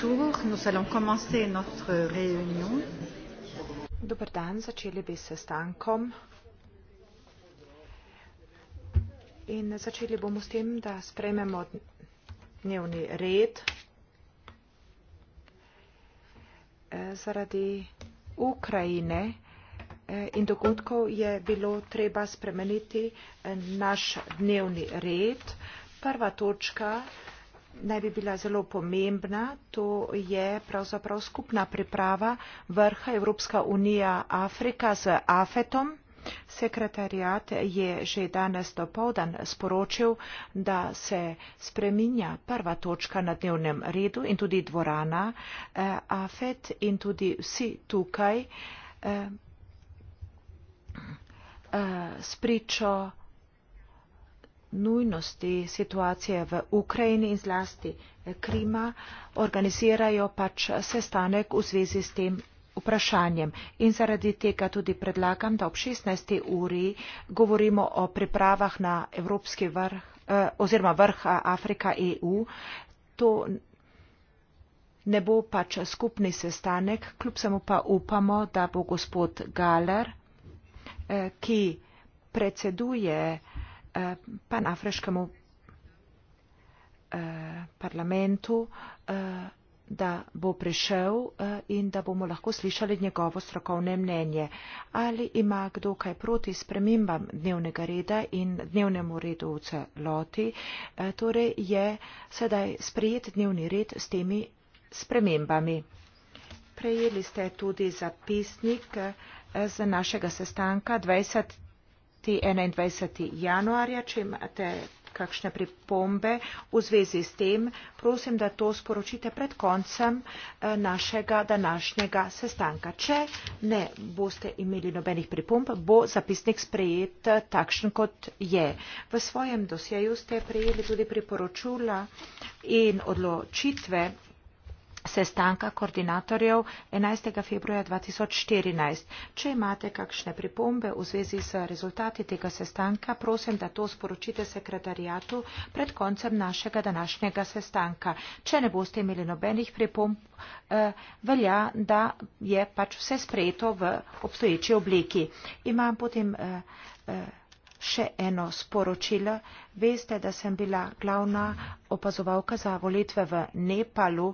Bonjour, nous allons commencer notre réunion. Dobar dan, začeli bi se stankom. In začeli bomo s tem, da sprememo dnevni red zaradi Ukrajine eh, in dogodkov je bilo treba spremeniti eh, naš dnevni red. Prva točka naj bi bila zelo pomembna. To je pravzaprav skupna priprava vrha Evropska unija Afrika z Afetom. Sekretarjat je že danes dopovdan sporočil, da se spreminja prva točka na dnevnem redu in tudi dvorana eh, Afet in tudi vsi tukaj eh, eh, spričo nujnosti situacije v Ukrajini in zlasti eh, Krima organizirajo pač sestanek v zvezi s tem vprašanjem. In zaradi tega tudi predlagam, da ob 16. uri govorimo o pripravah na Evropski vrh eh, oziroma vrh eh, Afrika EU. To ne bo pač skupni sestanek, kljub samo pa upamo, da bo gospod Galer, ki predseduje Eh, panafriškemu eh, parlamentu, eh, da bo prišel in da bomo lahko slišali njegovo strokovne mnenje. Ali ima kdo kaj proti spremembam dnevnega reda in dnevnemu redu v celoti, torej je sedaj sprejet dnevni red s temi spremembami. Prejeli ste tudi zapisnik z našega sestanka 20 dvajseti enaindvajseti januarja če imate kakšne pripombe v zvezi s tem prosim da to sporočite pred koncem eh, našega današnjega sestanka če ne boste imeli nobenih pripomb bo zapisnik sprejet eh, takšen kot je v svojem dosjeju ste prejeli tudi priporočila in odločitve sestanka koordinatorjev 11. februarja 2014. Če imate kakšne pripombe v zvezi s rezultati tega sestanka, prosim, da to sporočite sekretarijatu pred koncem našega današnjega sestanka. Če ne boste imeli nobenih pripomb, eh, velja, da je pač vse sprejeto v obstoječi obliki. Imam potem eh, eh, še eno sporočilo. Veste, da sem bila glavna opazovalka za volitve v Nepalu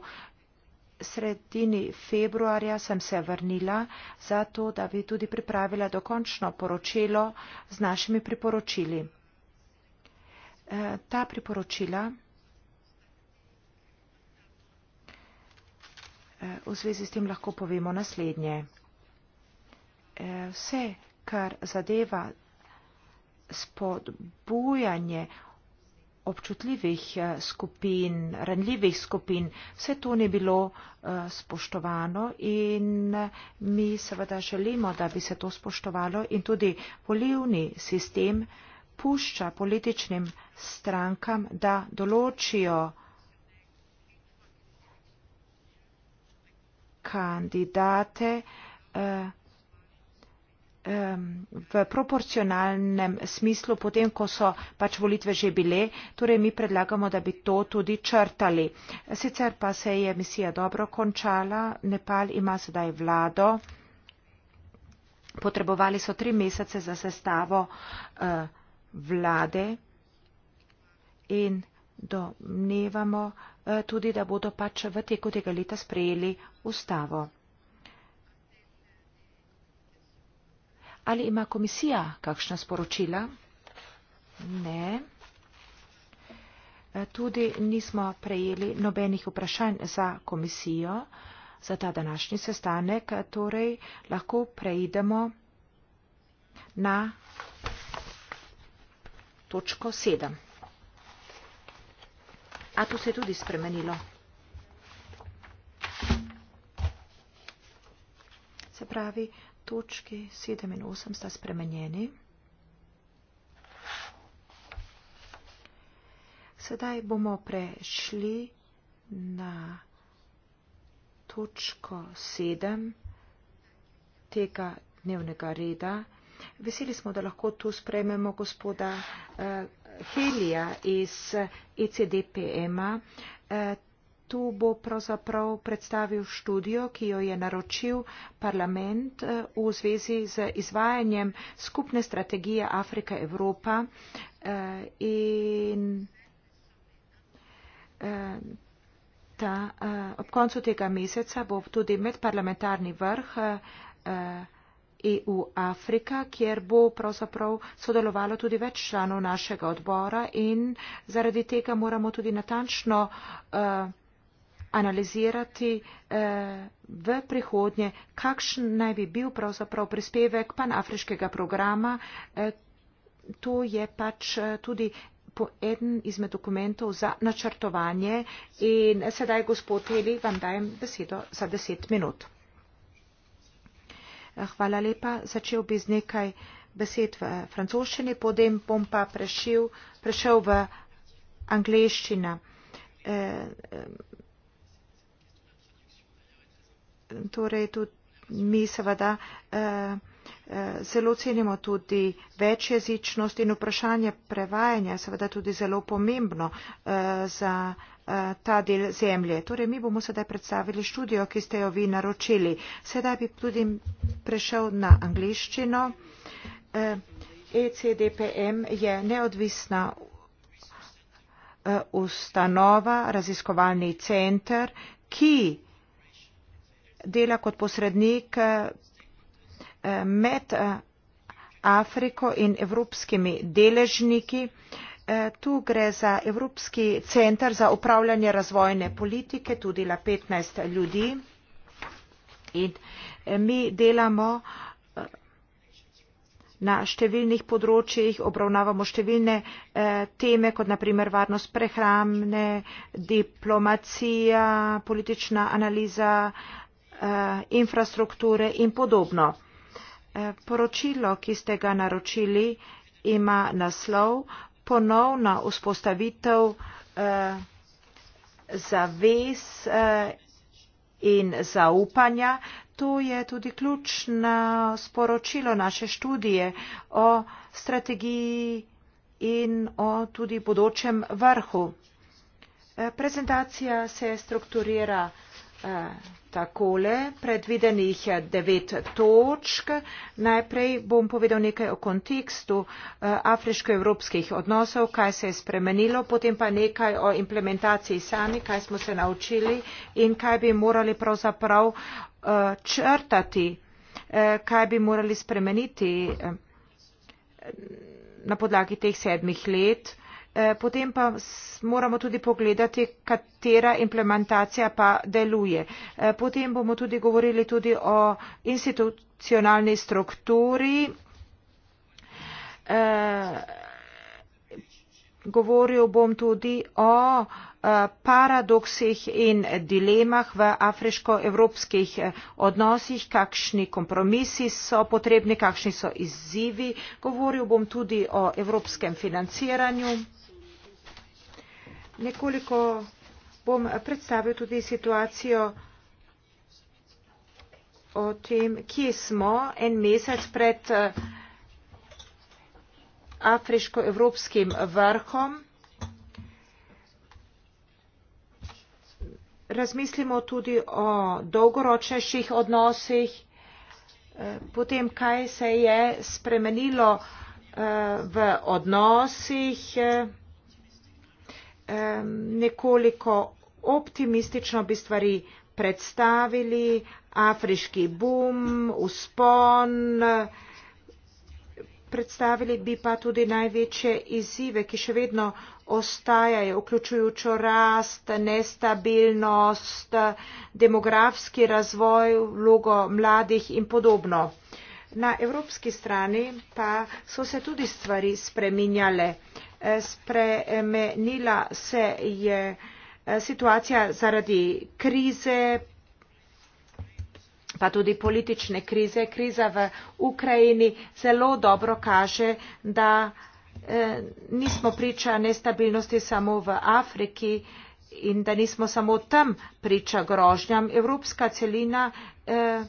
sredini februarja sem se vrnila, zato da bi tudi pripravila dokončno poročilo z našimi priporočili. E, ta priporočila e, v zvezi s tem lahko povemo naslednje. E, vse, kar zadeva spodbujanje občutljivih eh, skupin, ranljivih skupin. Vse to ni bilo eh, spoštovano in eh, mi seveda želimo, da bi se to spoštovalo in tudi volivni sistem pušča političnim strankam, da določijo kandidate, eh, v proporcionalnem smislu potem, ko so pač volitve že bile, torej mi predlagamo, da bi to tudi črtali. Sicer pa se je misija dobro končala, Nepal ima sedaj vlado, potrebovali so tri mesece za sestavo eh, vlade in domnevamo eh, tudi, da bodo pač v teku tega leta sprejeli ustavo. Ali ima komisija kakšna sporočila? Ne. E, tudi nismo prejeli nobenih vprašanj za komisijo za ta današnji sestanek, torej lahko preidemo na točko 7. A tu se je tudi spremenilo? Se pravi, točki 7 in 8 sta spremenjeni. Sedaj bomo prešli na točko 7 tega dnevnega reda. Veseli smo, da lahko tu sprememo gospoda eh, Helija iz ECDPM-a. E eh, tu bo pravzaprav predstavil študijo, ki jo je naročil parlament eh, v zvezi z izvajanjem skupne strategije Afrika-Evropa eh, in eh, ta, ob koncu tega meseca bo tudi medparlamentarni vrh EU e Afrika, kjer bo pravzaprav sodelovalo tudi več članov našega odbora in zaradi tega moramo tudi natančno uh, analizirati eh, v prihodnje, kakšen naj bi bil pravzaprav prispevek panafriškega programa. Eh, to je pač eh, tudi eden izmed dokumentov za načrtovanje. In sedaj, gospod Teli, vam dajem besedo za deset minut. Hvala lepa. Začel bi z nekaj besed v francoščini, potem bom pa prešil, prešel v angliščino torej tudi mi seveda eh, eh, zelo cenimo tudi večjezičnost in vprašanje prevajanja je seveda tudi zelo pomembno eh, za eh, ta del zemlje. Torej, mi bomo sedaj predstavili študijo, ki ste jo vi naročili. Sedaj bi tudi prešel na angliščino. ECDPM eh, e je neodvisna eh, ustanova, raziskovalni center, ki dela kot posrednik eh, med eh, Afriko in evropskimi deležniki. Eh, tu gre za Evropski centr za upravljanje razvojne politike, tudi la 15 ljudi. In mi delamo na številnih področjih, obravnavamo številne teme, kot naprimer varnost prehrane, diplomacija, politična analiza, Eh, infrastrukture in podobno. Eh, poročilo, ki ste ga naročili, ima naslov ponovna vzpostavitev eh, zaves in zaupanja. To je tudi ključno sporočilo naše študije o strategiji in o tudi bodočem vrhu. Prezentacija se strukturira takole, predvidenih je eh, devet točk. Najprej bom povedal nekaj o kontekstu eh, afriško-evropskih odnosov, kaj se je spremenilo, potem pa nekaj o implementaciji sami, kaj smo se naučili in kaj bi morali pravzaprav eh, črtati, kaj bi morali spremeniti na podlagi teh sedmih let. Eh, potem pa moramo tudi pogledati, katera implementacija pa deluje. Eh, potem bomo tudi govorili tudi o institucionalni strukturi. Eh, govoril bom tudi o paradoksih in dilemah v afriško-evropskih odnosih, kakšni kompromisi so potrebni, kakšni so izzivi. Govoril bom tudi o evropskem financiranju nekoliko bom predstavil tudi situacijo o tem, kje smo en mesec pred eh, afriško-evropskim vrhom. Razmislimo tudi o dolgoročnejših odnosih, eh, potem kaj se je spremenilo eh, v odnosih, kaj se je spremenilo v odnosih, nekoliko optimistično bi stvari predstavili, afriški bum, uspon, predstavili bi pa tudi največje izzive, ki še vedno ostajajo, vključujočo rast, nestabilnost, demografski razvoj, vlogo mladih in podobno. Na evropski strani pa so se tudi stvari spreminjale spremenila se je eh, situacija zaradi krize, pa tudi politične krize. Kriza v Ukrajini zelo dobro kaže, da eh, nismo priča nestabilnosti samo v Afriki in da nismo samo tam priča grožnjam. Evropska celina eh,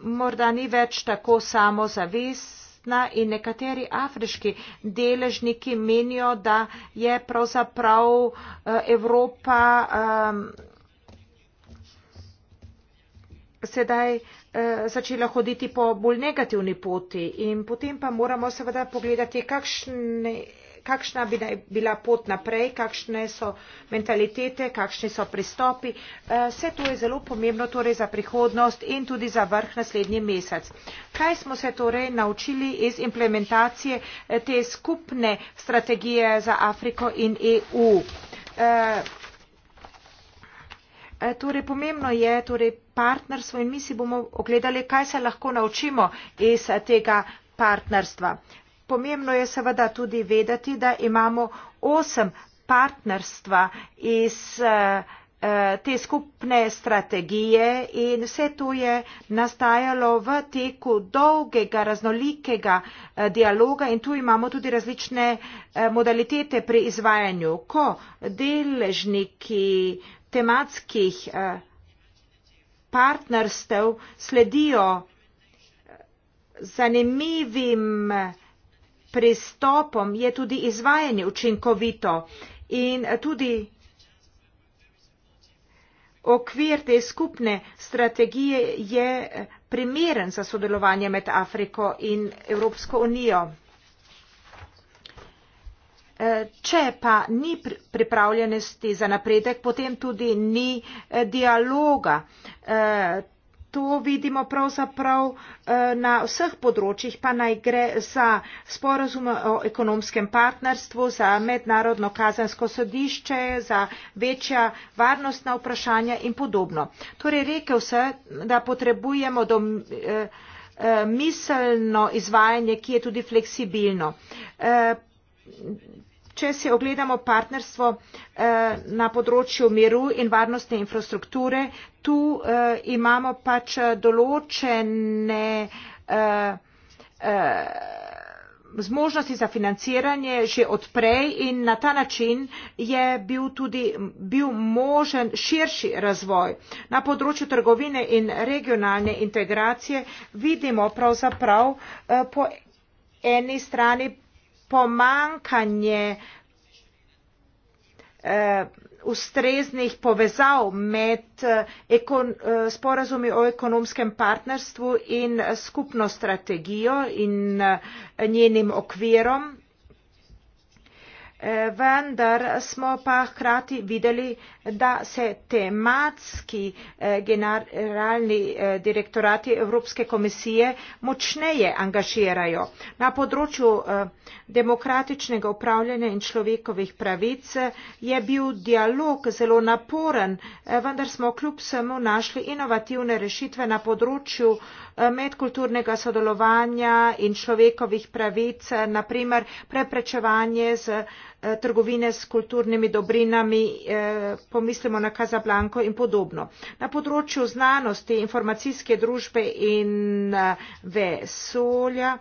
morda ni več tako samozavis, resna in nekateri afriški deležniki menijo, da je pravzaprav eh, Evropa sedaj eh, začela hoditi po bolj negativni poti in potem pa moramo seveda pogledati, kakšne kakšna bi naj bila pot naprej, kakšne so mentalitete, kakšni so pristopi. Eh, vse to je zelo pomembno torej za prihodnost in tudi za vrh naslednji mesec. Kaj smo se torej naučili iz implementacije eh, te skupne strategije za Afriko in EU? Eh, torej, pomembno je torej partnerstvo in mi si bomo ogledali, kaj se lahko naučimo iz tega partnerstva. Pomembno je seveda tudi vedeti, da imamo osem partnerstva iz eh, eh, te skupne strategije in vse to je nastajalo v teku dolgega, raznolikega eh, dialoga in tu imamo tudi različne modalitete pri izvajanju. Ko deležniki tematskih partnerstev sledijo zanimivim partnerstvom, pristopom je tudi izvajanje učinkovito in tudi okvir te skupne strategije je primeren za sodelovanje med Afriko in Evropsko unijo. E, če pa ni pripravljenosti za napredek, potem tudi ni e, dialoga. E, to vidimo pravzaprav eh, na vseh področjih, pa naj gre za sporozum o ekonomskem partnerstvu, za mednarodno kazansko sodišče, za večja varnostna vprašanja in podobno. Torej, rekel se, da potrebujemo do eh, eh, miselno izvajanje, ki je tudi fleksibilno. Če si ogledamo partnerstvo eh, na področju miru in varnostne infrastrukture, tu eh, imamo pač določene eh, eh, zmožnosti za financiranje že odprej in na ta način je bil tudi bil možen širši razvoj. Na področju trgovine in regionalne integracije vidimo pravzaprav eh, po eni strani pomankanje eh, ustreznih povezav med eh, eh, sporazumi o ekonomskem partnerstvu in skupno strategijo in eh, njenim okvirom vendar smo pa hkrati videli, da se tematski eh, generalni eh, direktorati Evropske komisije močneje angažirajo. Na področju eh, demokratičnega upravljanja in človekovih pravic je bil dialog zelo naporen, vendar smo kljub vsemu našli inovativne rešitve na področju medkulturnega sodelovanja in človekovih pravic, naprimer preprečevanje z eh, trgovine s kulturnimi dobrinami, eh, pomislimo na Kazablanko in podobno. Na področju znanosti, informacijske družbe in eh, vesolja,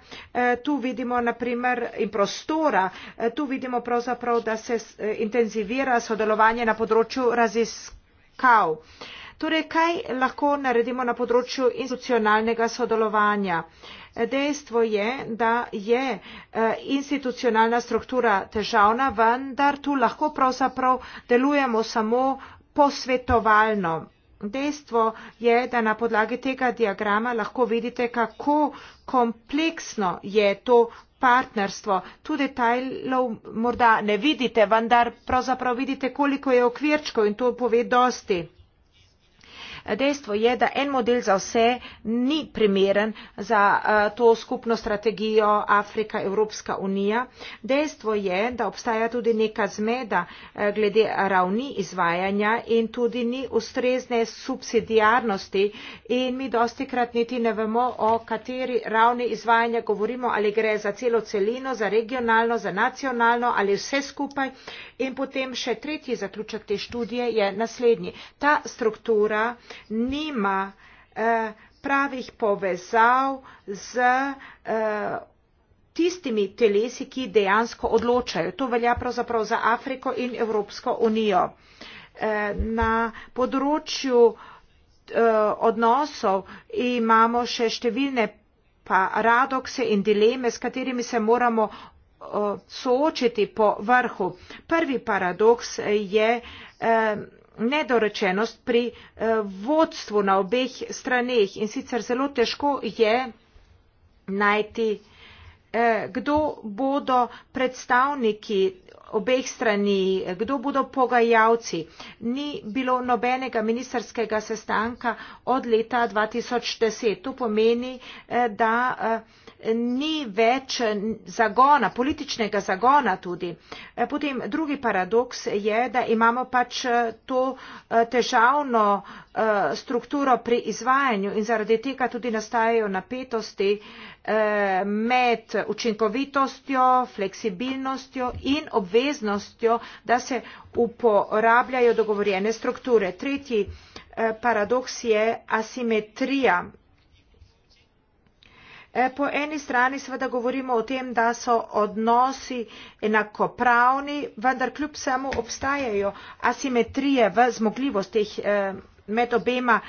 tu vidimo naprimer in prostora, tu vidimo pravzaprav, da se intenzivira sodelovanje na področju raziskav. Torej, kaj lahko naredimo na področju institucionalnega sodelovanja? Dejstvo je, da je eh, institucionalna struktura težavna, vendar tu lahko pravzaprav delujemo samo posvetovalno. Dejstvo je, da na podlagi tega diagrama lahko vidite, kako kompleksno je to partnerstvo. Tudi tajlov morda ne vidite, vendar pravzaprav vidite, koliko je okvirčko in to pove dosti dejstvo je da en model za vse ni primeren za eh, to skupno strategijo afrika evropska unija dejstvo je da obstaja tudi neka zmeda eh, glede ravni izvajanja in tudi ni ustrezne subsidiarnosti in mi dostikrat niti ne vemo o kateri ravni izvajanja govorimo ali gre za celo celino za regionalno za nacionalno ali vse skupaj in potem še tretji zaključek te študije je naslednji ta struktura nima eh, pravih povezav z eh, tistimi telesi, ki dejansko odločajo. To velja pravzaprav za Afriko in Evropsko unijo. Eh, na področju odnosov imamo še številne pa radokse in dileme, s katerimi se moramo soočiti po vrhu. Prvi paradoks je nedorečenost pri eh, vodstvu na obeh straneh in sicer zelo težko je najti eh, kdo bodo predstavniki obeh strani, kdo bodo pogajalci. Ni bilo nobenega ministerskega sestanka od leta 2010. To pomeni, eh, da eh, ni več zagona, političnega zagona tudi. Eh, potem drugi paradoks je, da imamo pač to težavno strukturo pri izvajanju in zaradi tega tudi nastajajo napetosti med učinkovitostjo, fleksibilnostjo in obveznostjo obveznostjo da se uporabljajo dogovorjene strukture. Tretji eh, paradoks je asimetrija. Eh, po eni strani seveda govorimo o tem, da so odnosi enakopravni, vendar kljub samo obstajajo asimetrije v zmogljivostih eh, med obema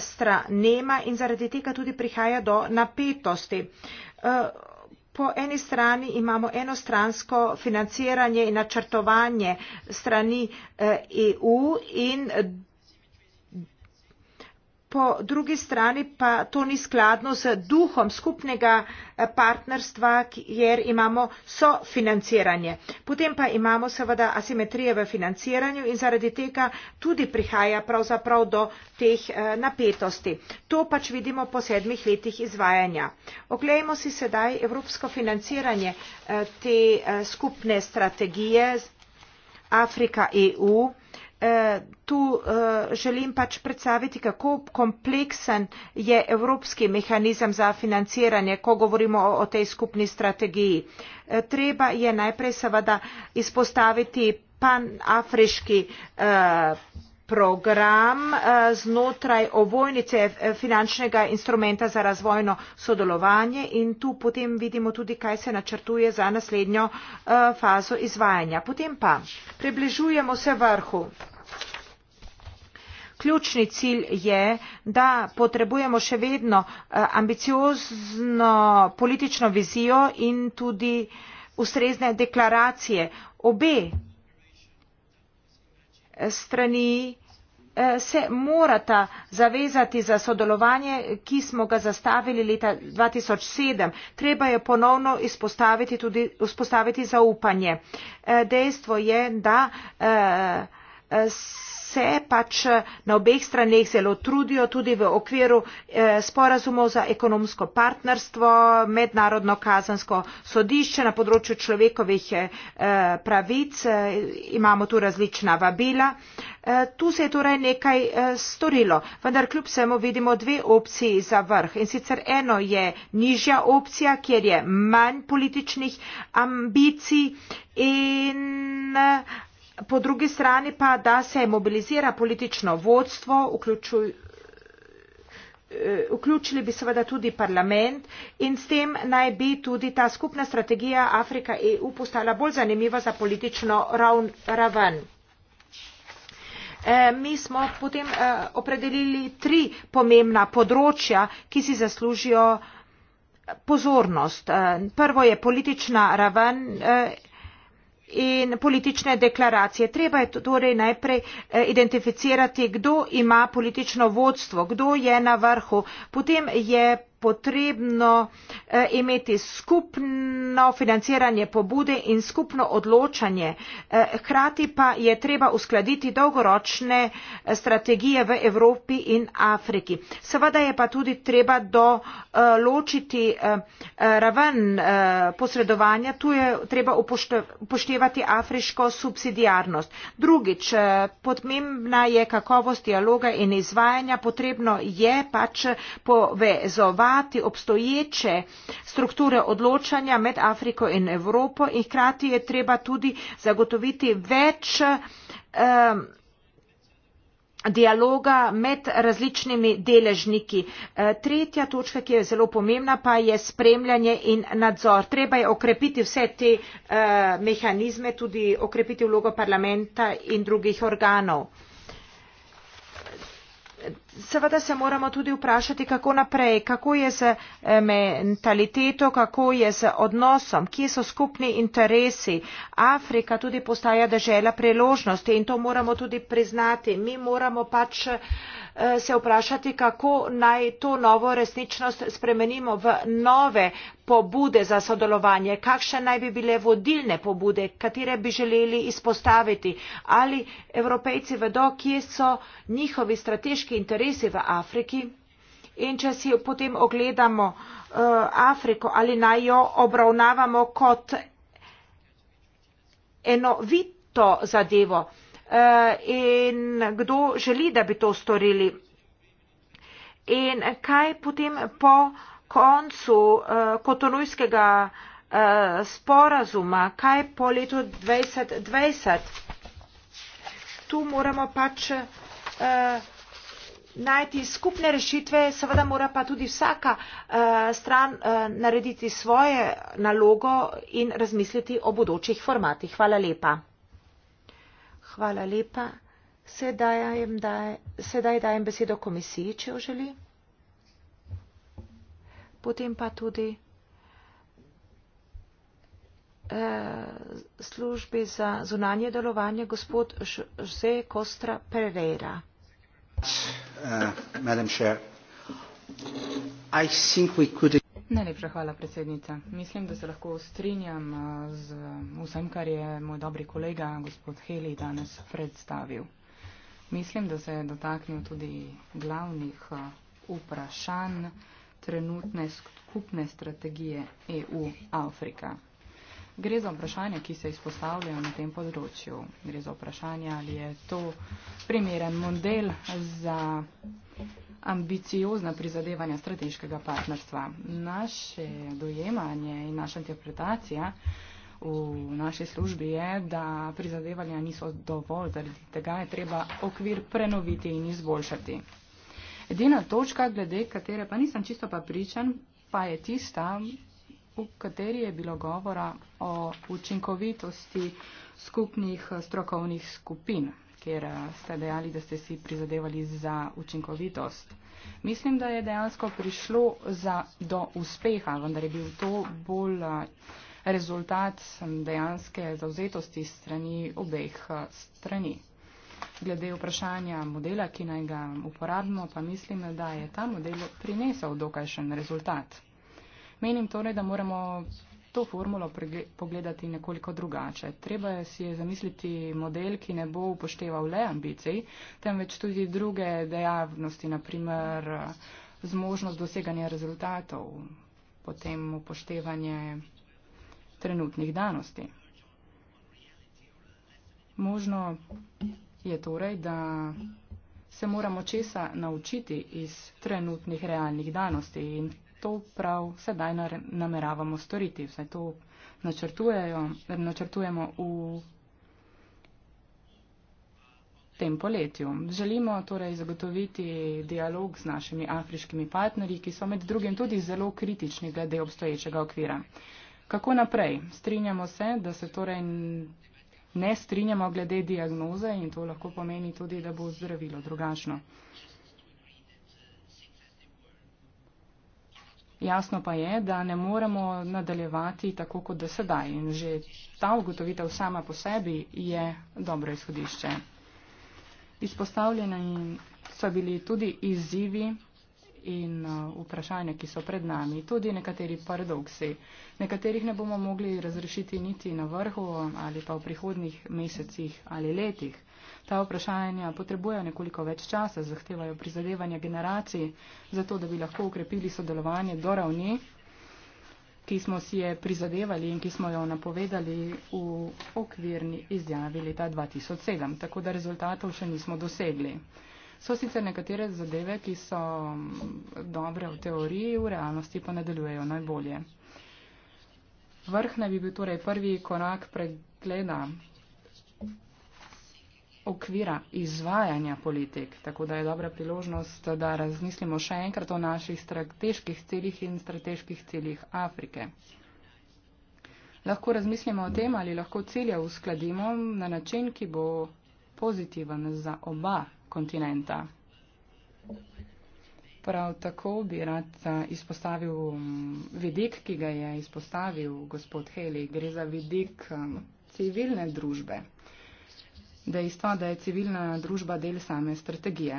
stranema in zaradi tega tudi prihaja do napetosti po eni strani imamo enostransko financiranje in načrtovanje strani eu eh, e in po drugi strani pa to ni skladno z duhom skupnega eh, partnerstva, kjer imamo sofinanciranje. Potem pa imamo seveda asimetrije v financiranju in zaradi tega tudi prihaja pravzaprav do teh eh, napetosti. To pač vidimo po sedmih letih izvajanja. Oglejmo si sedaj evropsko financiranje eh, te skupne strategije Afrika EU tu eh, želim pač predstaviti, kako kompleksen je evropski mehanizem za financiranje, ko govorimo o tej skupni strategiji. Eh, treba je najprej seveda izpostaviti panafriški eh, program znotraj ovojnice finančnega instrumenta za razvojno sodelovanje in tu potem vidimo tudi, kaj se načrtuje za naslednjo fazo izvajanja. Potem pa približujemo se vrhu ključni cilj je da potrebujemo še vedno eh, ambiciozno politično vizijo in tudi ustrezne deklaracije obe eh, strani eh, se morata zavezati za sodelovanje, ki smo ga zastavili leta 2007. Treba je ponovno izpostaviti tudi, izpostaviti zaupanje. Dejstvo je, da s se pač eh, na obeh straneh zelo trudijo tudi v okviru eh, sporazumov za ekonomsko partnerstvo, mednarodno kazansko sodišče na področju človekovih eh, pravic, imamo tu različna vabila. Tu se je torej nekaj storilo, vendar kljub vsemu vidimo dve opciji za vrh. In sicer eno je nižja opcija, kjer je manj političnih ambicij in po drugi strani pa, da se mobilizira politično vodstvo, vključuj, eh, vključili bi seveda tudi parlament in s tem naj bi tudi ta skupna strategija Afrika-EU postala bolj zanimiva za politično ravn, raven. Eh, mi smo potem eh, opredelili tri pomembna področja, ki si zaslužijo pozornost. Prvo je politična raven in politične deklaracije. Treba je torej najprej eh, identificirati, kdo ima politično vodstvo, kdo je na vrhu, potem je potrebno eh, imeti skupno financiranje pobude in skupno odločanje. Eh, hkrati pa je treba uskladiti dolgoročne eh, strategije v Evropi in Afriki. Seveda je pa tudi treba določiti raven posredovanja, tu je treba upoštevati afriško subsidijarnost. Drugič, pomembna je kakovost dialoga in izvajanja, potrebno je pač povezovati hkrati obstoječe strukture odločanja med Afriko in Evropo in hkrati je treba tudi zagotoviti več um, dialoga med različnimi deležniki. E, tretja točka, ki je zelo pomembna, pa je spremljanje in nadzor. Treba je okrepiti vse te uh, mehanizme, tudi okrepiti vlogo parlamenta in drugih organov. Seveda se moramo tudi vprašati, kako naprej, kako je z eh, mentaliteto, kako je z odnosom, kje so skupni interesi. Afrika tudi postaja dežela priložnosti in to moramo tudi priznati. Mi moramo pač uh, Eh, se vprašati kako naj to novo resničnost spremenimo v nove pobude za sodelovanje kakšne naj bi bile vodilne pobude katere bi želeli izpostaviti ali evropejci vedo kje so njihovi strateški interesi v afriki in če si potem ogledamo eh, afriko ali naj jo obravnavamo kot enovito zadevo Eh, in kdo želi, da bi to storili. In kaj potem po koncu eh, kotonujskega eh, sporazuma, kaj po letu 2020? Tu moramo pač najti skupne rešitve, seveda mora pa tudi vsaka stran narediti svoje nalogo in razmisliti o bodočih formatih. Hvala lepa. Hvala lepa. Sedaj dajem, daj, sedaj dajem besedo komisiji, če jo želi. Potem pa tudi eh, službi za zunanje delovanje, gospod Jose Kostra Pereira. Uh, madam chair, I think we could. Najlepša hvala, predsednica. Mislim, da se lahko strinjam eh, z vsem, kar je moj dobri kolega, gospod Heli, danes predstavil. Mislim, da se je dotaknil tudi glavnih eh, vprašanj trenutne skupne strategije EU-Afrika. Gre za vprašanja, ki se izpostavljajo na tem področju. Gre za vprašanja, ali je to primeren model za ambiciozna prizadevanja strateškega partnerstva. Naše dojemanje in naša interpretacija v naši službi je, da prizadevanja niso dovolj, zaradi tega je treba okvir prenoviti in izboljšati. Edina točka, glede katere pa nisem čisto pa pričan, pa je tista, v kateri je bilo govora o učinkovitosti skupnih strokovnih skupin kjer eh, ste dejali, da ste si prizadevali za učinkovitost. Mislim, da je dejansko prišlo za, do uspeha, vendar je bil to bolj eh, rezultat dejanske zauzetosti strani obeh eh, strani. Glede vprašanja modela, ki naj ga uporabimo, pa mislim, da je ta model prinesel dokajšen rezultat. Menim torej, da moramo to formulo pogledati nekoliko drugače. Treba si je zamisliti model, ki ne bo upošteval le ambicij, temveč tudi druge dejavnosti, naprimer eh, zmožnost doseganja rezultatov, potem upoštevanje trenutnih danosti. Možno je torej, da se moramo česa naučiti iz trenutnih realnih danosti in to prav sedaj nameravamo storiti, vse to načrtujemo v tem poletju. Želimo torej zagotoviti dialog z našimi afriškimi partnerji, ki so med drugim tudi zelo kritični glede obstoječega okvira. Kako naprej? Strinjamo se, da se torej ne strinjamo glede diagnoze in to lahko pomeni tudi, da bo zdravilo drugačno. Jasno pa je, da ne moremo nadaljevati tako kot do sedaj in že ta ugotovitev sama po sebi je dobro izhodišče. Izpostavljeni so bili tudi izzivi in uh, vprašanja, ki so pred nami, tudi nekateri paradoksi. Nekaterih ne bomo mogli razrešiti niti na vrhu ali pa v prihodnih mesecih ali letih. Ta vprašanja potrebujejo nekoliko več časa, zahtevajo prizadevanje generacij, zato da bi lahko ukrepili sodelovanje do ravni, ki smo si je prizadevali in ki smo jo napovedali v okvirni izjavi leta 2007, tako da rezultatov še nismo dosegli. So sicer nekatere zadeve, ki so mm, dobre v teoriji, v realnosti pa ne delujejo najbolje. Vrh naj bi bil torej prvi korak pregleda okvira izvajanja politik. Tako da je dobra priložnost, da razmislimo še enkrat o naših strateških ciljih in strateških ciljih Afrike. Lahko razmislimo o tem, ali lahko cilje uskladimo na način, ki bo pozitiven za oba kontinenta. Prav tako bi rad izpostavil vidik, ki ga je izpostavil gospod Heli. Gre za vidik civilne družbe dejstvo, da je civilna družba del same strategije.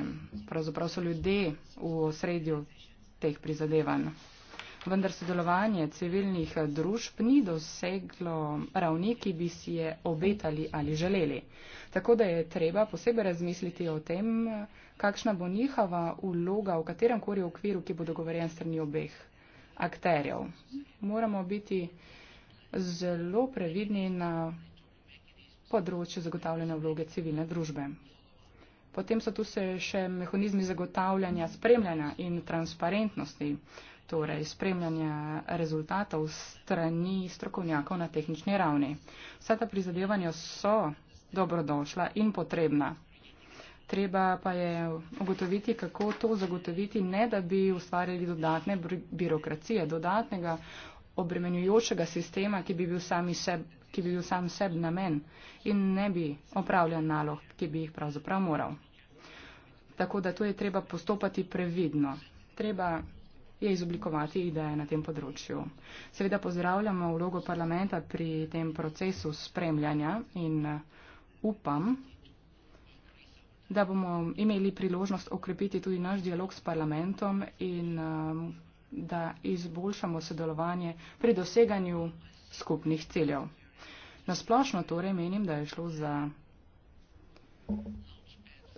Pravzaprav so ljudje v sredju teh prizadevanj. Vendar sodelovanje civilnih družb ni doseglo ravni, ki bi si je obetali ali želeli. Tako da je treba posebej razmisliti o tem, kakšna bo njihova uloga v katerem koli okviru, ki bo dogovorjen strani obeh akterjev. Moramo biti zelo previdni na področju zagotavljanja vloge civilne družbe. Potem so tu se še mehanizmi zagotavljanja spremljanja in transparentnosti, torej spremljanja rezultatov strani strokovnjakov na tehnični ravni. Vsa ta prizadevanja so dobrodošla in potrebna. Treba pa je ugotoviti, kako to zagotoviti, ne da bi ustvarili dodatne birokracije, dodatnega obremenjujočega sistema, ki bi bil sami sebi ki bi bil sam seb namen in ne bi opravljal nalog, ki bi jih pravzaprav moral. Tako da to je treba postopati previdno. Treba je izoblikovati ideje na tem področju. Seveda pozdravljamo vlogo parlamenta pri tem procesu spremljanja in upam, da bomo imeli priložnost okrepiti tudi naš dialog s parlamentom in um, da izboljšamo sodelovanje pri doseganju skupnih ciljev. Nasplošno torej menim, da je šlo za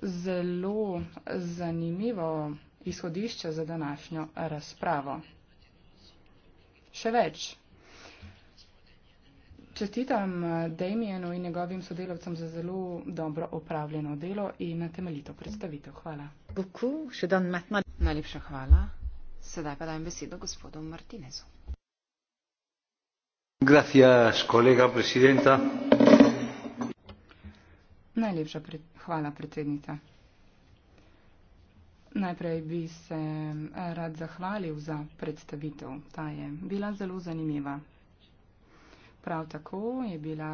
zelo zanimivo izhodišče za današnjo razpravo. Še več. Čestitam Damienu in njegovim sodelavcem za zelo dobro opravljeno delo in temeljito predstavitev. Hvala. Najlepša hvala. Sedaj pa dajem besedo gospodu Martinezu. Najlepša pred, hvala, predsednica. Najprej bi se rad zahvalil za predstavitev. Ta je bila zelo zanimiva. Prav tako je bila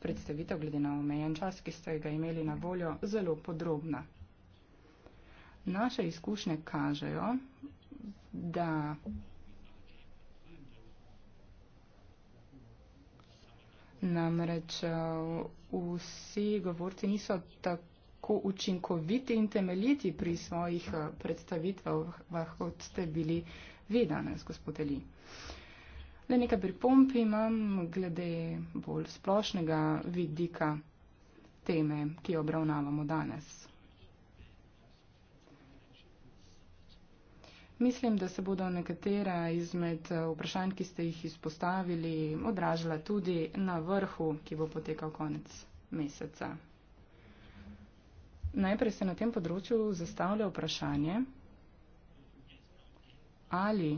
predstavitev, glede na omejen čas, ki ste ga imeli na voljo, zelo podrobna. Naše izkušnje kažejo, da Namreč eh, vsi govorci niso tako učinkoviti in temeljiti pri svojih eh, predstavitvah, kot ste bili vi danes, gospod Eli. Le nekaj pripomp imam glede bolj splošnega vidika teme, ki jo obravnavamo danes. Mislim, da se bodo nekatera izmed eh, vprašanj, ki ste jih izpostavili, odražala tudi na vrhu, ki bo potekal konec meseca. Najprej se na tem področju zastavlja vprašanje, ali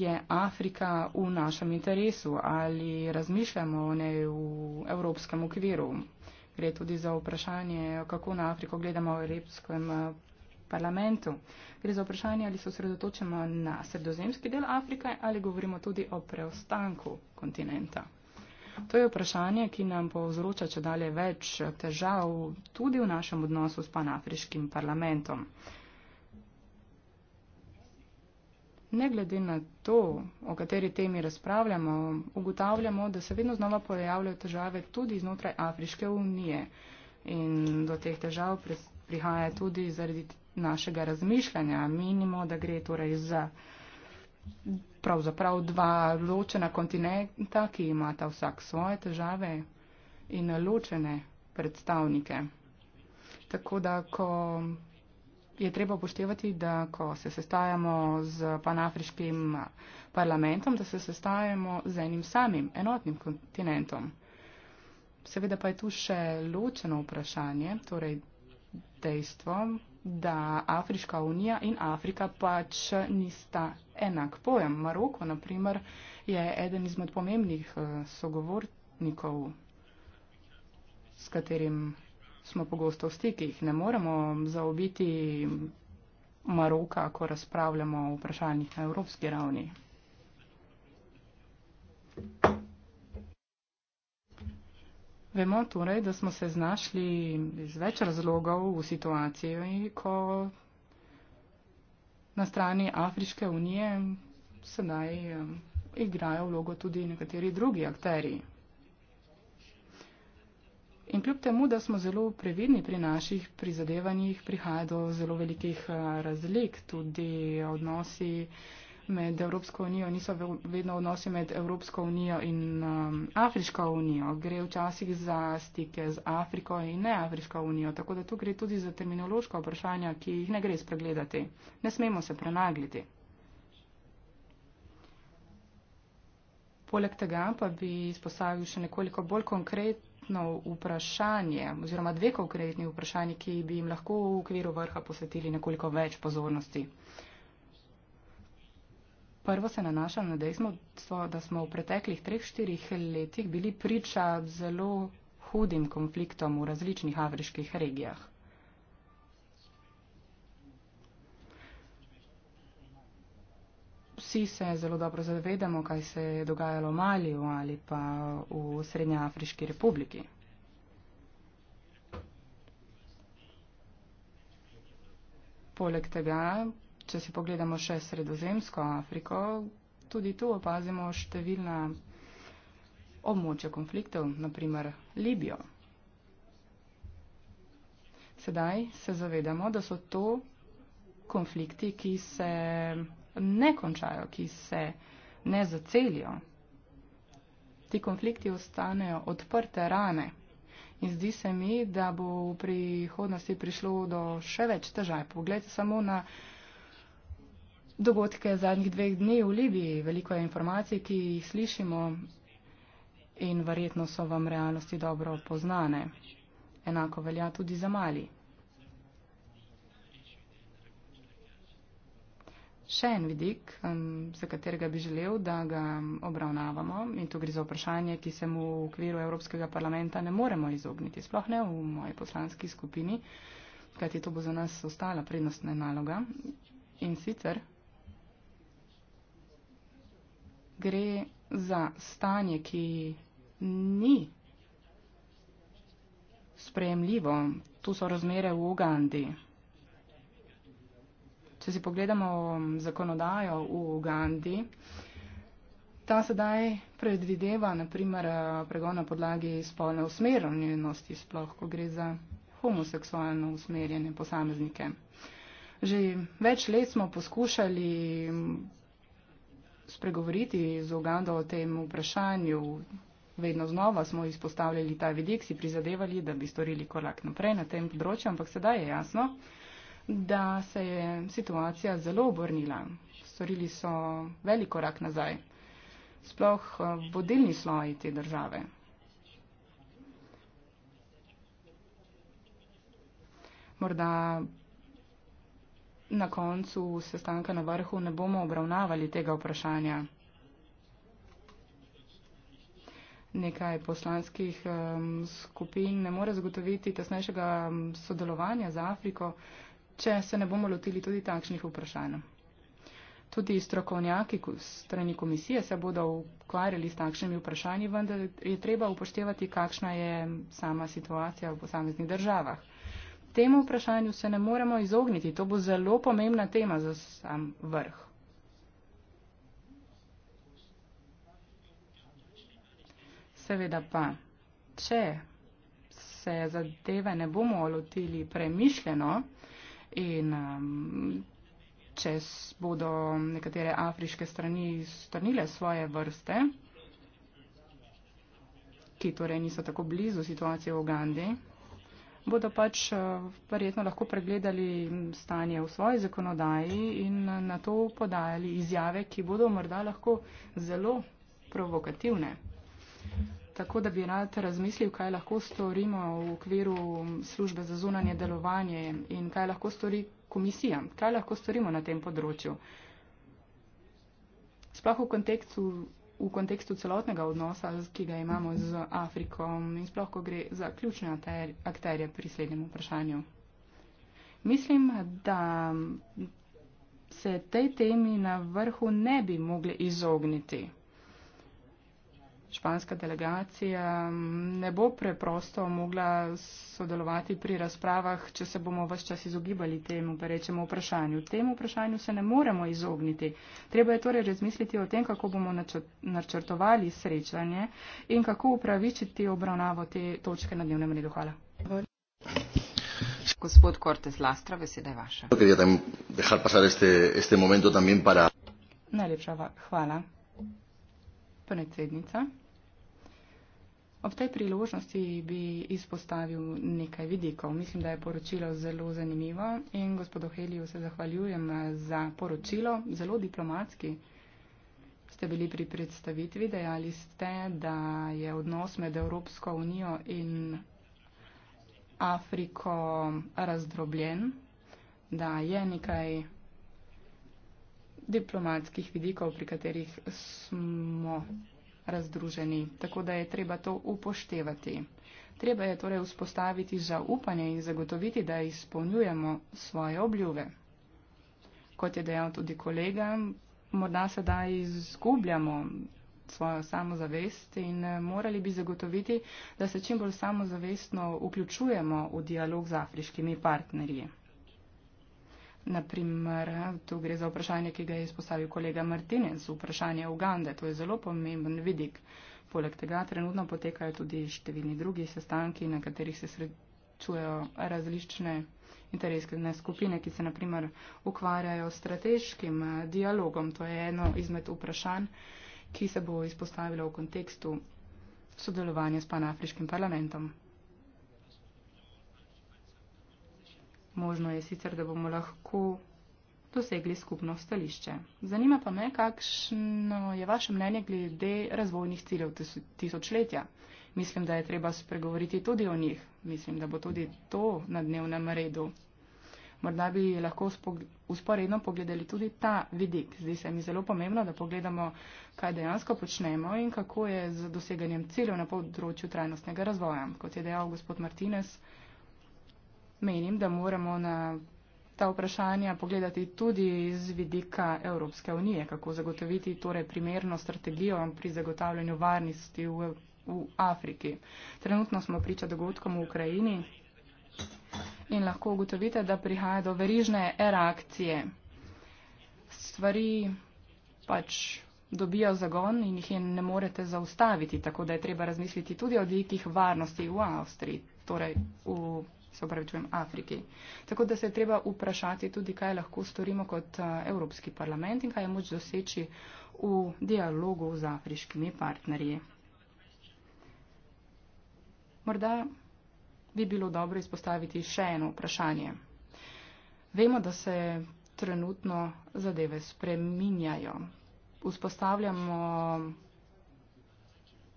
je Afrika v našem interesu, ali razmišljamo o njej v evropskem okviru. Gre tudi za vprašanje, kako na Afriko gledamo v evropskem eh, parlamentu. Gre za vprašanje, ali se osredotočamo na sredozemski del Afrike ali govorimo tudi o preostanku kontinenta. To je vprašanje, ki nam povzroča če dalje več težav tudi v našem odnosu s panafriškim parlamentom. Ne glede na to, o kateri temi razpravljamo, ugotavljamo, da se vedno znova pojavljajo težave tudi znotraj Afriške unije. In do teh težav prihaja tudi zaradi našega razmišljanja. Menimo, da gre torej za pravzaprav dva ločena kontinenta, ki imata vsak svoje težave in ločene predstavnike. Tako da, ko je treba upoštevati, da ko se sestajamo z panafriškim parlamentom, da se sestajamo z enim samim enotnim kontinentom. Seveda pa je tu še ločeno vprašanje, torej dejstvo, da Afriška unija in Afrika pač nista enak pojem. Maroko, na primer, je eden izmed pomembnih eh, sogovornikov, s katerim smo pogosto v stikih. Ne moremo zaobiti Maroka, ko razpravljamo o vprašanjih na evropski ravni. Thank you. Vemo torej, da smo se znašli iz več razlogov v situaciji, ko na strani Afriške unije sedaj um, igrajo vlogo tudi nekateri drugi akteri. In kljub temu, da smo zelo previdni pri naših prizadevanjih, prihaja do zelo velikih uh, razlik, tudi odnosi med Evropsko unijo, niso vedno odnosi med Evropsko unijo in um, Afriško unijo. Gre včasih za stike z Afriko in ne Afriško unijo. Tako da tu gre tudi za terminološko vprašanje, ki jih ne gre spregledati. Ne smemo se prenagliti. Poleg tega pa bi izpostavil še nekoliko bolj konkretno vprašanje oziroma dve konkretni vprašanje, ki bi jim lahko v okviru vrha posvetili nekoliko več pozornosti. Prvo se nanaša na dejstvo, da smo v preteklih treh, štirih letih bili priča zelo hudim konfliktom v različnih afriških regijah. Vsi se zelo dobro zavedamo, kaj se je dogajalo v Maliju ali pa v Srednjeafriški republiki. Poleg tega če si pogledamo še sredozemsko Afriko, tudi tu opazimo številna območja konfliktov, naprimer Libijo. Sedaj se zavedamo, da so to konflikti, ki se ne končajo, ki se ne zacelijo. Ti konflikti ostanejo odprte rane. In zdi se mi, da bo v prihodnosti prišlo do še več težav. Poglejte samo na dogodke zadnjih dveh dni v Libiji. Veliko je informacij, ki jih slišimo in verjetno so vam realnosti dobro poznane. Enako velja tudi za Mali. Še en vidik, za katerega bi želel, da ga obravnavamo, in to gre za vprašanje, ki se mu v okviru Evropskega parlamenta ne moremo izogniti, sploh ne v moji poslanski skupini, kajti to bo za nas ostala prednostna naloga. In sicer gre za stanje, ki ni sprejemljivo. Tu so razmere v Ugandi. Če si pogledamo um, zakonodajo v Ugandi, ta sedaj predvideva naprimer uh, pregon na podlagi spolne usmerjenosti, sploh ko gre za homoseksualno usmerjene posameznike. Že več let smo poskušali um, spregovoriti z Ugando o tem vprašanju. Vedno znova smo izpostavljali ta vidik, si prizadevali, da bi storili korak naprej na tem področju, ampak sedaj je jasno, da se je situacija zelo obrnila. Storili so velik korak nazaj, sploh eh, vodilni sloji te države. Morda na koncu sestanka na vrhu ne bomo obravnavali tega vprašanja. Nekaj poslanskih um, skupin ne more zagotoviti tesnejšega sodelovanja z Afriko, če se ne bomo lotili tudi takšnih vprašanj. Tudi strokovnjaki strani komisije se bodo ukvarjali s takšnimi vprašanji, vendar je treba upoštevati, kakšna je sama situacija v posameznih državah temu vprašanju se ne moremo izogniti. To bo zelo pomembna tema za sam vrh. Seveda pa, če se zadeve ne bomo lotili premišljeno in um, če bodo nekatere afriške strani strnile svoje vrste, ki torej niso tako blizu situacije v Ugandi, bodo pač eh, verjetno lahko pregledali mm, stanje v svoji zakonodaji in eh, na to podajali izjave, ki bodo morda lahko zelo provokativne. Tako da bi rad razmislil, kaj lahko storimo v okviru mm, službe za zunanje delovanje in kaj lahko stori komisija, kaj lahko storimo na tem področju. Sploh v kontekstu v kontekstu celotnega odnosa, ki ga imamo z Afriko in sploh, ko gre za ključne akterje pri slednjem vprašanju. Mislim, da se tej temi na vrhu ne bi mogli izogniti španska delegacija ne bo preprosto mogla sodelovati pri razpravah, če se bomo vse čas izogibali temu perečemu vprašanju. Temu vprašanju se ne moremo izogniti. Treba je torej razmisliti o tem, kako bomo načrtovali srečanje in kako upravičiti obravnavo te točke na dnevnem redu. Hvala. Gospod Kortes Lastra, beseda je vaša. Najlepša hvala, predsednica. Ob tej priložnosti bi izpostavil nekaj vidikov. Mislim, da je poročilo zelo zanimivo in gospodu Heliju se zahvaljujem za poročilo. Zelo diplomatski ste bili pri predstavitvi, dejali ste, da je odnos med Evropsko unijo in Afriko razdrobljen, da je nekaj diplomatskih vidikov, pri katerih smo razdruženi, tako da je treba to upoštevati. Treba je torej vzpostaviti zaupanje in zagotoviti, da izpolnjujemo svoje obljube. Kot je dejal tudi kolega, morda sedaj izgubljamo svojo samozavest in eh, morali bi zagotoviti, da se čim bolj samozavestno vključujemo v dialog z afriškimi partnerji. Naprimer, tu gre za vprašanje, ki ga je izpostavil kolega Martinez, vprašanje Ugande, to je zelo pomemben vidik. Poleg tega trenutno potekajo tudi številni drugi sestanki, na katerih se srečujejo različne interesne skupine, ki se naprimer ukvarjajo s strateškim eh, dialogom. To je eno izmed vprašanj, ki se bo izpostavilo v kontekstu sodelovanja s panafriškim parlamentom. Možno je sicer, da bomo lahko dosegli skupno stališče. Zanima pa me, kakšno je vaše mnenje glede razvojnih ciljev tisočletja. Mislim, da je treba spregovoriti tudi o njih. Mislim, da bo tudi to na dnevnem redu. Morda bi lahko usporedno pogledali tudi ta vidik. Zdi se mi zelo pomembno, da pogledamo, kaj dejansko počnemo in kako je z doseganjem ciljev na področju trajnostnega razvoja. Kot je dejal gospod Martinez, menim, da moramo na ta vprašanja pogledati tudi z vidika Evropske unije, kako zagotoviti torej primerno strategijo pri zagotavljanju varnosti v, v Afriki. Trenutno smo priča dogodkom v Ukrajini in lahko ugotovite, da prihaja do verižne reakcije. Stvari pač dobijo zagon in jih ne morete zaustaviti, tako da je treba razmisliti tudi o vidikih varnosti v Avstriji, torej v se upravičujem, Afriki. Tako da se je treba vprašati tudi, kaj lahko storimo kot eh, Evropski parlament in kaj je moč doseči v dialogu z afriškimi partnerji. Morda bi bilo dobro izpostaviti še eno vprašanje. Vemo, da se trenutno zadeve spreminjajo. Vzpostavljamo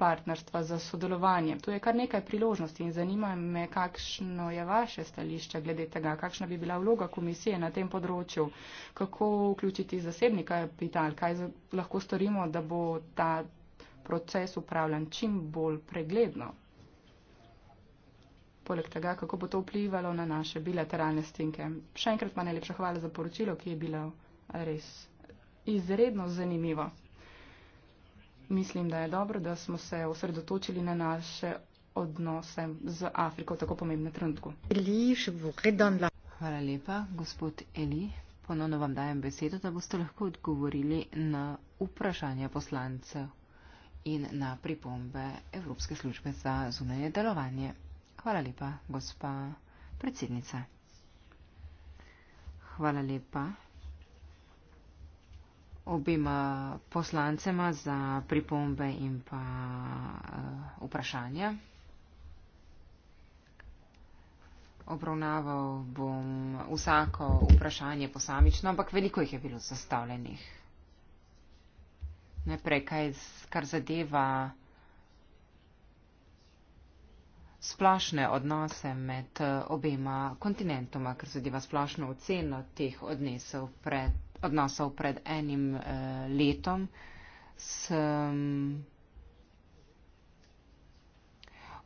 partnerstva za sodelovanje. Tu je kar nekaj priložnosti in zanima me, kakšno je vaše stališče glede tega, kakšna bi bila vloga komisije na tem področju, kako vključiti zasebni kapital, kaj lahko storimo, da bo ta proces upravljan čim bolj pregledno. Poleg tega, kako bo to vplivalo na naše bilateralne stinke. Še enkrat pa najlepša hvala za poročilo, ki je bilo res izredno zanimivo. Mislim, da je dobro, da smo se osredotočili na naše odnose z Afriko v tako pomembnem trenutku. Hvala lepa, gospod Eli. Ponovno vam dajem besedo, da boste lahko odgovorili na vprašanja poslancev in na pripombe Evropske službe za zunanje delovanje. Hvala lepa, gospa predsednica. Hvala lepa obima poslancema za pripombe in pa uh, vprašanja. Obravnaval bom vsako vprašanje posamično, ampak veliko jih je bilo zastavljenih. Najprej, kaj, kar zadeva splošne odnose med eh, obema kontinentoma, kar zadeva splošno oceno teh odnesov pred odnosov pred enim eh, letom, sem mm,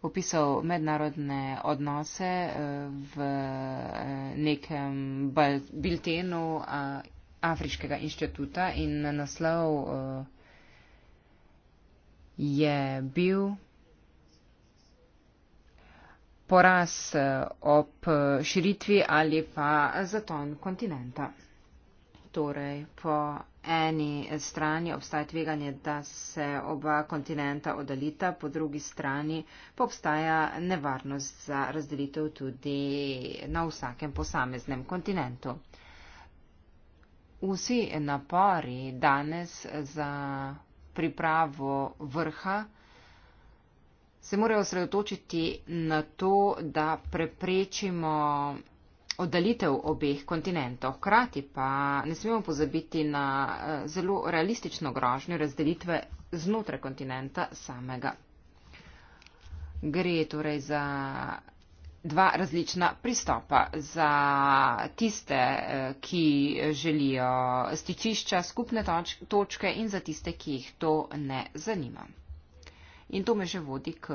opisal mednarodne odnose eh, v eh, nekem biltenu eh, Afriškega inštituta in naslov eh, je bil poraz eh, ob širitvi ali pa zaton kontinenta torej po eni strani obstaja tveganje, da se oba kontinenta oddalita, po drugi strani pa obstaja nevarnost za razdelitev tudi na vsakem posameznem kontinentu. Vsi napori danes za pripravo vrha se morajo osredotočiti na to, da preprečimo oddalitev obeh kontinentov. Hkrati pa ne smemo pozabiti na eh, zelo realistično grožnjo razdelitve znotraj kontinenta samega. Gre torej za dva različna pristopa. Za tiste, eh, ki želijo stičišča, skupne točke in za tiste, ki jih to ne zanima. In to me že vodi k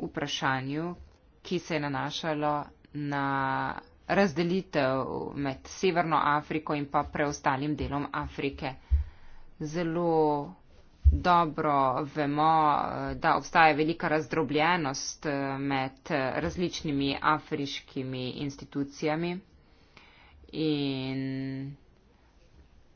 vprašanju, ki se je nanašalo na razdelitev med Severno Afriko in pa preostalim delom Afrike. Zelo dobro vemo, da obstaja velika razdrobljenost eh, med eh, različnimi afriškimi institucijami in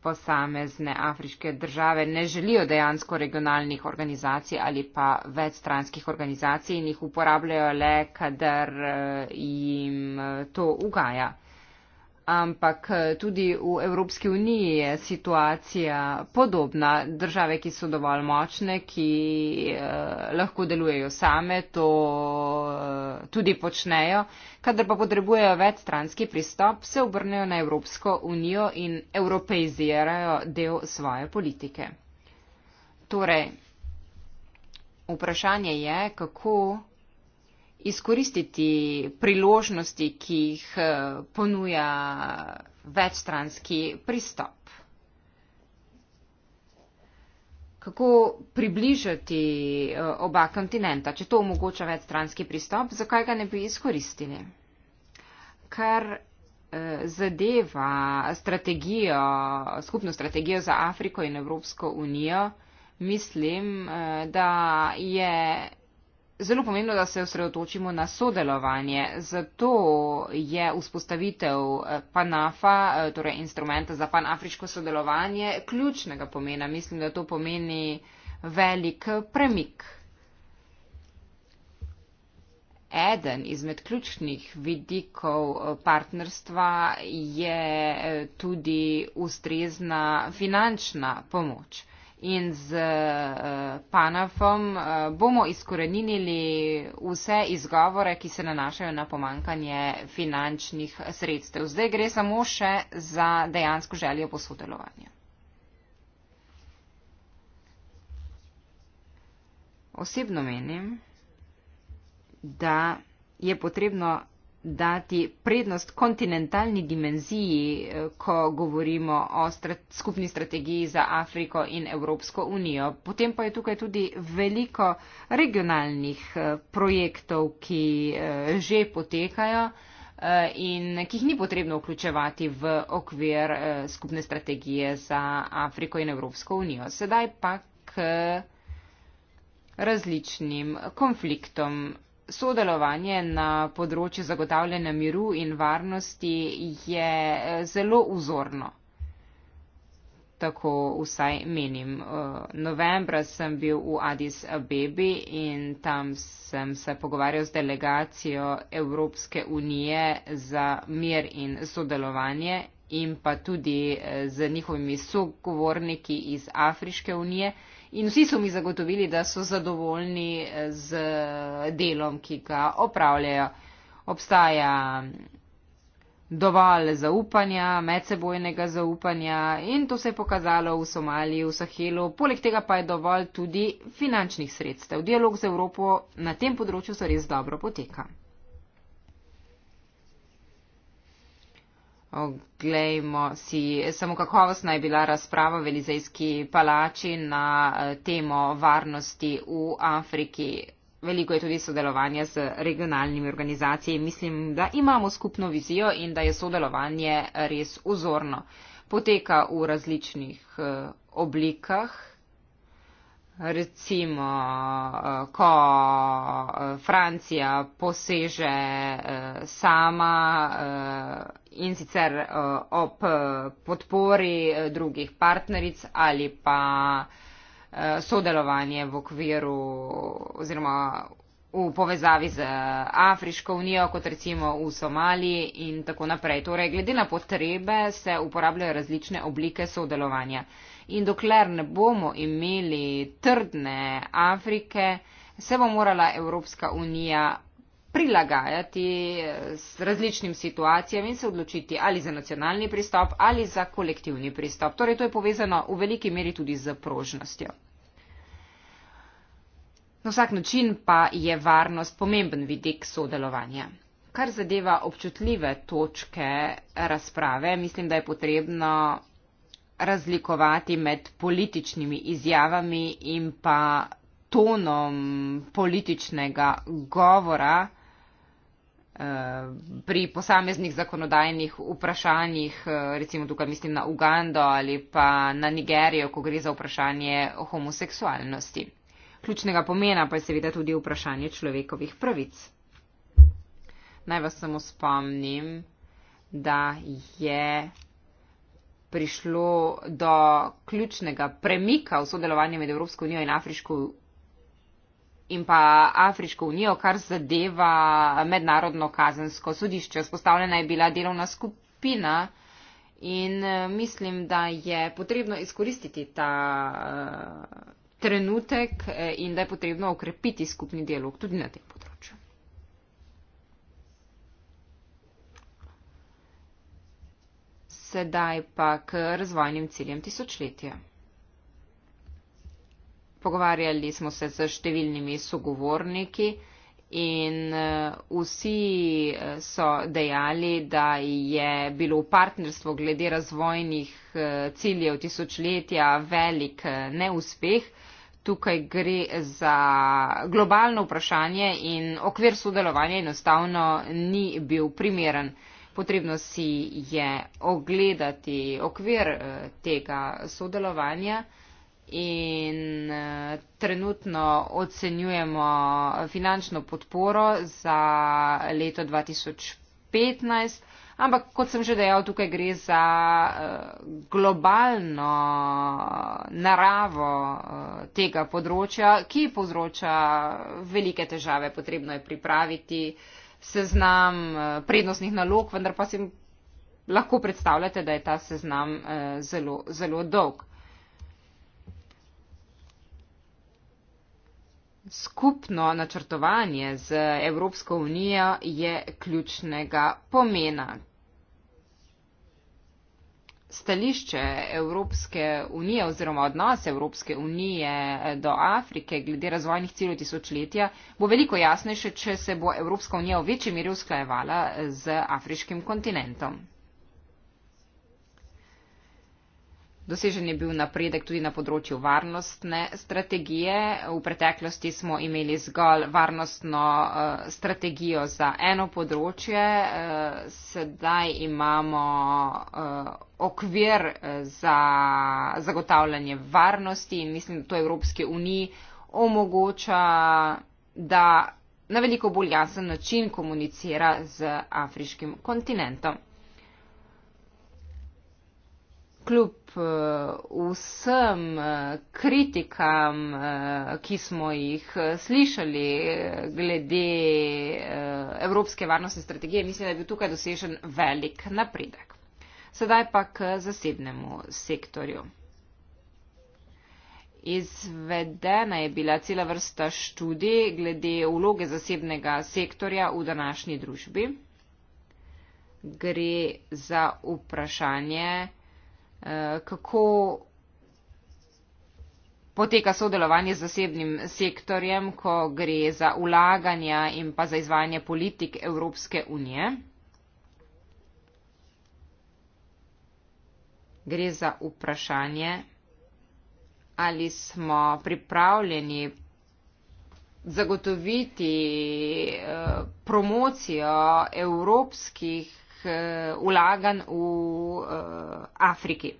posamezne afriške države ne želijo dejansko regionalnih organizacij ali pa večstranskih organizacij in jih uporabljajo le, kadar eh, jim eh, to ugaja ampak eh, tudi v Evropski uniji je situacija podobna. Države, ki so dovolj močne, ki eh, lahko delujejo same, to eh, tudi počnejo. Kadar pa potrebujejo več stranski pristop, se obrnejo na Evropsko unijo in europeizirajo del svoje politike. Torej, vprašanje je, kako izkoristiti priložnosti, ki jih eh, ponuja večstranski pristop. Kako približati eh, oba kontinenta, če to omogoča večstranski pristop, zakaj ga ne bi izkoristili? Kar eh, zadeva strategijo, skupno strategijo za Afriko in Evropsko unijo, mislim, da je zelo pomembno, da se osredotočimo na sodelovanje. Zato je vzpostavitev eh, PANAFA, eh, torej instrumenta za panafriško sodelovanje, ključnega pomena. Mislim, da to pomeni velik premik. Eden izmed ključnih vidikov eh, partnerstva je tudi ustrezna finančna pomoč in z eh, Panafom eh, bomo izkorenili vse izgovore, ki se nanašajo na pomankanje finančnih sredstev. Zdaj gre samo še za dejansko željo po sodelovanju. Osebno menim, da je potrebno dati prednost kontinentalni dimenziji, eh, ko govorimo o strat skupni strategiji za Afriko in Evropsko unijo. Potem pa je tukaj tudi veliko regionalnih eh, projektov, ki eh, že potekajo in ki jih ni potrebno vključevati v okvir skupne strategije za Afriko in Evropsko unijo. Sedaj pa k različnim konfliktom sodelovanje na področju zagotavljanja miru in varnosti je eh, zelo vzorno. Tako vsaj menim. Eh, novembra sem bil v Addis Abebi in tam sem se pogovarjal z delegacijo Evropske unije za mir in sodelovanje in pa tudi eh, z njihovimi sogovorniki iz Afriške unije in vsi so mi zagotovili, da so zadovoljni eh, z eh, delom, ki ga opravljajo. Obstaja dovolj zaupanja, medsebojnega zaupanja in to se je pokazalo v Somaliji, v Sahelu. Poleg tega pa je dovolj tudi finančnih sredstev. Dialog z Evropo na tem področju se res dobro poteka. Oglejmo si, samo kakovostna je bila razprava v Elizejski palači na eh, temo varnosti v Afriki. Veliko je tudi sodelovanja z regionalnimi organizacijami. Mislim, da imamo skupno vizijo in da je sodelovanje res vzorno. Poteka v različnih eh, oblikah recimo eh, ko eh, Francija poseže eh, sama in sicer ob podpori drugih partneric ali pa sodelovanje v okviru oziroma v povezavi z Afriško unijo, kot recimo v Somaliji in tako naprej. Torej, glede na potrebe se uporabljajo različne oblike sodelovanja. In dokler ne bomo imeli trdne Afrike, se bo morala Evropska unija prilagajati eh, s različnim situacijam in se odločiti ali za nacionalni pristop ali za kolektivni pristop. Torej, to je povezano v veliki meri tudi z prožnostjo. Na vsak način pa je varnost pomemben vidik sodelovanja. Kar zadeva občutljive točke razprave, mislim, da je potrebno razlikovati med političnimi izjavami in pa tonom političnega govora eh, pri posameznih zakonodajnih vprašanjih, eh, recimo tukaj mislim na Ugando ali pa na Nigerijo, ko gre za vprašanje homoseksualnosti. Ključnega pomena pa je seveda tudi vprašanje človekovih pravic. Naj vas samo spomnim, da je prišlo do ključnega premika v sodelovanju med Evropsko unijo in Afriško in pa Afriško unijo, kar zadeva mednarodno kazensko sodišče. Spostavljena je bila delovna skupina in eh, mislim, da je potrebno izkoristiti ta eh, trenutek eh, in da je potrebno okrepiti skupni dialog tudi na tem področju. sedaj pa k razvojnim ciljem tisočletja. Pogovarjali smo se z številnimi sogovorniki in eh, vsi eh, so dejali, da je bilo partnerstvo glede razvojnih eh, ciljev tisočletja velik neuspeh. Tukaj gre za globalno vprašanje in okvir sodelovanja enostavno ni bil primeren. Potrebno si je ogledati okvir eh, tega sodelovanja in eh, trenutno ocenjujemo finančno podporo za leto 2015. Ampak, kot sem že dejal, tukaj gre za eh, globalno naravo tega področja, ki povzroča velike težave. Potrebno je pripraviti uh, seznam eh, prednostnih nalog, vendar pa si lahko predstavljate, da je ta seznam eh, zelo, zelo dolg. Skupno načrtovanje z Evropsko unijo je ključnega pomena stališče Evropske unije oziroma odnos Evropske unije eh, do Afrike glede razvojnih ciljev tisočletja bo veliko jasnejše, če se bo Evropska unija v večji meri usklajevala eh, z afriškim kontinentom. Dosežen je bil napredek tudi na področju varnostne strategije. V preteklosti smo imeli zgolj varnostno uh, strategijo za eno področje, uh, sedaj imamo uh, okvir za zagotavljanje varnosti in mislim, da to Evropske unije omogoča, da na veliko bolj jasen način komunicira z afriškim kontinentom. Kljub vsem eh, kritikam, eh, ki smo jih eh, slišali glede Evropske varnostne strategije, mislim, da je bil tukaj dosežen velik napredek. Sedaj pa k zasebnemu sektorju. Izvedena je bila cela vrsta študij glede vloge zasebnega sektorja v današnji družbi. Gre za vprašanje, Eh, kako poteka sodelovanje z zasebnim sektorjem, ko gre za ulaganja in pa za izvajanje politik Evropske unije. Gre za vprašanje, ali smo pripravljeni zagotoviti eh, promocijo evropskih Eh, ulaganj v eh, Afriki.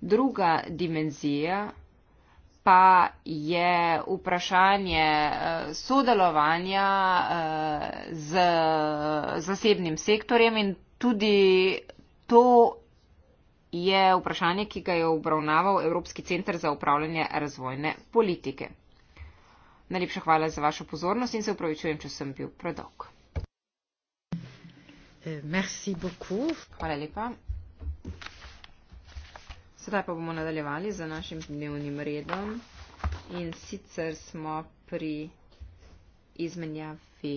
Druga dimenzija pa je vprašanje eh, sodelovanja z zasebnim sektorjem in tudi to je vprašanje, ki ga je obravnaval Evropski centr za upravljanje razvojne politike. Najlepša hvala za vašo pozornost in se upravičujem, če sem bil predolg. Eh, merci beaucoup. Hvala lepa. Sedaj pa bomo nadaljevali z našim dnevnim redom in sicer smo pri izmenjavi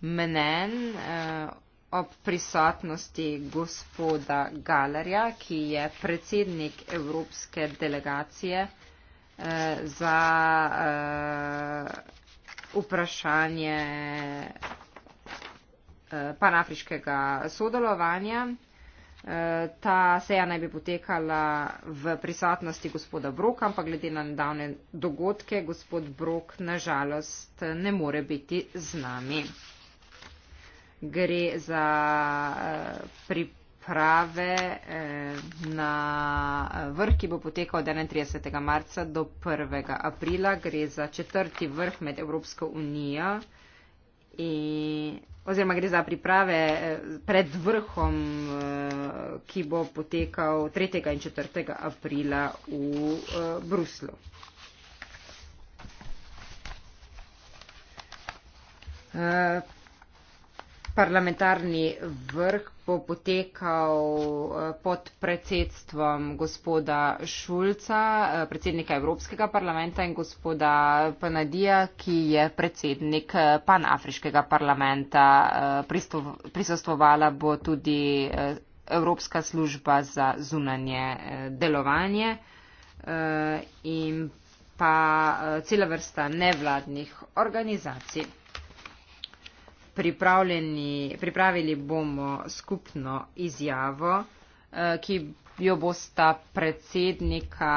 mnen eh, ob prisotnosti gospoda Galerja, ki je predsednik Evropske delegacije eh, za eh, vprašanje. Eh, Eh, panafriškega sodelovanja. Eh, ta seja naj bi potekala v prisotnosti gospoda Broka, ampak glede na nedavne dogodke gospod Brok nažalost ne more biti z nami. Gre za eh, priprave na vrh, ki bo potekal od 31. marca do 1. aprila. Gre za četrti vrh med Evropsko unijo in Oziroma gre za priprave eh, pred vrhom, eh, ki bo potekal 3. in 4. aprila v eh, Bruslu. Uh, Parlamentarni vrh bo potekal eh, pod predsedstvom gospoda Šulca, eh, predsednika Evropskega parlamenta in gospoda Panadija, ki je predsednik eh, Panafriškega parlamenta. Prisostovala bo tudi Evropska služba za zunanje delovanje in pa cela vrsta nevladnih organizacij pripravili bomo skupno izjavo, eh, ki jo bosta predsednika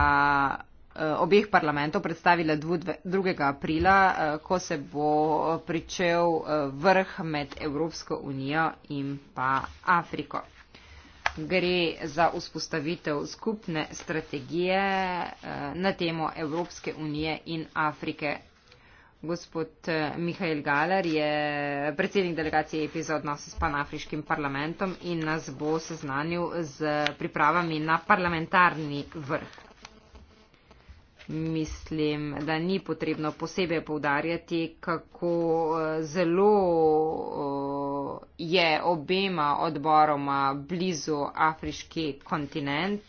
eh, obeh parlamentov predstavila 2. aprila, eh, ko se bo pričel vrh med Evropsko unijo in pa Afriko. Gre za vzpostavitev skupne strategije na temo Evropske unije in Afrike Gospod eh, Mihajl Galer je predsednik delegacije EPI za odnose s panafriškim parlamentom in nas bo seznanil z pripravami na parlamentarni vrh. Mislim, da ni potrebno posebej povdarjati, kako eh, zelo eh, je obema odboroma blizu afriški kontinent.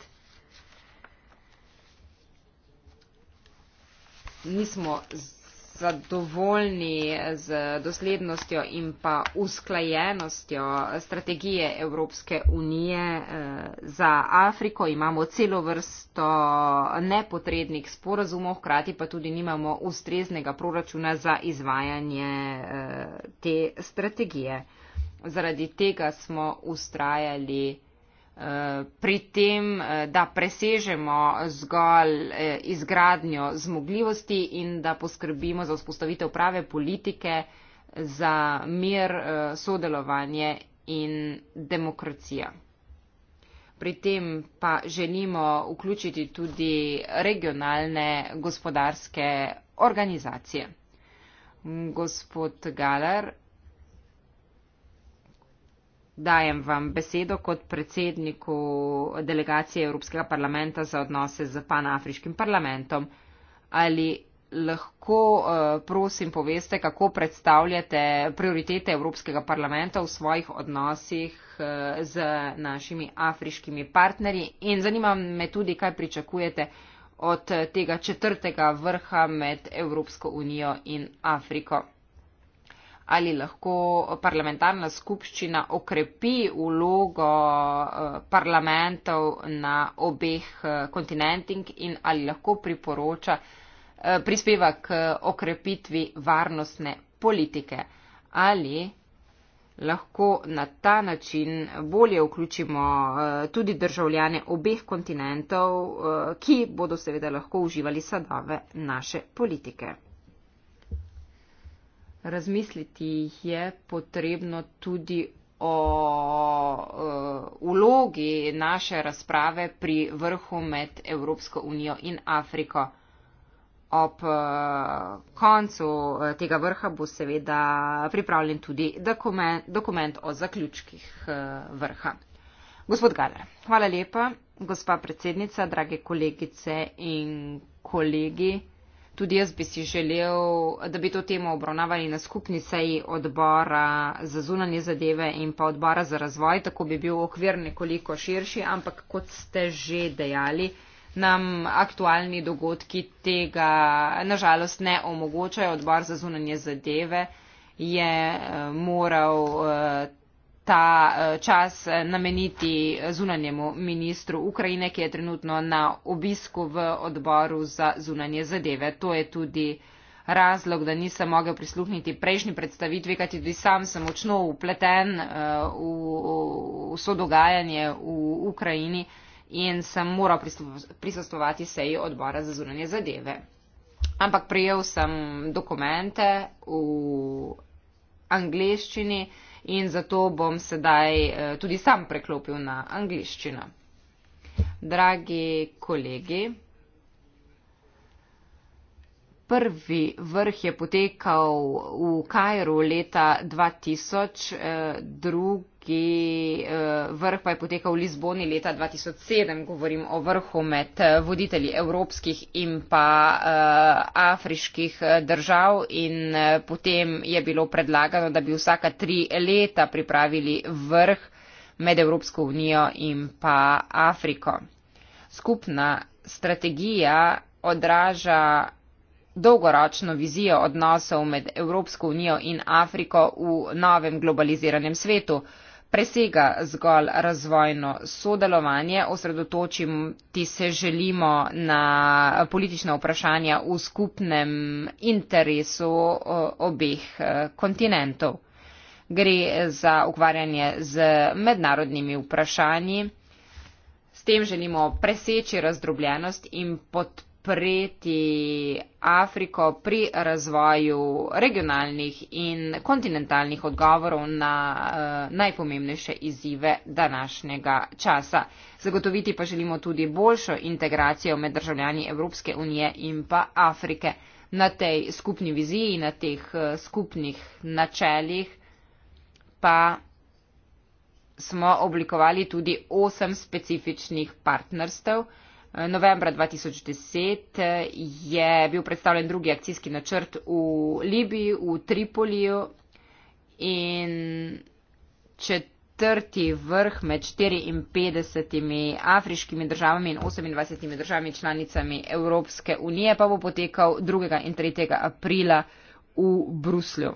Nismo z zadovoljni z doslednostjo in pa usklajenostjo strategije Evropske unije eh, za Afriko. Imamo celo vrsto nepotrebnih sporazumov, hkrati pa tudi nimamo ustreznega proračuna za izvajanje eh, te strategije. Zaradi tega smo ustrajali pri tem, eh, da presežemo zgolj eh, izgradnjo zmogljivosti in da poskrbimo za vzpostavitev prave politike za mir, eh, sodelovanje in demokracijo. Pri tem pa želimo vključiti tudi regionalne gospodarske organizacije. Gospod Galer, dajem vam besedo kot predsedniku delegacije Evropskega parlamenta za odnose z panafriškim parlamentom. Ali lahko, eh, prosim, poveste, kako predstavljate prioritete Evropskega parlamenta v svojih odnosih eh, z našimi afriškimi partnerji in zanima me tudi, kaj pričakujete od tega četrtega vrha med Evropsko unijo in Afriko ali lahko parlamentarna skupščina okrepi ulogo eh, parlamentov na obeh eh, kontinentih in ali lahko priporoča, eh, prispeva k okrepitvi varnostne politike ali lahko na ta način bolje vključimo tudi državljane obeh kontinentov, ki bodo seveda lahko uživali sadove naše politike razmisliti je potrebno tudi o ulogi e, naše razprave pri vrhu med Evropsko unijo in Afriko. Ob e, koncu e, tega vrha bo seveda pripravljen tudi dokument, dokument o zaključkih vrha. Gospod Galer, hvala lepa. Gospa predsednica, drage kolegice in kolegi. Tudi jaz bi si želel, da bi to temo obravnavali na skupni seji odbora za zunanje zadeve in pa odbora za razvoj, tako bi bil okvir nekoliko širši, ampak kot ste že dejali, nam aktualni dogodki tega nažalost ne omogočajo. Odbor za zunanje zadeve je eh, moral eh, ta eh, čas eh, nameniti zunanjemu ministru Ukrajine, ki je trenutno na obisku v odboru za zunanje zadeve. To je tudi razlog, da nisem mogel prisluhniti prejšnji predstavitvi, kajti tudi sam sem močno upleten eh, v vso dogajanje v Ukrajini in sem moral prisostovati seji odbora za zunanje zadeve. Ampak prijel sem dokumente v angliščini, in zato bom sedaj eh, tudi sam preklopil na angliščino. Dragi kolegi, Prvi vrh je potekal v Kajru leta 2002, ki eh, vrh pa je potekal v Lizboni leta 2007, govorim o vrhu med eh, voditelji evropskih in pa eh, afriških držav in potem je bilo predlagano, da bi vsaka tri leta pripravili vrh med Evropsko unijo in pa Afriko. Skupna strategija odraža dolgoročno vizijo odnosov med Evropsko unijo in Afriko v novem globaliziranem svetu presega zgolj razvojno sodelovanje, osredotočiti se želimo na politična vprašanja v skupnem interesu obeh eh, kontinentov. Gre za ukvarjanje z mednarodnimi vprašanji, s tem želimo preseči razdrobljenost in podpreti podpreti Afriko pri razvoju regionalnih in kontinentalnih odgovorov na uh, najpomembnejše izzive današnjega časa. Zagotoviti pa želimo tudi boljšo integracijo med državljani Evropske unije in pa Afrike. Na tej skupni viziji, na teh uh, skupnih načeljih pa smo oblikovali tudi osem specifičnih partnerstev, uh, Eh, novembra 2010 eh, je bil predstavljen drugi akcijski načrt v Libiji, v Tripoliju in četrti vrh med 54 afriškimi državami in 28 državami članicami Evropske unije pa bo potekal 2. in 3. aprila v Bruslju.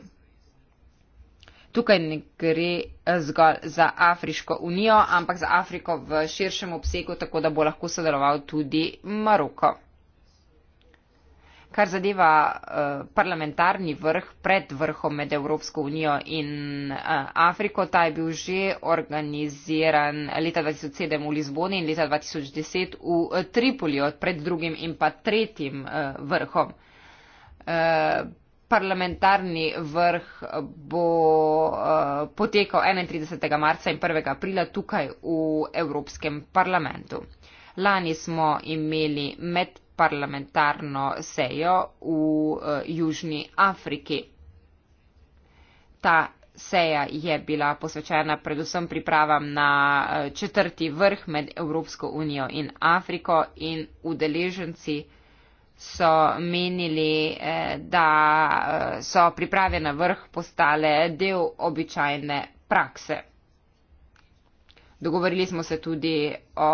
Tukaj ne gre eh, zgolj za Afriško unijo, ampak za Afriko v širšem obsegu, tako da bo lahko sodeloval tudi Maroko. Kar zadeva eh, parlamentarni vrh pred vrhom med Evropsko unijo in eh, Afriko, ta je bil že organiziran leta 2007 v Lizboni in leta 2010 v eh, Tripoliju pred drugim in pa tretjim eh, vrhom. Eh, parlamentarni vrh bo uh, potekal 31. marca in 1. aprila tukaj v Evropskem parlamentu. Lani smo imeli medparlamentarno sejo v uh, Južni Afriki. Ta seja je bila posvečena predvsem pripravam na uh, četrti vrh med Evropsko unijo in Afriko in udeleženci so menili, eh, da eh, so priprave na vrh postale del običajne prakse. Dogovorili smo se tudi o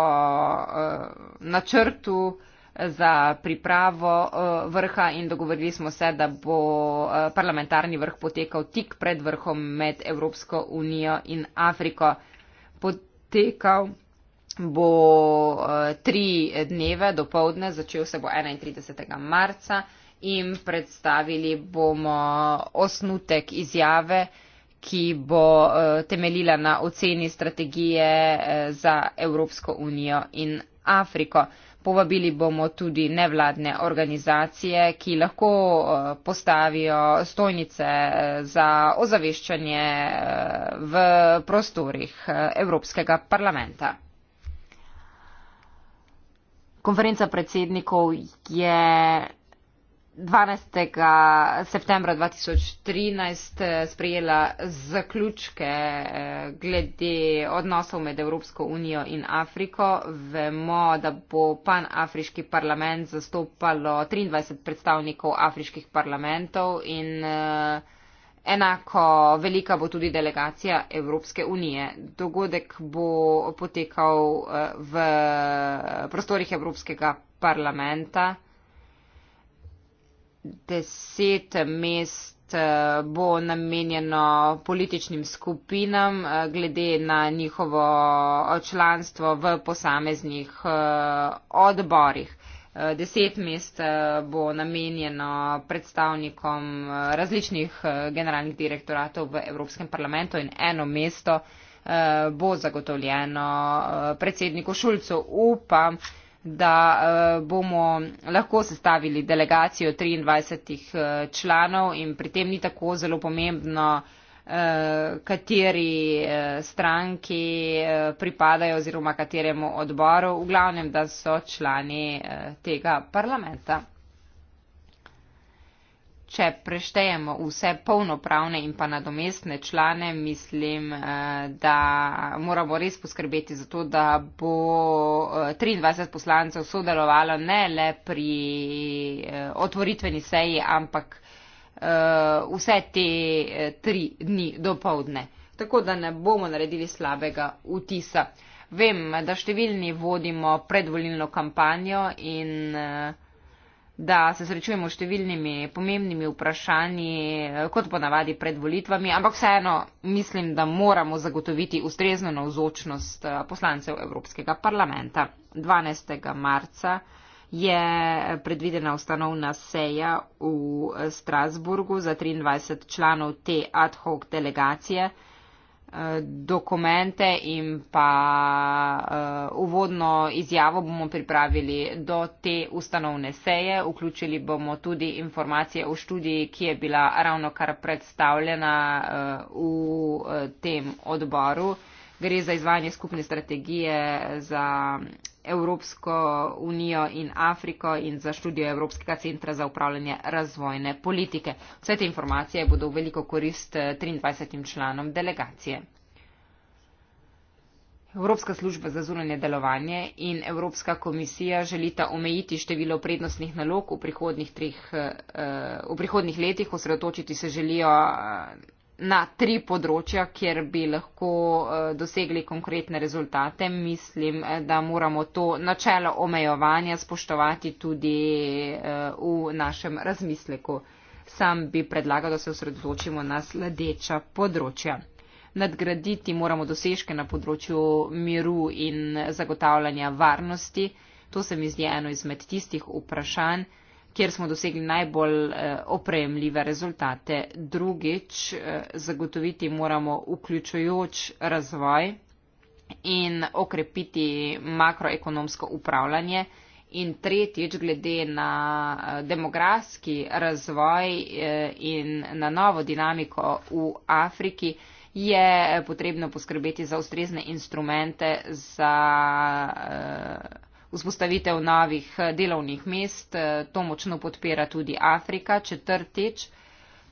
eh, načrtu za pripravo vrha in dogovorili smo se, da bo parlamentarni vrh potekal tik pred vrhom med Evropsko unijo in Afriko. Potekal bo eh, tri dneve do povdne, začel se bo 31. marca in predstavili bomo osnutek izjave, ki bo eh, temeljila na oceni strategije eh, za Evropsko unijo in Afriko. Povabili bomo tudi nevladne organizacije, ki lahko postavijo stojnice za ozaveščanje v prostorih Evropskega parlamenta. Konferenca predsednikov je 12. septembra 2013 eh, sprejela zaključke eh, glede odnosov med Evropsko unijo in Afriko. Vemo, da bo panafriški parlament zastopalo 23 predstavnikov afriških parlamentov in uh, Enako velika bo tudi delegacija Evropske unije. Dogodek bo potekal eh, v prostorih Evropskega parlamenta. Deset mest eh, bo namenjeno političnim skupinam eh, glede na njihovo članstvo v posameznih odborih deset mest eh, bo namenjeno predstavnikom eh, različnih eh, generalnih direktoratov v Evropskem parlamentu in eno mesto bo zagotovljeno predsedniku Šulcu. Upam, da bomo lahko sestavili delegacijo 23 članov in pri tem ni tako zelo pomembno, Eh, kateri eh, stranki eh, pripadajo oziroma kateremu odboru, v glavnem, da so člani tega parlamenta. Če preštejemo vse polnopravne in pa nadomestne člane, mislim, da moramo res poskrbeti za to, da bo 23 poslancev sodelovalo ne le pri otvoritveni seji, ampak uh, vse te uh, tri dni do povdne. Tako da ne bomo naredili slabega vtisa. Vem, da številni vodimo predvolilno kampanjo in uh, da se srečujemo s številnimi pomembnimi vprašanji, uh, kot ponavadi pred volitvami, ampak vseeno mislim, da moramo zagotoviti ustrezno navzočnost uh, poslancev Evropskega parlamenta 12. marca je predvidena ustanovna seja v Strasburgu za 23 članov te ad hoc delegacije. Dokumente in pa eh, uvodno izjavo bomo pripravili do te ustanovne seje. Vključili bomo tudi informacije o študiji, ki je bila ravno kar predstavljena eh, v eh, tem odboru gre za izvajanje skupne strategije za Evropsko unijo in Afriko in za študijo Evropskega centra za upravljanje razvojne politike. Vse te informacije bodo v veliko korist 23 eh, članom delegacije. Evropska služba za zunanje delovanje in Evropska komisija želita omejiti število prednostnih nalog v prihodnih, treh, eh, eh, v prihodnih letih, osredotočiti se želijo na tri področja, kjer bi lahko eh, dosegli konkretne rezultate. Mislim, eh, da moramo to načelo omejovanja spoštovati tudi eh, v našem razmisleku. Sam bi predlagal, da se osredotočimo na sledeča področja. Nadgraditi moramo dosežke na področju miru in zagotavljanja varnosti. To se mi zdi eno izmed tistih vprašanj, kjer smo dosegli najbolj eh, opremljive rezultate. Drugič, eh, zagotoviti moramo vključujoč razvoj in okrepiti makroekonomsko upravljanje. In tretjič, glede na eh, demografski razvoj in na novo dinamiko v Afriki, je potrebno poskrbeti za ustrezne instrumente za vzpostavitev novih eh, delovnih mest, eh, to močno podpira tudi Afrika. Četrtič,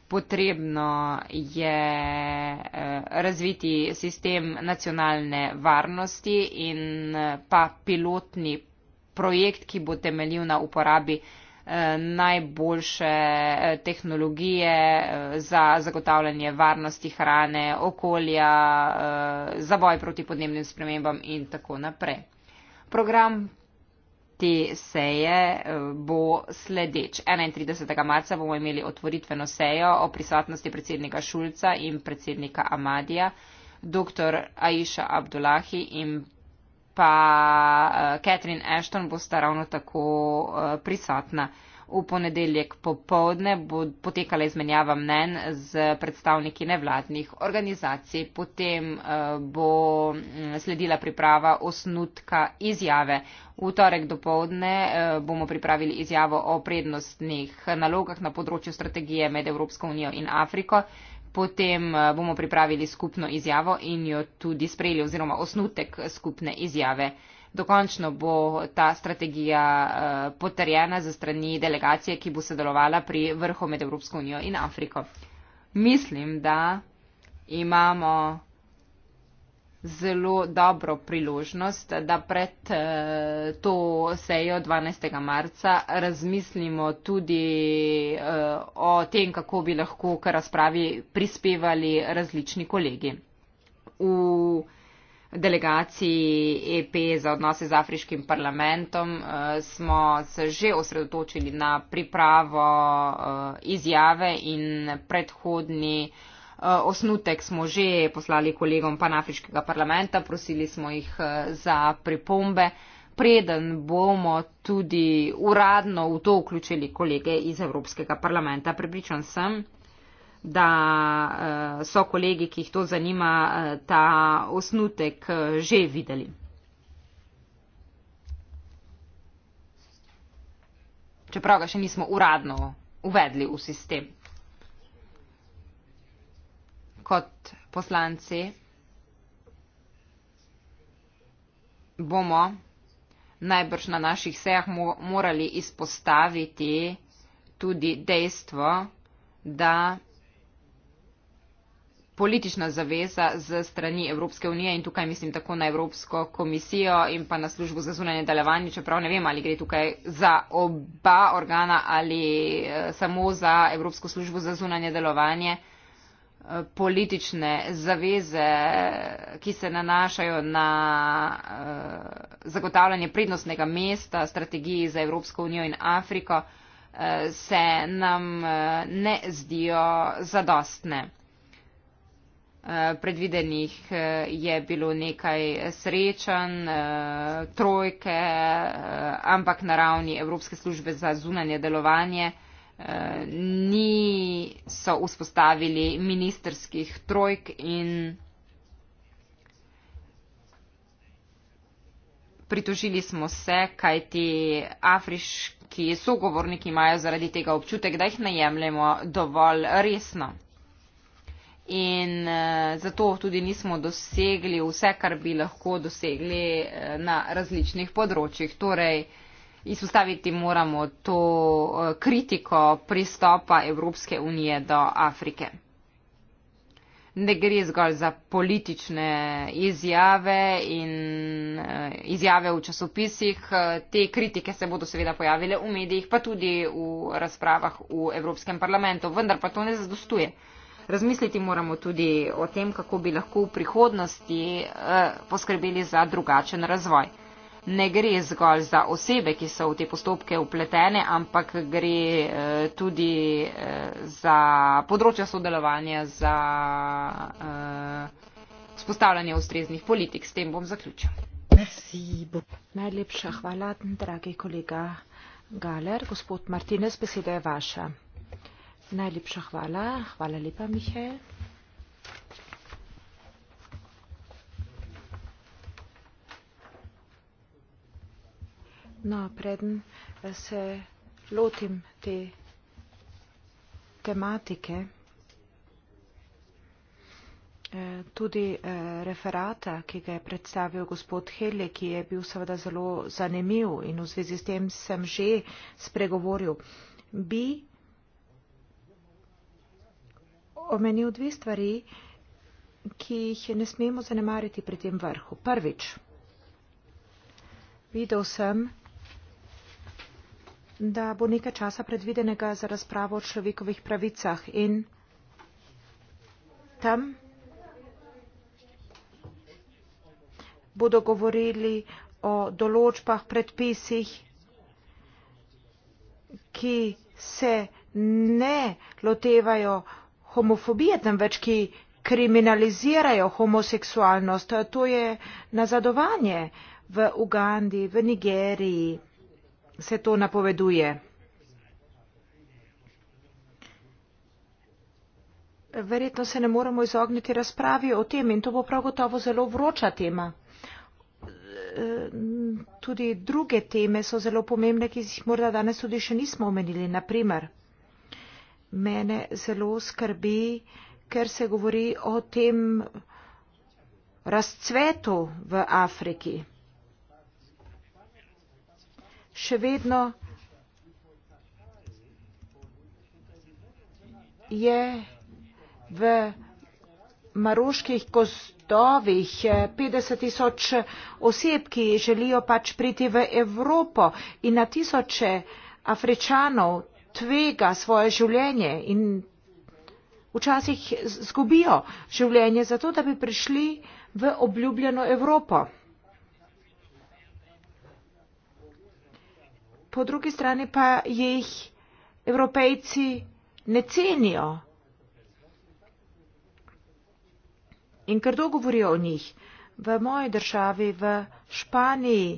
potrebno je eh, razviti sistem nacionalne varnosti in pa pilotni projekt, ki bo temeljil na uporabi najboljše tehnologije za zagotavljanje varnosti hrane, okolja, za boj proti podnebnim spremembam in tako naprej. Program te seje eh, bo sledeč. 31. marca bomo imeli otvoritveno sejo o prisotnosti predsednika Šulca in predsednika Amadija, dr. Aisha Abdullahi in pa eh, Catherine Ashton bo sta ravno tako eh, prisotna. V ponedeljek popovdne bo potekala izmenjava mnen z predstavniki nevladnih organizacij. Potem eh, bo mm, sledila priprava osnutka izjave. V torek dopovdne eh, bomo pripravili izjavo o prednostnih nalogah na področju strategije med Evropsko unijo in Afriko. Potem eh, bomo pripravili skupno izjavo in jo tudi sprejeli oziroma osnutek skupne izjave dokončno bo ta strategija eh, potrjena za strani delegacije, ki bo sodelovala pri vrhu med Evropsko unijo in Afriko. Mislim, da imamo zelo dobro priložnost, da pred eh, to sejo 12. marca razmislimo tudi eh, o tem, kako bi lahko k razpravi prispevali različni kolegi. V delegaciji EP za odnose z Afriškim parlamentom eh, smo se že osredotočili na pripravo eh, izjave in predhodni eh, osnutek smo že poslali kolegom Panafriškega parlamenta, prosili smo jih za pripombe. Preden bomo tudi uradno v to vključili kolege iz Evropskega parlamenta, pripričan sem, da eh, so kolegi, ki jih to zanima, eh, ta osnutek eh, že videli. Čeprav ga še nismo uradno uvedli v sistem. Kot poslanci bomo najbrž na naših sejah morali izpostaviti tudi dejstvo, da politična zaveza z strani Evropske unije in tukaj mislim tako na Evropsko komisijo in pa na službo za zunanje delovanje, čeprav ne vem, ali gre tukaj za oba organa ali eh, samo za Evropsko službo za zunanje delovanje, eh, politične zaveze, eh, ki se nanašajo na zagotavljanje prednostnega mesta, strategiji za Evropsko unijo in Afriko, se nam ne zdijo zadostne. Eh, predvidenih eh, je bilo nekaj srečan, eh, trojke, ampak na ravni Evropske službe za zunanje delovanje niso vzpostavili ministerskih trojk in pritožili smo se, kaj ti afriški sogovorniki imajo zaradi tega občutek, da jih najemljamo dovolj resno in eh, zato tudi nismo dosegli vse, kar bi lahko dosegli eh, na različnih področjih. Torej, izpostaviti moramo to eh, kritiko pristopa Evropske unije do Afrike. Ne gre zgolj za politične izjave in izjave v časopisih. Te kritike se bodo seveda pojavile v medijih, pa tudi v razpravah v Evropskem parlamentu, vendar pa to ne zadostuje razmisliti moramo tudi o tem, kako bi lahko v prihodnosti eh, poskrbeli za drugačen razvoj. Ne gre zgolj za osebe, ki so v te postopke upletene, ampak gre eh, tudi eh, za področja sodelovanja, za spostavljanje ustreznih politik. S tem bom zaključil. Najlepša hvala, dragi kolega Galer. Gospod Martinez, beseda je vaša. Najlepša hvala. Hvala lepa, Mihael. No, preden eh, se lotim te tematike, eh, tudi eh, referata, ki ga je predstavil gospod Helje, ki je bil seveda zelo zanimiv in v zvezi s tem sem že spregovoril, bi omenil dve stvari, ki jih ne smemo zanemariti pri tem vrhu. Prvič, videl sem, da bo nekaj časa predvidenega za razpravo o človekovih pravicah in tam bodo govorili o določbah, predpisih, ki se ne lotevajo homofobije, temveč ki kriminalizirajo homoseksualnost. To je nazadovanje v Ugandi, v Nigeriji. Se to napoveduje. Verjetno se ne moremo izogniti razpravi o tem in to bo prav gotovo zelo vroča tema. Tudi druge teme so zelo pomembne, ki jih morda danes tudi še nismo omenili. Naprimer, mene zelo skrbi, ker se govori o tem razcvetu v Afriki. Še vedno je v maroških gozdovih 50 eh, tisoč oseb, ki želijo pač priti v Evropo in na tisoče Afričanov tvega svoje življenje in včasih zgubijo življenje zato, da bi prišli v obljubljeno Evropo. Po drugi strani pa jih evropejci ne cenijo in krdo govorijo o njih. V moji državi, v Španiji,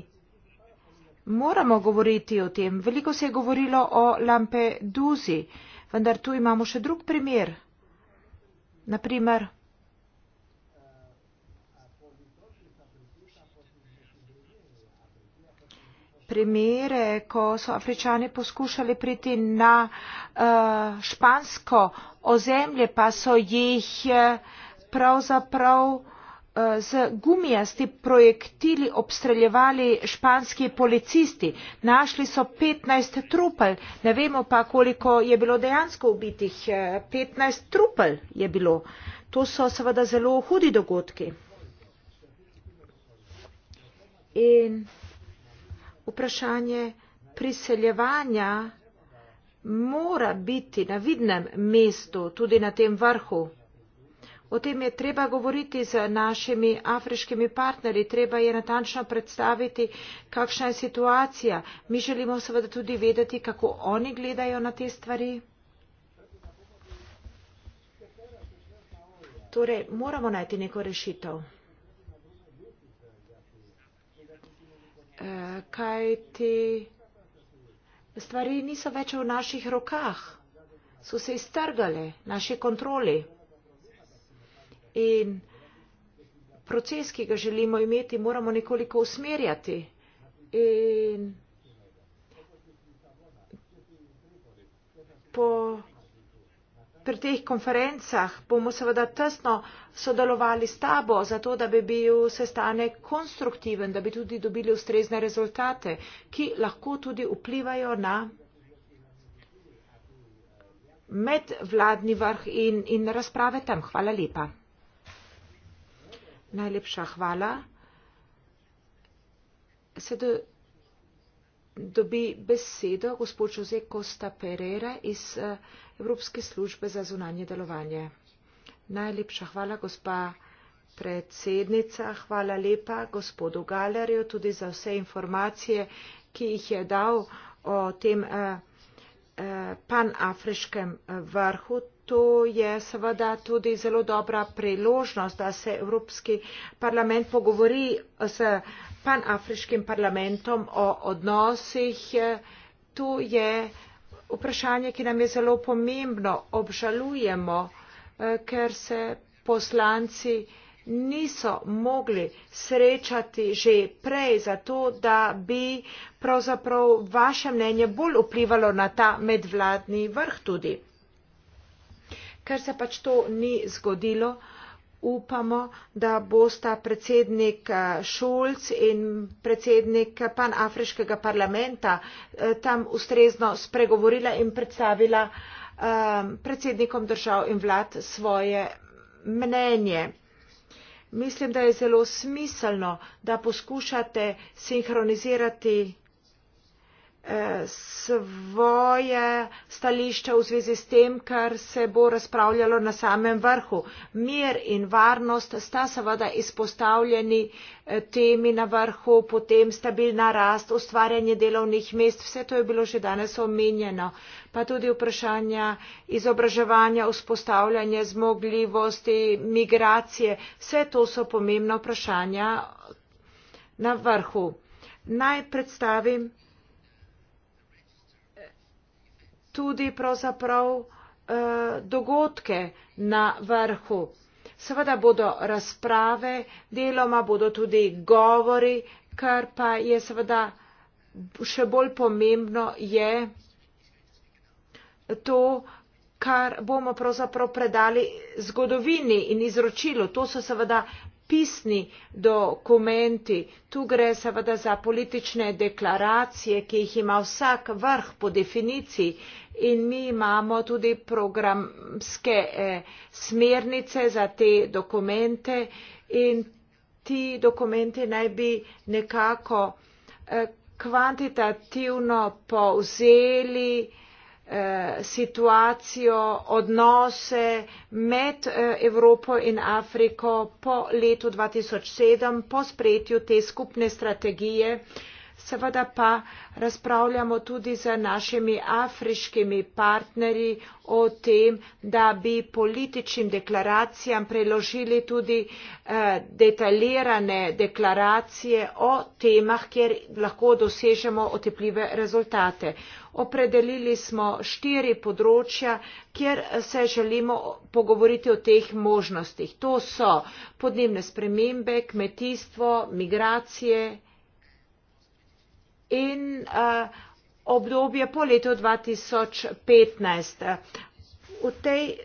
moramo govoriti o tem. Veliko se je govorilo o Lampeduzi, vendar tu imamo še drug primer. Naprimer, primere, ko so Afričani poskušali priti na uh, špansko ozemlje, pa so jih eh, pravzaprav. Uh, Eh, z gumijasti projektili obstreljevali španski policisti našli so petnajst trupel ne vemo pa koliko je bilo dejansko ubitih eh, petnajst trupel je bilo to so seveda zelo hudi dogodki in vprašanje priseljevanja mora biti na vidnem mestu tudi na tem vrhu O tem je treba govoriti z našimi afriškimi partnerji, treba je natančno predstaviti, kakšna je situacija. Mi želimo seveda tudi vedeti, kako oni gledajo na te stvari. Torej, moramo najti neko rešitev. Eh, Kaj ti stvari niso več v naših rokah, so se iztrgale naše kontroli. In proces, ki ga želimo imeti, moramo nekoliko usmerjati. In po pri teh konferencah bomo seveda tesno sodelovali s tabo, zato da bi bil sestanek konstruktiven, da bi tudi dobili ustrezne rezultate, ki lahko tudi vplivajo na medvladni vrh in, in razprave tam. Hvala lepa najlepša hvala. Sedaj dobi besedo gospod Jose Costa Pereira iz eh, Evropske službe za zunanje delovanje. Najlepša hvala, gospa predsednica. Hvala lepa gospodu Galerju tudi za vse informacije, ki jih je dal o tem eh, eh, panafriškem vrhu to je seveda tudi zelo dobra priložnost, da se Evropski parlament pogovori s panafriškim parlamentom o odnosih. Tu je vprašanje, ki nam je zelo pomembno, obžalujemo, eh, ker se poslanci niso mogli srečati že prej zato, da bi pravzaprav vaše mnenje bolj vplivalo na ta medvladni vrh tudi ker se pač to ni zgodilo, upamo, da bosta predsednik eh, Šulc in predsednik panafriškega parlamenta eh, tam ustrezno spregovorila in predstavila eh, predsednikom držav in vlad svoje mnenje. Mislim, da je zelo smiselno, da poskušate sinhronizirati svoje stališče v zvezi s tem, kar se bo razpravljalo na samem vrhu. Mir in varnost sta seveda izpostavljeni eh, temi na vrhu, potem stabilna rast, ustvarjanje delovnih mest, vse to je bilo že danes omenjeno, pa tudi vprašanja izobraževanja, vzpostavljanje zmogljivosti, migracije, vse to so pomembna vprašanja na vrhu. Naj predstavim, tudi pravzaprav eh, dogodke na vrhu. Seveda bodo razprave, deloma bodo tudi govori, kar pa je seveda še bolj pomembno je to, kar bomo pravzaprav predali zgodovini in izročilo. To so seveda pisni dokumenti tu gre seveda za politične deklaracije ki jih ima vsak vrh po definiciji in mi imamo tudi programske eh, smernice za te dokumente in ti dokumenti naj bi nekako eh, kvantitativno povzeli eh, Eh, situacijo, odnose med eh, Evropo in Afriko po letu 2007, po sprejetju te skupne strategije Seveda pa razpravljamo tudi z našimi afriškimi partnerji o tem, da bi političnim deklaracijam preložili tudi eh, detaljirane deklaracije o temah, kjer lahko dosežemo otepljive rezultate. Opredelili smo štiri področja, kjer se želimo pogovoriti o teh možnostih. To so podnebne spremembe, kmetijstvo, migracije, in eh, obdobje po letu 2015. V tej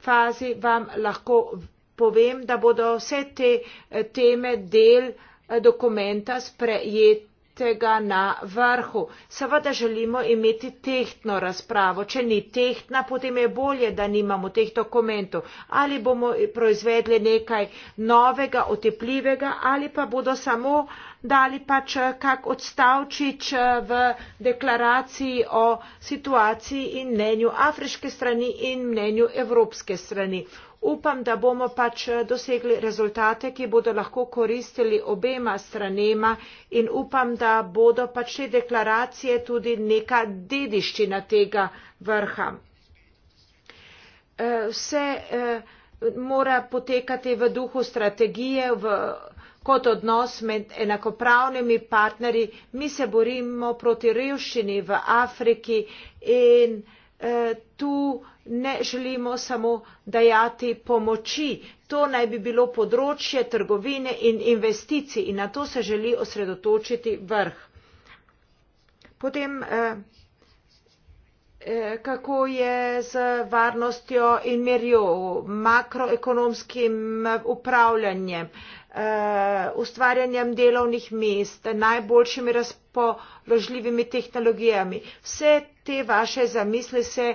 fazi vam lahko povem, da bodo vse te eh, teme del eh, dokumenta sprejeti tega na vrhu. Seveda želimo imeti tehtno razpravo. Če ni tehtna, potem je bolje, da nimamo teh dokumentov. Ali bomo proizvedli nekaj novega, otepljivega, ali pa bodo samo dali pač kak odstavčič v deklaraciji o situaciji in mnenju afriške strani in mnenju evropske strani upam da bomo pač eh, dosegli rezultate ki bodo lahko koristili obema stranema in upam da bodo pač te deklaracije tudi neka dediščina tega vrha eh, vse eh, mora potekati v duhu strategije v kot odnos med enakopravnimi partnerji. Mi se borimo proti revščini v Afriki in eh, tu eh, ne želimo samo dajati pomoči. To naj bi bilo področje trgovine in investicij in na to se želi osredotočiti vrh. Potem, eh, eh, kako je z varnostjo in merjo, makroekonomskim eh, upravljanjem, ustvarjanjem delovnih mest, najboljšimi razpoložljivimi tehnologijami. Vse te vaše zamisli se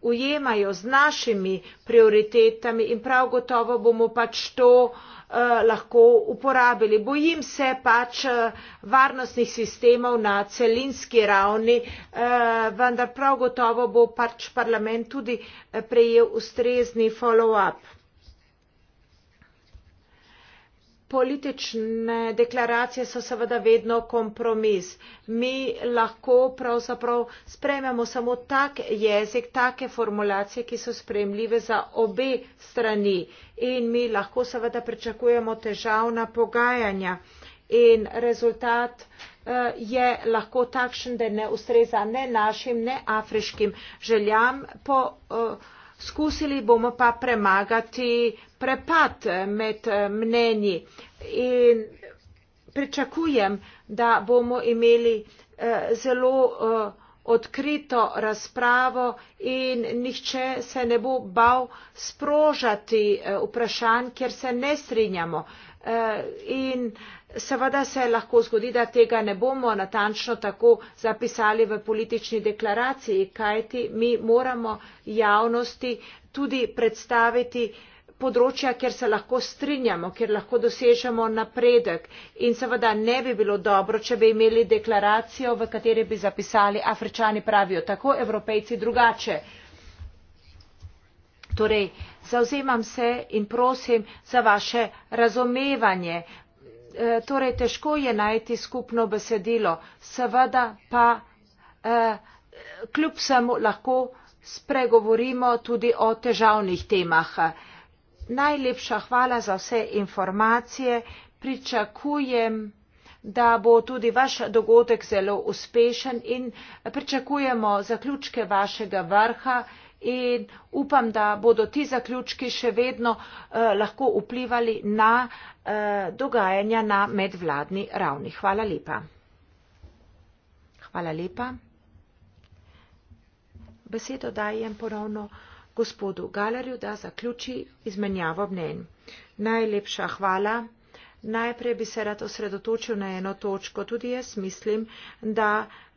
ujemajo z našimi prioritetami in prav gotovo bomo pač to eh, lahko uporabili. Bojim se pač eh, varnostnih sistemov na celinski ravni, eh, vendar prav gotovo bo pač parlament tudi eh, prejel ustrezni follow-up. politične deklaracije so seveda vedno kompromis. Mi lahko pravzaprav sprememo samo tak jezik, take formulacije, ki so spremljive za obe strani in mi lahko seveda pričakujemo težavna pogajanja in rezultat eh, je lahko takšen, da ne ustreza ne našim, ne afriškim željam po uh, skusili bomo pa premagati prepad med eh, mnenji in pričakujem, da bomo imeli eh, zelo eh, odkrito razpravo in nihče se ne bo bal sprožati vprašanj, ker se ne strinjamo. In seveda se lahko zgodi da tega ne bomo natančno tako zapisali v politični deklaraciji kajti mi moramo javnosti tudi predstaviti področja kjer se lahko strinjamo kjer lahko dosežemo napredek in seveda ne bi bilo dobro če bi imeli deklaracijo v kateri bi zapisali afričani pravijo tako evropejci drugače torej zavzemam se in prosim za vaše razumevanje. Eh, torej težko je najti skupno besedilo seveda pa eh, kljub vsemu lahko spregovorimo tudi o težavnih temah. Najlepša hvala za vse informacije. Pričakujem, da bo tudi vaš dogodek zelo uspešen in pričakujemo zaključke vašega vrha, in upam da bodo ti zaključki še vedno eh, lahko vplivali na eh, dogajanja na medvladni ravni. Hvala lepa. Hvala lepa. Besedo dajem ponovno gospodu Galerju, da zaključi izmenjavo mnenj. Najlepša hvala. Najprej bi se rad osredotočil na eno točko. Tudi jaz mislim, da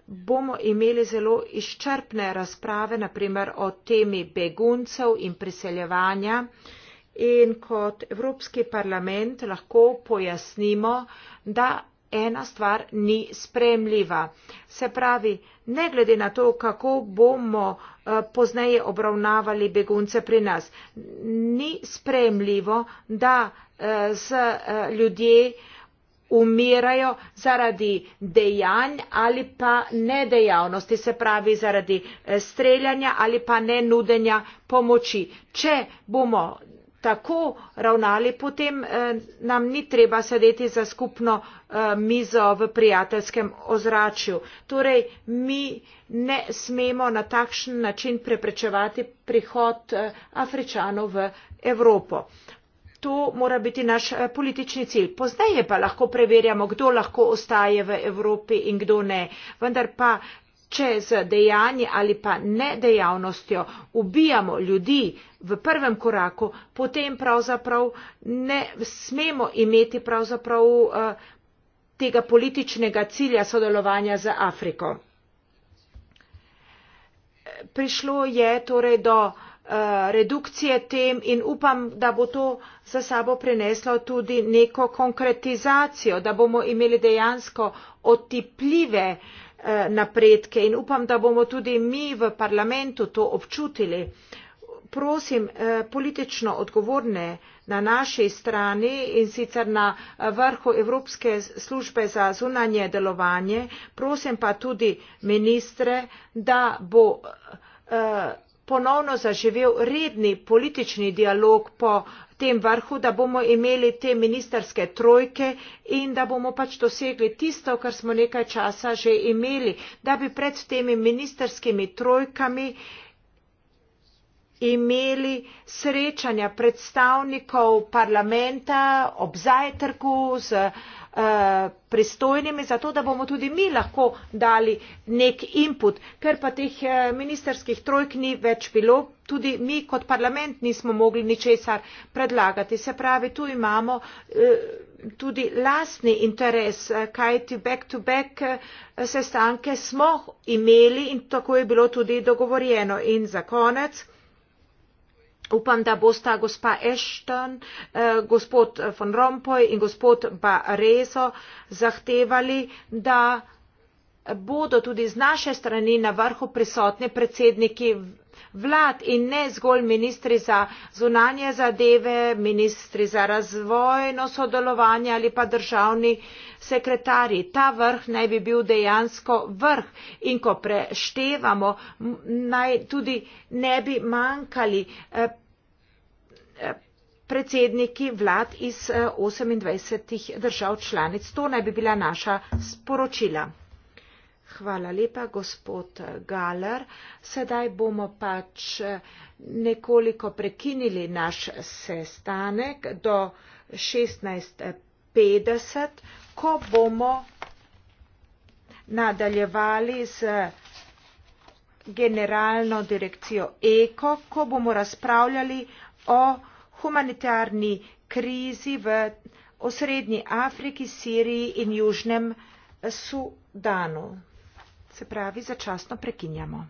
bomo imeli zelo izčrpne razprave, naprimer o temi beguncev in priseljevanja in kot Evropski parlament lahko pojasnimo, da ena stvar ni spremljiva. Se pravi, ne glede na to, kako bomo eh, pozneje obravnavali begunce pri nas, ni spremljivo, da eh, z eh, ljudje umirajo zaradi dejanj ali pa nedejavnosti se pravi zaradi eh, streljanja ali pa nenudenja pomoči. Če bomo tako ravnali, potem eh, nam ni treba sedeti za skupno eh, mizo v prijateljskem ozračju. Torej, mi ne smemo na takšen način preprečevati prihod eh, Afričanov v Evropo to mora biti naš eh, politični cilj. Pozdaj je pa lahko preverjamo, kdo lahko ostaje v Evropi in kdo ne. Vendar pa, če z dejanji ali pa nedejavnostjo ubijamo ljudi v prvem koraku, potem pravzaprav ne smemo imeti pravzaprav eh, tega političnega cilja sodelovanja z Afriko. Prišlo je torej do Eh, redukcije tem in upam, da bo to za sabo preneslo tudi neko konkretizacijo, da bomo imeli dejansko otipljive eh, napredke in upam, da bomo tudi mi v parlamentu to občutili. Prosim eh, politično odgovorne na naši strani in sicer na vrhu Evropske službe za zunanje delovanje, prosim pa tudi ministre, da bo ponovno zaživel redni politični dialog po tem vrhu, da bomo imeli te ministerske trojke in da bomo pač dosegli tisto, kar smo nekaj časa že imeli, da bi pred temi ministerskimi trojkami imeli srečanja predstavnikov parlamenta ob zajtrku z uh, Eh, pristojnimi, zato da bomo tudi mi lahko dali nek input, ker pa teh eh, ministerskih trojk ni več bilo, tudi mi kot parlament nismo mogli ničesar predlagati. Se pravi, tu imamo eh, tudi lastni interes, kajti back-to-back sestanke smo imeli in tako je bilo tudi dogovorjeno. In za konec. Upam, da bosta gospa Ashton, eh, gospod von Rompuy in gospod Barezo zahtevali, da bodo tudi z naše strani na vrhu prisotni predsedniki vlad in ne zgolj ministri za zunanje zadeve, ministri za razvojno sodelovanje ali pa državni sekretarji. Ta vrh naj bi bil dejansko vrh in ko preštevamo, naj tudi ne bi manjkali eh, eh, predsedniki vlad iz 28 eh, držav članic. To naj bi bila naša sporočila. Hvala lepa, gospod Galer. Sedaj bomo pač eh, nekoliko prekinili naš sestanek do 16.50, ko bomo nadaljevali z generalno direkcijo ECO, ko bomo razpravljali o humanitarni krizi v osrednji Afriki, Siriji in Južnem Sudanu se pravi začasno prekinjamo.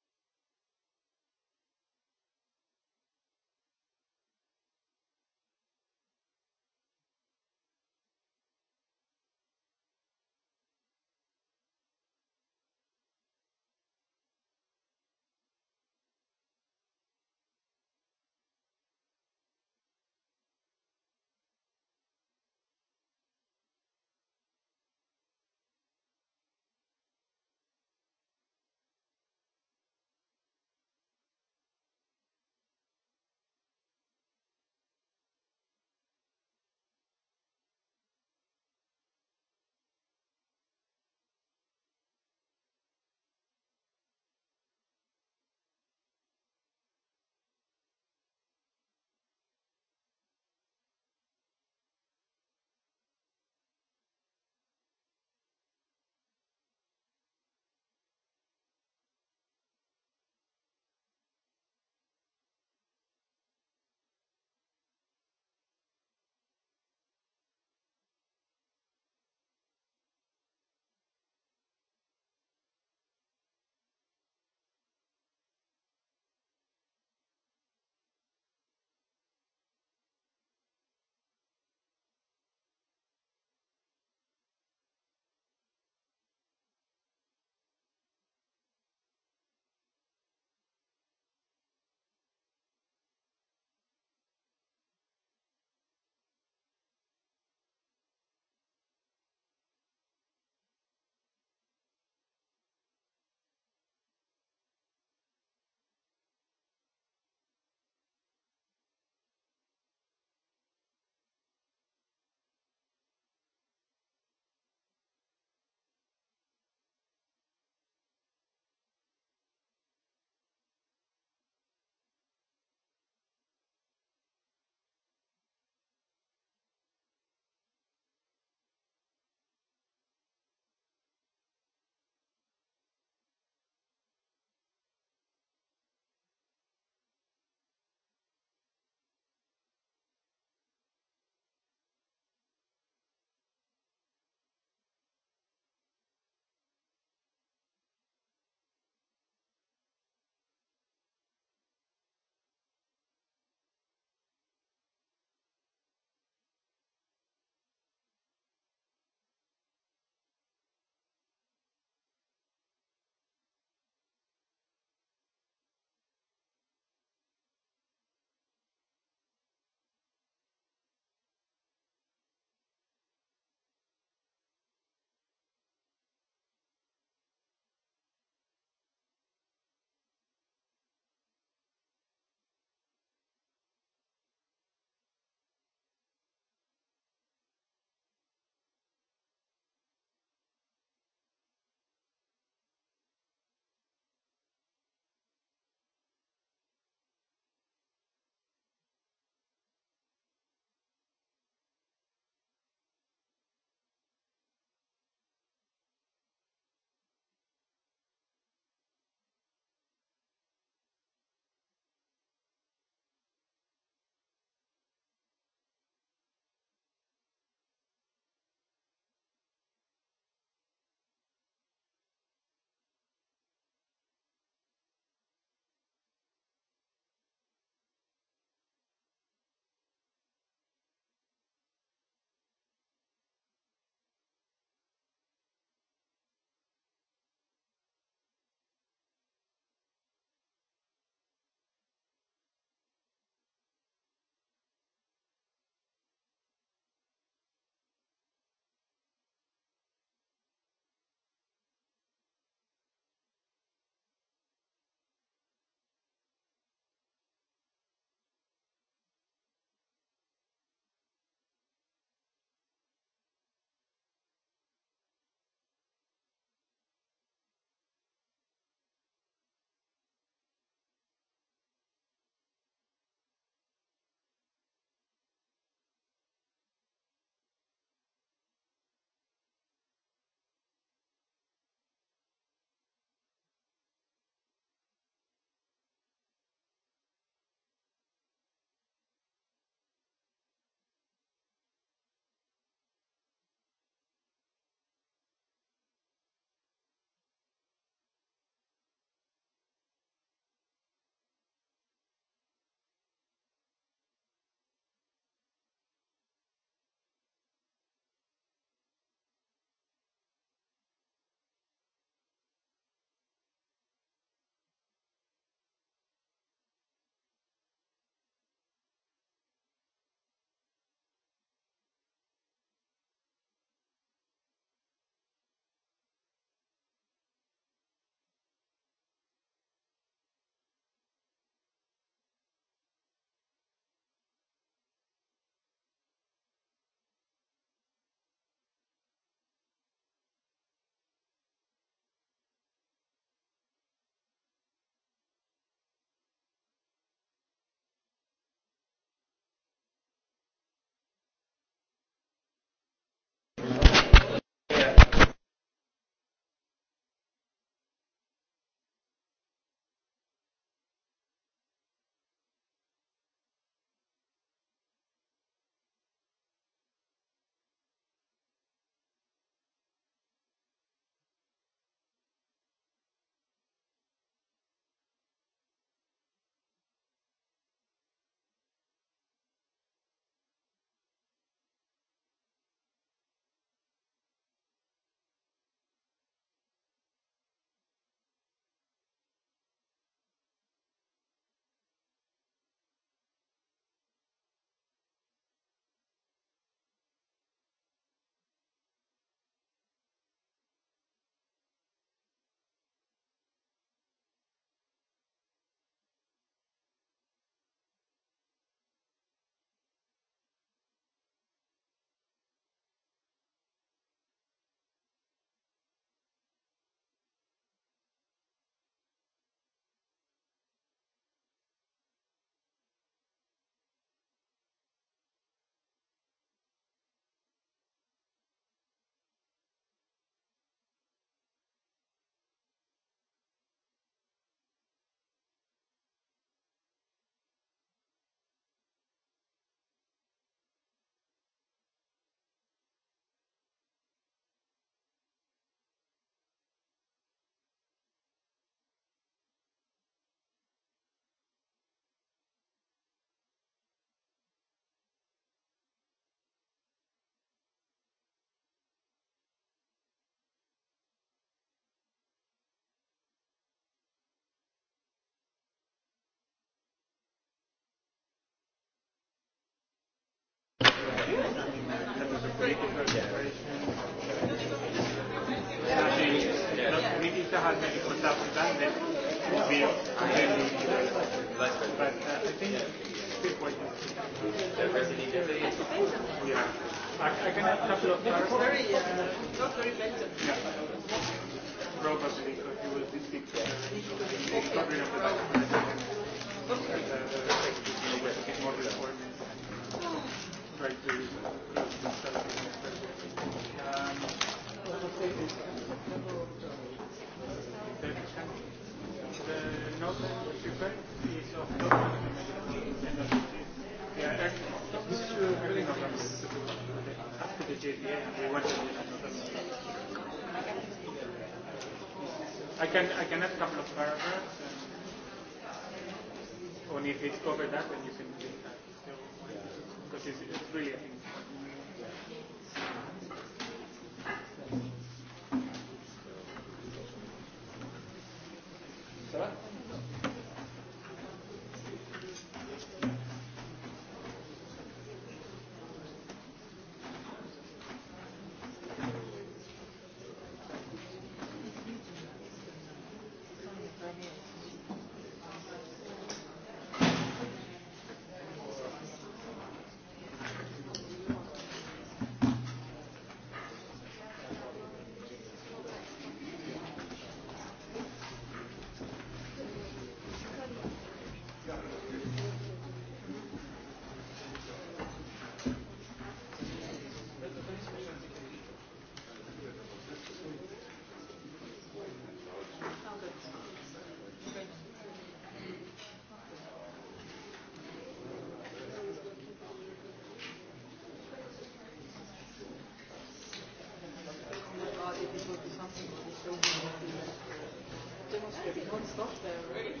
to be non-stop. They're eh, really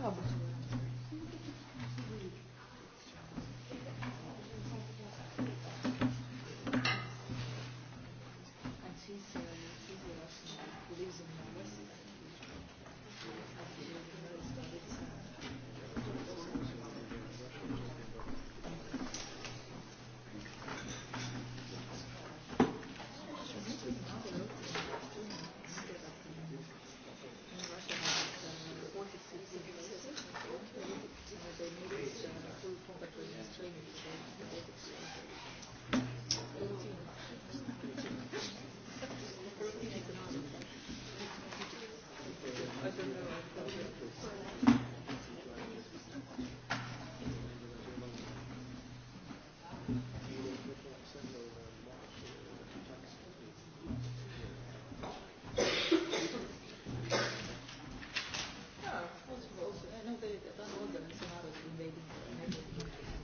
Pronto.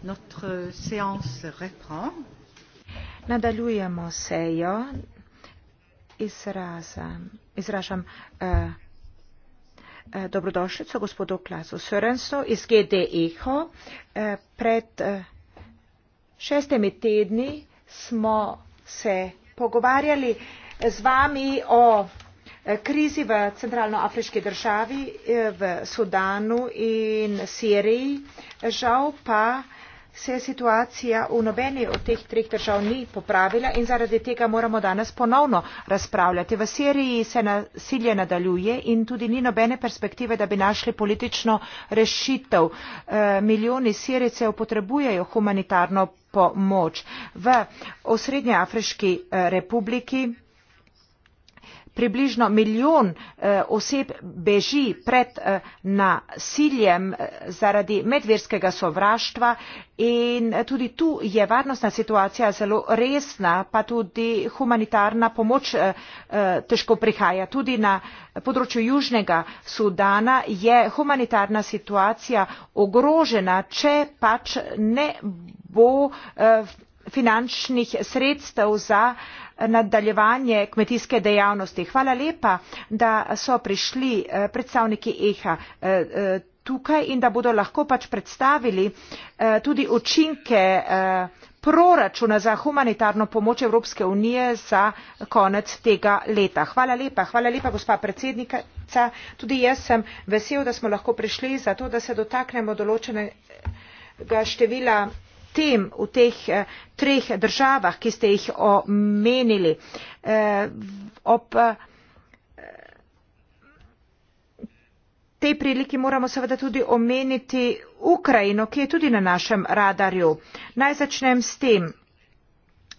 Notre séance reprend. Nadalujemo sejo. Izrazam, izražam uh, eh, uh, eh, dobrodošljico gospodu Klasu Sörensu iz GD Eho. Uh, pred uh, šestimi tedni smo se pogovarjali z vami o krizi v centralnoafriški državi, v Sudanu in Siriji. Žal pa se je situacija v nobeni od teh treh držav ni popravila in zaradi tega moramo danes ponovno razpravljati. V Siriji se nasilje nadaljuje in tudi ni nobene perspektive, da bi našli politično rešitev. E, milijoni Sirijcev potrebujejo humanitarno pomoč. V osrednje afriški eh, republiki približno milijon eh, oseb beži pred eh, nasiljem eh, zaradi medverskega sovraštva in tudi tu je varnostna situacija zelo resna pa tudi humanitarna pomoč težko prihaja. tudi na področju južnega sudana je humanitarna situacija ogrožena če pač ne bo finančnih sredstev za nadaljevanje kmetijske dejavnosti. hvala lepa da so prišli eh, predstavniki eha eh, eh, tukaj in da bodo lahko pač predstavili tudi učinke proračuna za humanitarno pomoč evropske unije za konec tega leta. hvala lepa hvala lepa gospa predsednica tudi jaz sem vesel da smo lahko prišli zato da se dotaknemo določenega števila sistem v teh eh, treh državah, ki ste jih omenili, eh, ob eh, tej priliki moramo seveda tudi omeniti Ukrajino, ki je tudi na našem radarju. Naj začnem s tem.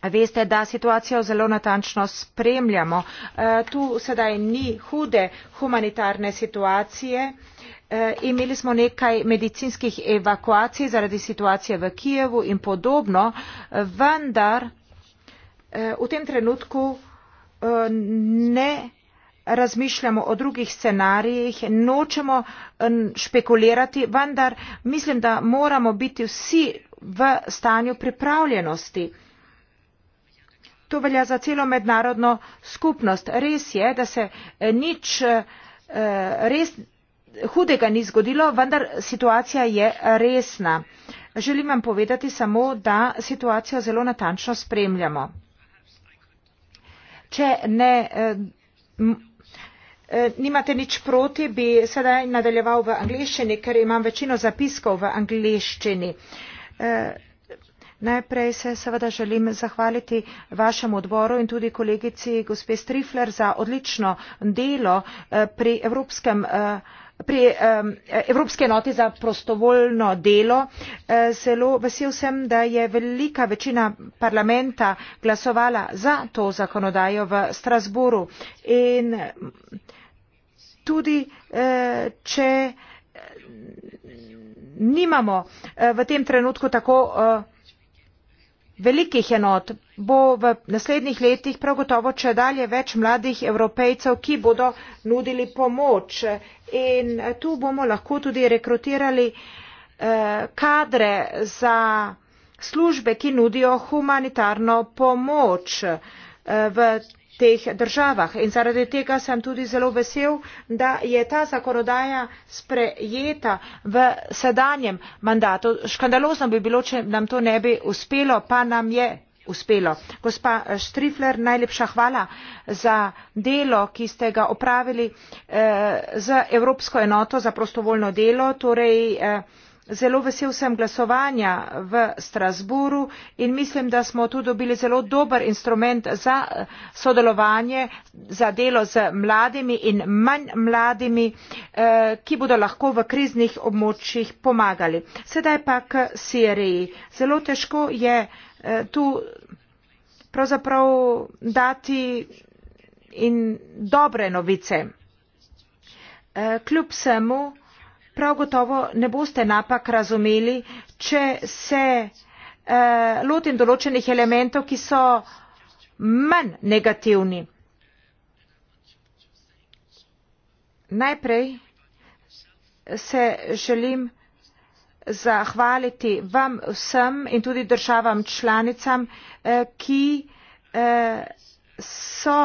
Veste, da situacijo zelo natančno spremljamo. Tu sedaj ni hude humanitarne situacije. Eh, imeli smo nekaj medicinskih evakuacij zaradi situacije v Kijevu in podobno, vendar eh, v tem trenutku eh, ne razmišljamo o drugih scenarijih, nočemo špekulirati, vendar mislim, da moramo biti vsi v stanju pripravljenosti. To velja za celo mednarodno skupnost. Res je, da se nič, res, hudega ni zgodilo, vendar situacija je resna. Želim vam povedati samo, da situacijo zelo natančno spremljamo. Če ne, eh, eh, nimate nič proti, bi sedaj nadaljeval v angliščini, ker imam večino zapiskov v angliščini. Eh, najprej se seveda želim zahvaliti vašemu odboru in tudi kolegici gospe Strifler za odlično delo pri Evropskem pri um, Evropske enoti za prostovoljno delo. Eh, zelo vesel sem, da je velika večina parlamenta glasovala za to zakonodajo v Strasburu. In tudi, uh, če nimamo uh, v tem trenutku tako. Uh, velikih enot bo v naslednjih letih prav gotovo če dalje več mladih evropejcev, ki bodo nudili pomoč. In eh, tu bomo lahko tudi rekrutirali eh, kadre za službe, ki nudijo humanitarno pomoč. Eh, v teh državah in zaradi tega sem tudi zelo vesel da je ta zakonodaja sprejeta v sedanjem mandatu škandalozno bi bilo če nam to ne bi uspelo pa nam je uspelo. gospa striffler najlepša hvala za delo ki ste ga opravili eh, z evropsko enoto za prostovoljno delo torej eh, zelo vesel sem glasovanja v strasburu in mislim da smo tu dobili zelo dober instrument za eh, sodelovanje za delo z mladimi in manj mladimi eh, ki bodo lahko v kriznih območjih pomagali sedaj pa k siriji zelo težko je eh, tu pravzaprav dati in dobre novice kljub vsemu prav gotovo ne boste napak razumeli, če se eh, lotim določenih elementov, ki so manj negativni. Najprej se želim zahvaliti vam vsem in tudi državam članicam, eh, ki eh, so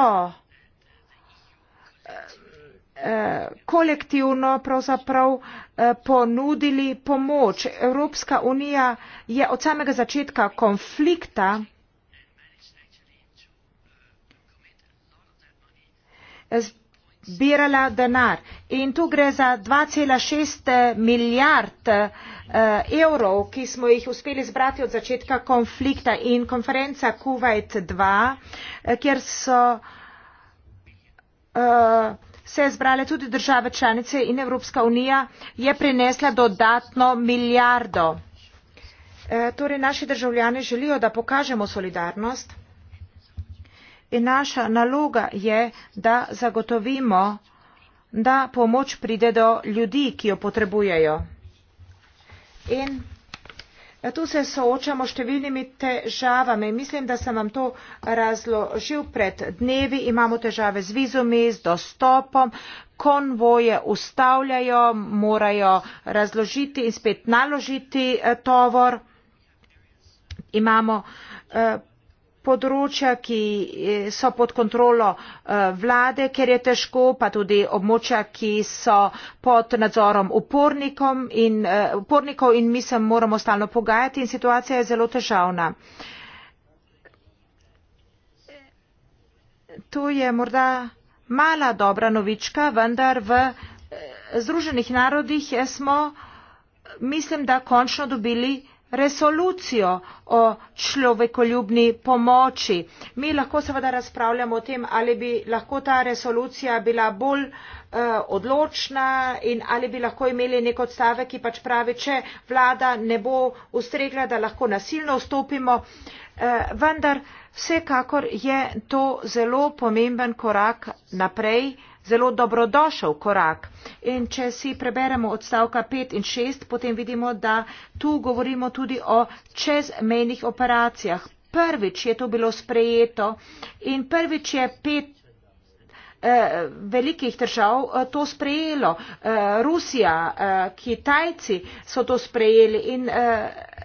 Eh, kolektivno pravzaprav eh, ponudili pomoč. Evropska unija je od samega začetka konflikta eh, zbirala denar in tu gre za 2,6 milijard evrov, ki smo jih uspeli zbrati od začetka konflikta in konferenca Kuwait 2, kjer so uh, se zbrale tudi države članice in Evropska unija je prinesla dodatno milijardo. E, torej naši državljani želijo, da pokažemo solidarnost in naša naloga je, da zagotovimo, da pomoč pride do ljudi, ki jo potrebujejo. In Ja, tu se soočamo številnimi težavami. Mislim, da sem vam to razložil pred dnevi. Imamo težave z vizumi, z dostopom, konvoje ustavljajo, morajo razložiti in spet naložiti eh, tovor. Imamo eh, področja, ki eh, so pod kontrolo eh, vlade, ker je težko, pa tudi območja, ki so pod nadzorom in, eh, upornikov in mi se moramo stalno pogajati in situacija je zelo težavna. To je morda mala dobra novička, vendar v Združenih narodih smo, mislim, da končno dobili resolucijo o človekoljubni pomoči. Mi lahko seveda razpravljamo o tem, ali bi lahko ta resolucija bila bolj eh, odločna in ali bi lahko imeli nek odstavek, ki pač pravi, če vlada ne bo ustregla, da lahko nasilno vstopimo, eh, vendar vsekakor je to zelo pomemben korak naprej zelo dobrodošel korak. In če si preberemo odstavka 5 in 6, potem vidimo, da tu govorimo tudi o čezmejnih operacijah. Prvič je to bilo sprejeto in prvič je pet eh, velikih držav eh, to sprejelo. Eh, Rusija, Kitajci so to sprejeli in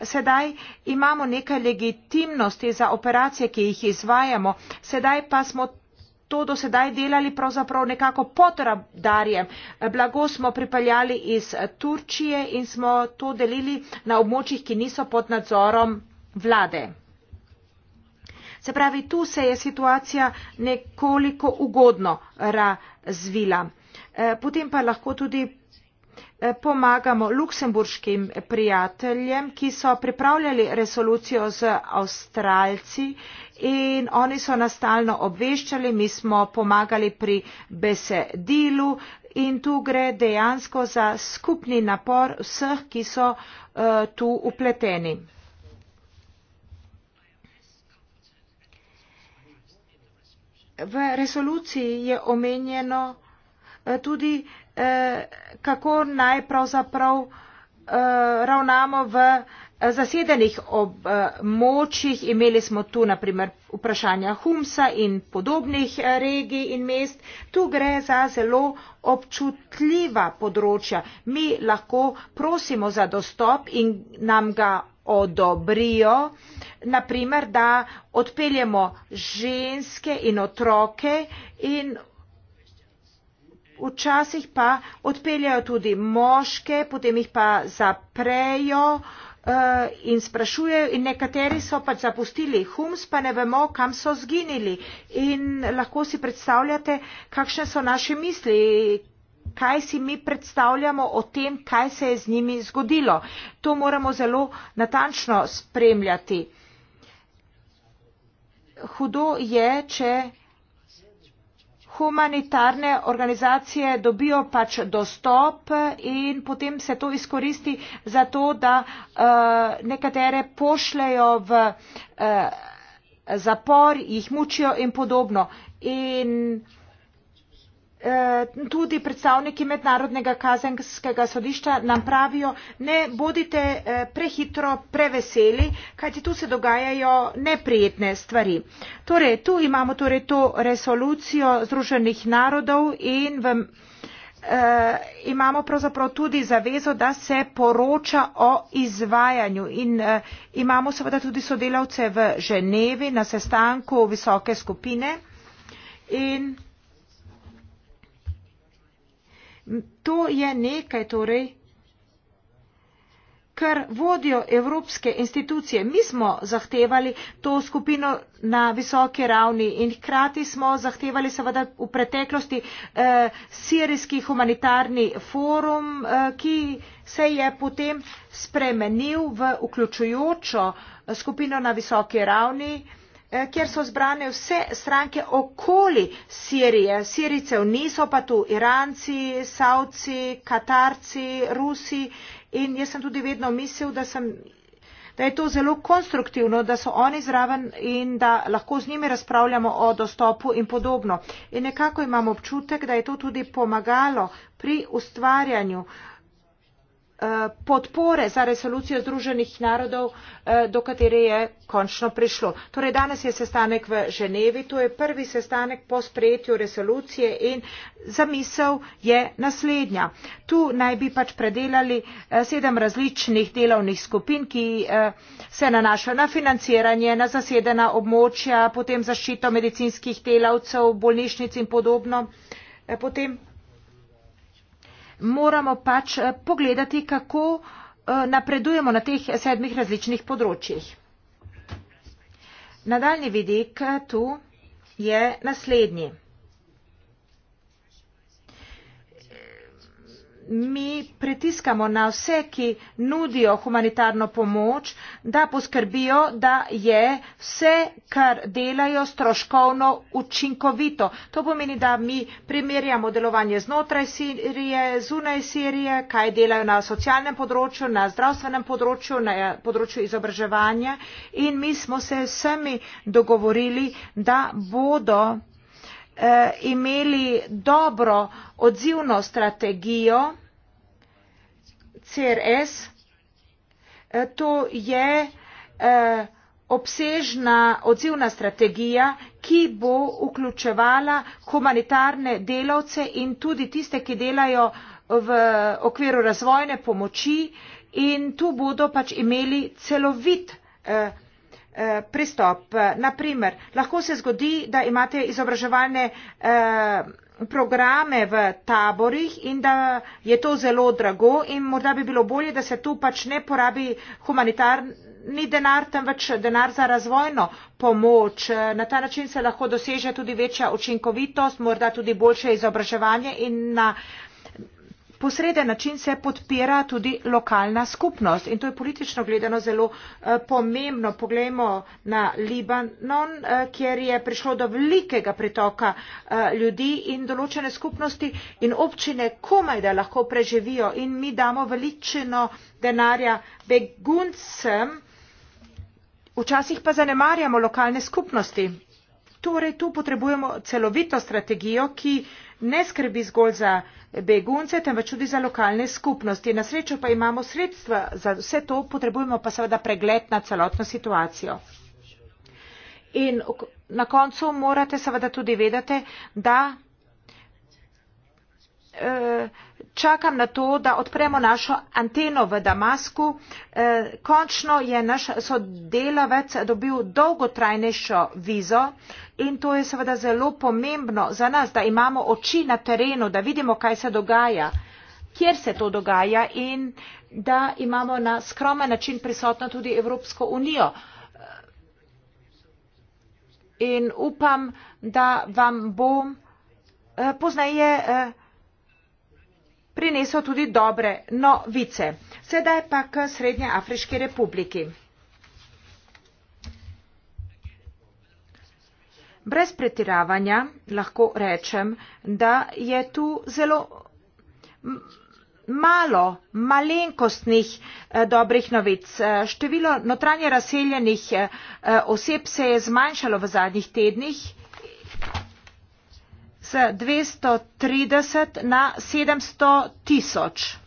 sedaj imamo nekaj legitimnosti za operacije, ki jih izvajamo. Sedaj pa smo to dosedaj delali pravzaprav nekako pod radarjem. Blago smo pripeljali iz Turčije in smo to delili na območjih, ki niso pod nadzorom vlade. Se pravi, tu se je situacija nekoliko ugodno razvila. E, potem pa lahko tudi e, pomagamo luksemburškim prijateljem, ki so pripravljali resolucijo z Avstralci in oni so nas stalno obveščali, mi smo pomagali pri besedilu in tu gre dejansko za skupni napor vseh, ki so uh, tu upleteni. V resoluciji je omenjeno eh, tudi, eh, kako naj pravzaprav ravnamo v zasedenih območjih, eh, imeli smo tu naprimer vprašanja Humsa in podobnih eh, regij in mest. Tu gre za zelo občutljiva področja. Mi lahko prosimo za dostop in nam ga odobrijo, naprimer, da odpeljemo ženske in otroke in včasih pa odpeljajo tudi moške, potem jih pa zaprejo. Eh, in sprašujejo in nekateri so pač zapustili Hums, pa ne vemo, kam so zginili. In lahko si predstavljate, kakšne so naše misli, kaj si mi predstavljamo o tem, kaj se je z njimi zgodilo. To moramo zelo natančno spremljati. Hudo je, če humanitarne organizacije dobijo pač dostop in potem se to izkoristi za to, da uh, nekatere pošljajo v uh, zapor, jih mučijo in podobno. In uh, Eh, tudi predstavniki mednarodnega kazenskega sodišča nam pravijo, ne bodite eh, prehitro preveseli, kajti tu se dogajajo neprijetne stvari. Torej, tu imamo torej to resolucijo Združenih narodov in v, eh, imamo pravzaprav tudi zavezo, da se poroča o izvajanju in eh, imamo seveda tudi sodelavce v Ženevi na sestanku visoke skupine in To je nekaj torej, kar vodijo evropske institucije. Mi smo zahtevali to skupino na visoki ravni in hkrati smo zahtevali seveda v preteklosti eh, sirijski humanitarni forum, eh, ki se je potem spremenil v vključujočo eh, skupino na visoki ravni. Eh, kjer so zbrane vse stranke okoli Sirije. Siricev niso pa tu Iranci, Savci, Katarci, Rusi in jaz sem tudi vedno mislil, da, sem, da je to zelo konstruktivno, da so oni zraven in da lahko z njimi razpravljamo o dostopu in podobno. In nekako imam občutek, da je to tudi pomagalo pri ustvarjanju uh, Eh, podpore za resolucijo združenih narodov eh, do katere je končno prišlo. torej danes je sestanek v ženevi to je prvi sestanek po sprejetju resolucije in zamisel je naslednja tu naj bi pač predelali eh, sedem različnih delovnih skupin ki se nanašajo na financiranje na zasedena območja potem zaščito medicinskih delavcev bolnišnic in podobno potem moramo pač eh, pogledati, kako eh, napredujemo na teh sedmih različnih področjih. Nadaljni vidik eh, tu je naslednji. mi pritiskamo na vse, ki nudijo humanitarno pomoč, da poskrbijo, da je vse, kar delajo, stroškovno učinkovito. To pomeni, da mi primerjamo delovanje znotraj Sirije, zunaj Sirije, kaj delajo na socialnem področju, na zdravstvenem področju, na eh, področju izobraževanja in mi smo se vsemi dogovorili, da bodo eh, imeli dobro odzivno strategijo CRS. Eh, to je eh, obsežna odzivna strategija, ki bo vključevala humanitarne delavce in tudi tiste, ki delajo v okviru razvojne pomoči in tu bodo pač imeli celovit. Eh, Eh, pristop. Naprimer, lahko se zgodi, da imate izobraževalne eh, programe v taborih in da je to zelo drago in morda bi bilo bolje, da se tu pač ne porabi humanitarni denar, temveč denar za razvojno pomoč. Na ta način se lahko doseže tudi večja učinkovitost, morda tudi boljše izobraževanje in na posreden način se podpira tudi lokalna skupnost in to je politično gledano zelo eh, pomembno. Poglejmo na Libanon, eh, kjer je prišlo do velikega pritoka eh, ljudi in določene skupnosti in občine komaj da lahko preživijo in mi damo veličino denarja beguncem, včasih pa zanemarjamo lokalne skupnosti. Torej, tu potrebujemo celovito strategijo, ki ne skrbi zgolj za begunce, temveč tudi za lokalne skupnosti. Na srečo pa imamo sredstva za vse to, potrebujemo pa seveda pregled na celotno situacijo. In na koncu morate seveda tudi vedeti, da Eh, čakam na to, da odpremo našo anteno v Damasku. Eh, končno je naš sodelavec dobil dolgotrajnejšo vizo in to je seveda zelo pomembno za nas, da imamo oči na terenu, da vidimo, kaj se dogaja, kjer se to dogaja in da imamo na skromen način prisotno tudi Evropsko unijo. Eh, in upam, da vam bom poznaje prinesel tudi dobre novice. Sedaj pa k Srednje Afriški republiki. Brez pretiravanja lahko rečem, da je tu zelo malo malenkostnih eh, dobrih novic. Eh, število notranje razseljenih eh, oseb se je zmanjšalo v zadnjih tednih z 230 na 700 tisoč.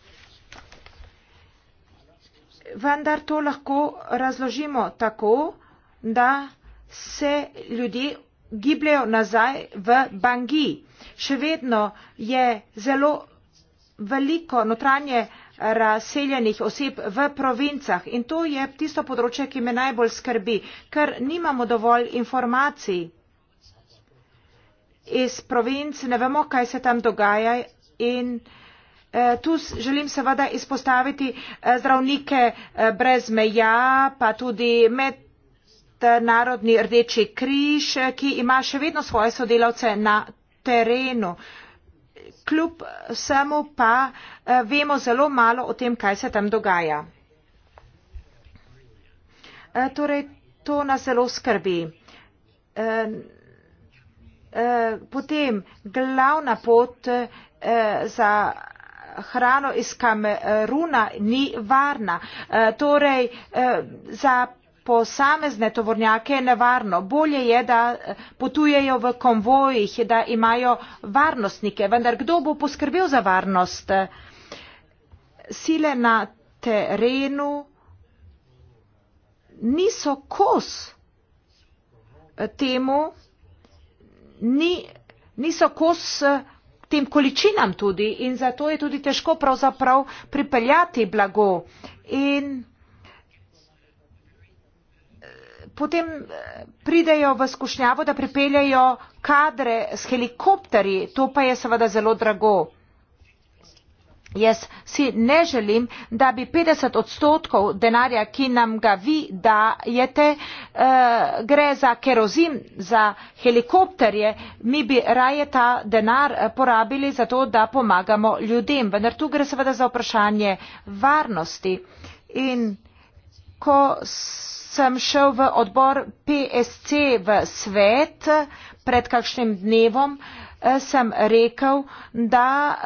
Vendar to lahko razložimo tako, da se ljudje gibljajo nazaj v Bangi. Še vedno je zelo veliko notranje razseljenih oseb v provincah in to je tisto področje, ki me najbolj skrbi, ker nimamo dovolj informacij iz provinc, ne vemo, kaj se tam dogaja. In eh, tu želim seveda izpostaviti eh, zdravnike eh, brez meja, pa tudi med. Narodni rdeči križ, ki ima še vedno svoje sodelavce na terenu. Kljub vsemu pa vemo zelo malo o tem, kaj se tam dogaja. Torej, to nas zelo skrbi. Eh, potem glavna pot eh, za hrano iz Kameruna ni varna. Eh, torej, za posamezne tovornjake je nevarno. Bolje je, da potujejo v konvojih, da imajo varnostnike. Vendar kdo bo poskrbel za varnost? Sile na terenu niso kos temu, ni, niso kos eh, tem količinam tudi in zato je tudi težko pravzaprav pripeljati blago. In eh, potem eh, pridejo v skušnjavo, da pripeljajo kadre s helikopteri, to pa je seveda zelo drago jaz si ne želim da bi petdeset odstotkov denarja ki nam ga vi dajete eh, gre za kerozin za helikopterje mi bi raje ta denar eh, porabili za to da pomagamo ljudem vendar tu gre seveda za vprašanje varnosti in ko sem šel v odbor psc v svet eh, pred kakšnim dnevom sem rekel da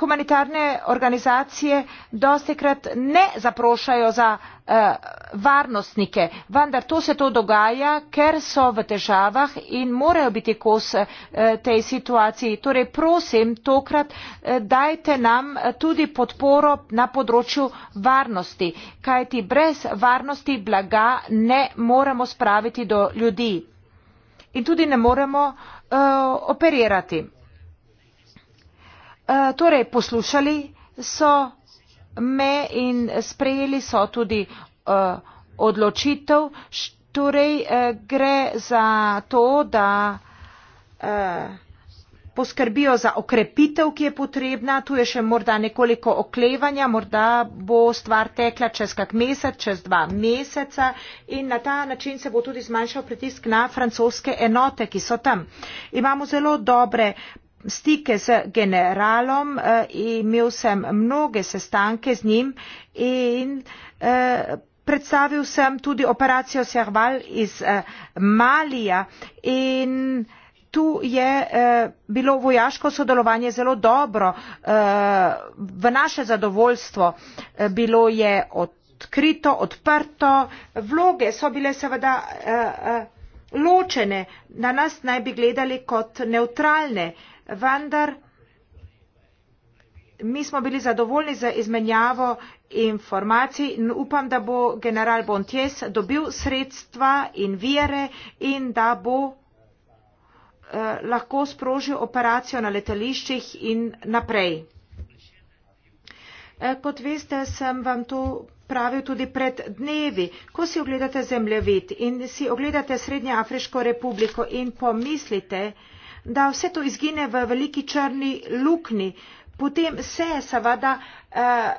humanitarne organizacije dostikrat ne zaprošajo za uh, varnostnike, vendar to se to dogaja, ker so v težavah in morajo biti kos uh, tej situaciji. Torej prosim, tokrat uh, dajte nam tudi podporo na področju varnosti, kajti brez varnosti blaga ne moremo spraviti do ljudi in tudi ne moremo uh, operirati. Eh, torej poslušali so me in sprejeli so tudi eh, odločitev. Torej eh, gre za to, da poskrbijo za okrepitev, ki je potrebna. Tu je še morda nekoliko oklevanja, morda bo stvar tekla čez kak mesec, čez dva meseca in na ta način se bo tudi zmanjšal pritisk na francoske enote, ki so tam. Imamo zelo dobre stike z generalom, eh, imel sem mnoge sestanke z njim in eh, predstavil sem tudi operacijo Serval iz eh, Malija in tu je bilo vojaško sodelovanje zelo dobro. V naše zadovoljstvo bilo je odkrito, odprto, vloge so bile seveda ločene, na nas naj bi gledali kot neutralne vendar mi smo bili zadovoljni za izmenjavo informacij in upam, da bo general Bontjes dobil sredstva in vire in da bo eh, lahko sprožil operacijo na letališčih in naprej. Eh, kot veste, sem vam to pravil tudi pred dnevi, ko si ogledate zemljevid in si ogledate Srednjeafriško republiko in pomislite, da da vse to izgine v veliki črni luknji, potem se seveda eh,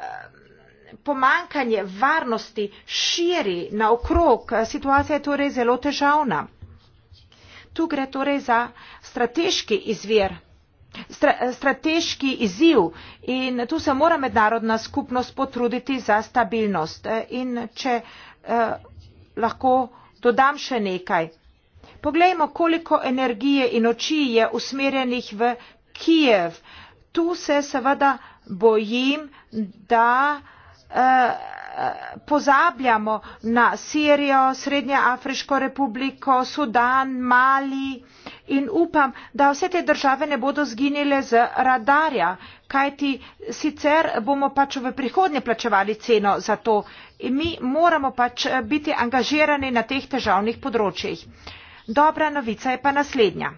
pomankanje varnosti širi na okrog. Situacija je torej zelo težavna. Tu gre torej za strateški izvir, stra, strateški izziv in tu se mora mednarodna skupnost potruditi za stabilnost. Eh, in če eh, lahko dodam še nekaj. Poglejmo, koliko energije in oči je usmerjenih v Kijev. Tu se seveda bojim, da eh, eh, pozabljamo na Sirijo, Srednje Afriško republiko, Sudan, Mali in upam, da vse te države ne bodo zginile z radarja, kajti sicer bomo pač v prihodnje plačevali ceno za to in mi moramo pač eh, biti angažirani na teh težavnih področjih. Dobra novica je pa naslednja.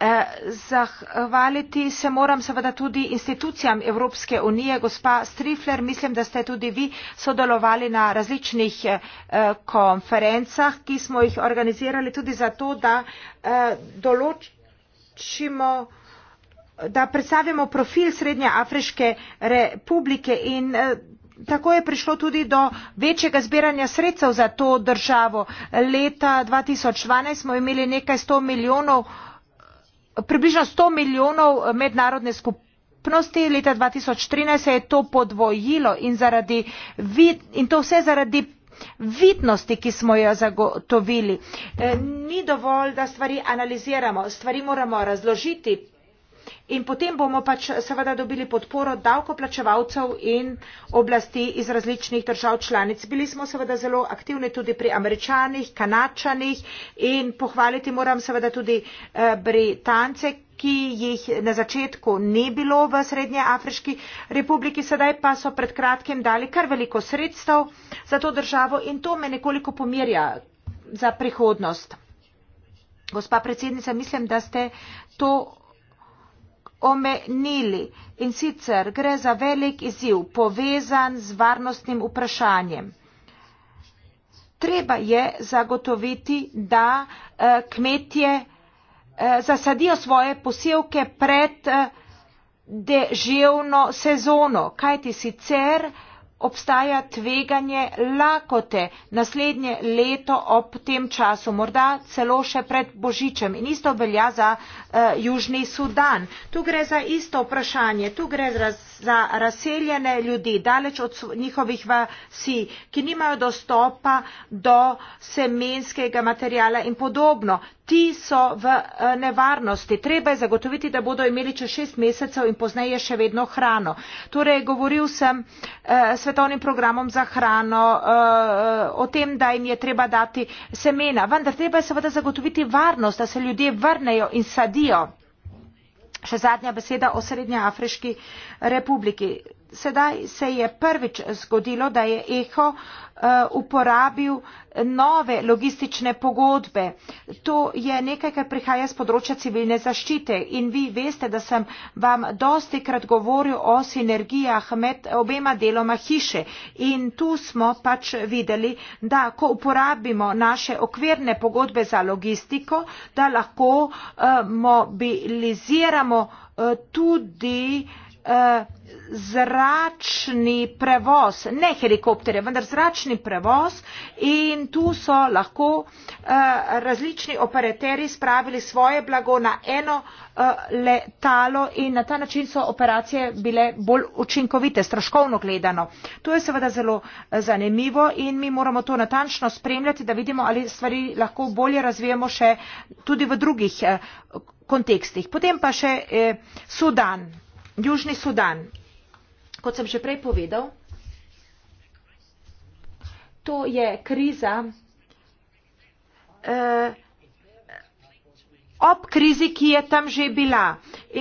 Eh, zahvaliti se moram seveda tudi institucijam Evropske unije. Gospa Strifler, mislim, da ste tudi vi sodelovali na različnih eh, konferencah, ki smo jih organizirali tudi zato, da eh, določimo da predstavimo profil Srednje Afriške republike in Tako je prišlo tudi do večjega zbiranja sredstev za to državo. Leta 2012 smo imeli nekaj 100 milijonov, približno 100 milijonov mednarodne skupnosti, leta 2013 se je to podvojilo in, zaradi, in to vse zaradi vidnosti, ki smo jo zagotovili. Eh, ni dovolj, da stvari analiziramo, stvari moramo razložiti, in potem bomo pač seveda dobili podporo davkoplačevalcev in oblasti iz različnih držav članic. Bili smo seveda zelo aktivni tudi pri američanih, kanačanih in pohvaliti moram seveda tudi eh, Britance, ki jih na začetku ni bilo v Srednje Afriški republiki, sedaj pa so pred kratkim dali kar veliko sredstev za to državo in to me nekoliko pomirja za prihodnost. Gospa predsednica, mislim, da ste to omenili in sicer gre za velik izziv povezan z varnostnim vprašanjem. Treba je zagotoviti, da eh, kmetje eh, zasadijo svoje posevke pred eh, deževno sezono, kajti sicer obstaja tveganje lakote naslednje leto ob tem času, morda celo še pred Božičem. In isto velja za uh, Južni Sudan. Tu gre za isto vprašanje, tu gre za za razseljene ljudi, daleč od njihovih vasi, ki nimajo dostopa do semenskega materijala in podobno. Ti so v eh, nevarnosti. Treba je zagotoviti, da bodo imeli čez šest mesecev in pozneje še vedno hrano. Torej, govoril sem eh, svetovnim programom za hrano eh, o tem, da jim je treba dati semena. Vendar treba je seveda zagotoviti varnost, da se ljudje vrnejo in sadijo še zadnja beseda osrednje afriški republiki sedaj se je prvič zgodilo, da je EHO eh, uporabil nove logistične pogodbe. To je nekaj, kar prihaja z področja civilne zaščite in vi veste, da sem vam dosti krat govoril o sinergijah med obema deloma hiše in tu smo pač videli, da ko uporabimo naše okvirne pogodbe za logistiko, da lahko eh, mobiliziramo eh, tudi uh, Eh, zračni prevoz, ne helikopterje, vendar zračni prevoz in tu so lahko uh, različni operaterji spravili svoje blago na eno uh, letalo in na ta način so operacije bile bolj učinkovite, stroškovno gledano. To je seveda zelo zanimivo in mi moramo to natančno spremljati, da vidimo, ali stvari lahko bolje razvijemo še tudi v drugih uh, kontekstih. Potem pa še eh, Sudan južni sudan kot sem že prej povedal to je kriza eh, ob krizi ki je tam že bila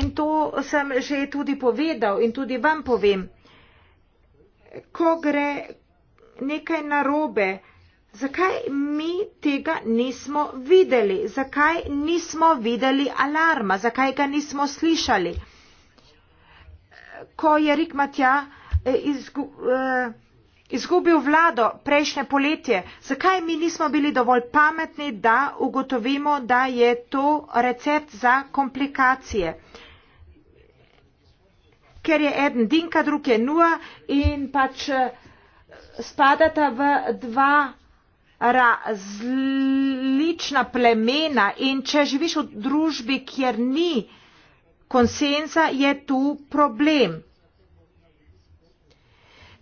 in to sem že tudi povedal in tudi vam povem ko gre nekaj narobe Zakaj mi tega nismo videli? Zakaj nismo videli alarma? Zakaj ga nismo slišali? ko je Rik Matja eh, izgu, eh, izgubil vlado prejšnje poletje. Zakaj mi nismo bili dovolj pametni, da ugotovimo, da je to recept za komplikacije? Ker je eden Dinka, drug je Nua in pač eh, spadata v dva različna plemena in če živiš v družbi, kjer ni konsenza je tu problem.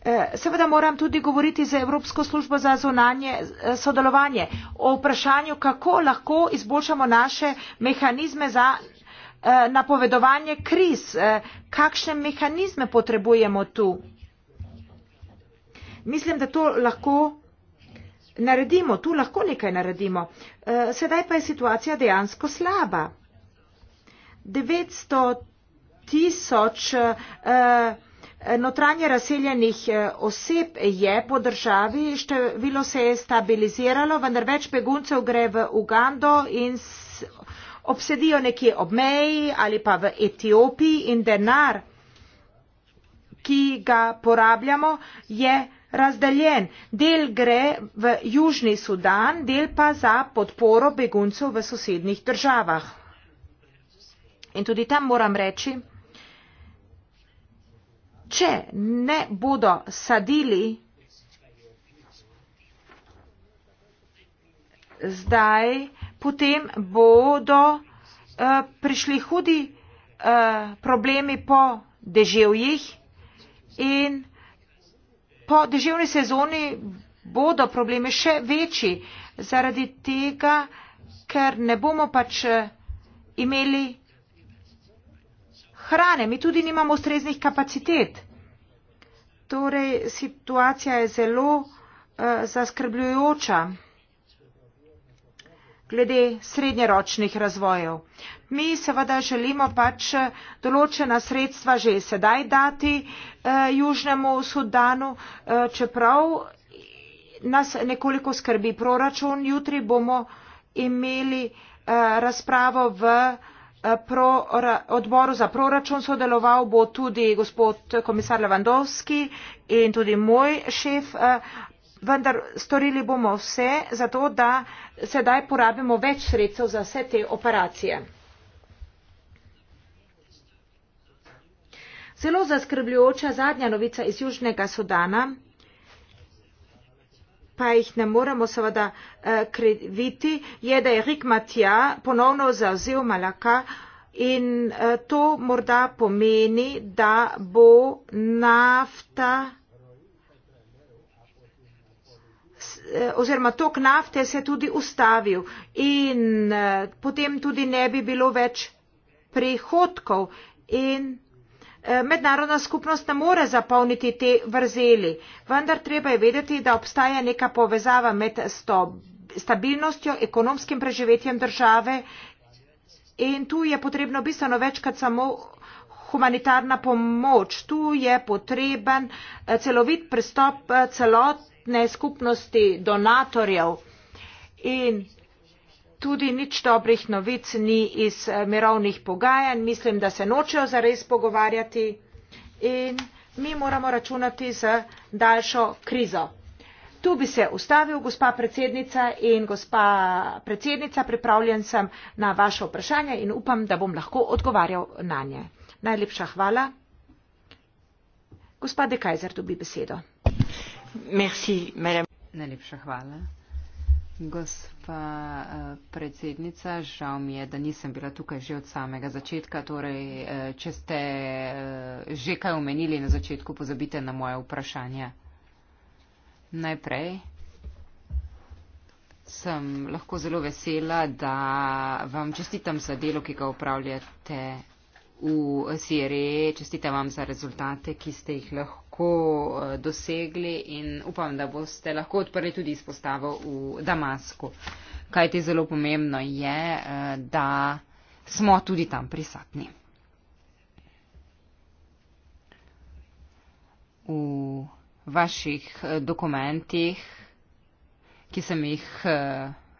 Eh, seveda moram tudi govoriti za Evropsko službo za zunanje eh, sodelovanje o vprašanju, kako lahko izboljšamo naše mehanizme za eh, napovedovanje kriz, kakšne mehanizme potrebujemo tu. Mislim, da to lahko naredimo, tu lahko nekaj naredimo. Sedaj pa je situacija dejansko slaba. 900 tisoč eh, notranje razseljenih eh, oseb je po državi, število se je stabiliziralo, vendar več beguncev gre v Ugando in obsedijo nekje ob meji ali pa v Etiopiji in denar, ki ga porabljamo, je razdaljen. Del gre v Južni Sudan, del pa za podporo beguncev v sosednjih državah. In tudi tam moram reči, če ne bodo sadili zdaj, potem bodo uh, prišli hudi uh, problemi po deževjih in po deževni sezoni bodo problemi še večji zaradi tega, ker ne bomo pač eh, imeli hrane, mi tudi nimamo ustreznih kapacitet. Torej, situacija je zelo uh, zaskrbljujoča glede srednjeročnih razvojev. Mi seveda želimo pač eh, določena sredstva že sedaj dati eh, Južnemu Sudanu, eh, čeprav nas nekoliko skrbi proračun. Jutri bomo imeli eh, razpravo v eh, Eh, pro, odboru za proračun sodeloval bo tudi gospod komisar Levandovski in tudi moj šef, eh, vendar storili bomo vse za to, da sedaj porabimo več sredstev za vse te operacije. Zelo zaskrbljujoča zadnja novica iz Južnega Sudana pa jih ne moremo seveda eh, kriviti, je, da je Rik Matija ponovno zauzel Malaka in eh, to morda pomeni, da bo nafta eh, oziroma tok nafte se tudi ustavil in eh, potem tudi ne bi bilo več prihodkov in Eh, mednarodna skupnost ne more zapolniti te vrzeli. Vendar treba je vedeti, da obstaja neka povezava med stabilnostjo, ekonomskim preživetjem države in tu je potrebno bistveno večkrat samo humanitarna pomoč. Tu je potreben eh, celovit pristop eh, celotne skupnosti donatorjev in tudi nič dobrih novic ni iz eh, mirovnih pogajanj, mislim, da se nočejo zares pogovarjati in mi moramo računati z daljšo krizo. Tu bi se ustavil gospa predsednica in gospa predsednica, pripravljen sem na vaše vprašanje in upam, da bom lahko odgovarjal na nje. Najlepša hvala. Gospa De Kajzer dobi besedo. Merci, Najlepša hvala. Gospa eh, predsednica, žal mi je, da nisem bila tukaj že od samega začetka. Torej, eh, če ste eh, že kaj omenili na začetku, pozabite na moje vprašanje. Najprej sem lahko zelo vesela, da vam čestitam za delo, ki ga upravljate v Sirije. Čestitam vam za rezultate, ki ste jih lahko lahko eh, dosegli in upam, da boste lahko odprli tudi izpostavo v Damasku. Kaj ti zelo pomembno je, eh, da smo tudi tam prisotni. V vaših eh, dokumentih, ki sem jih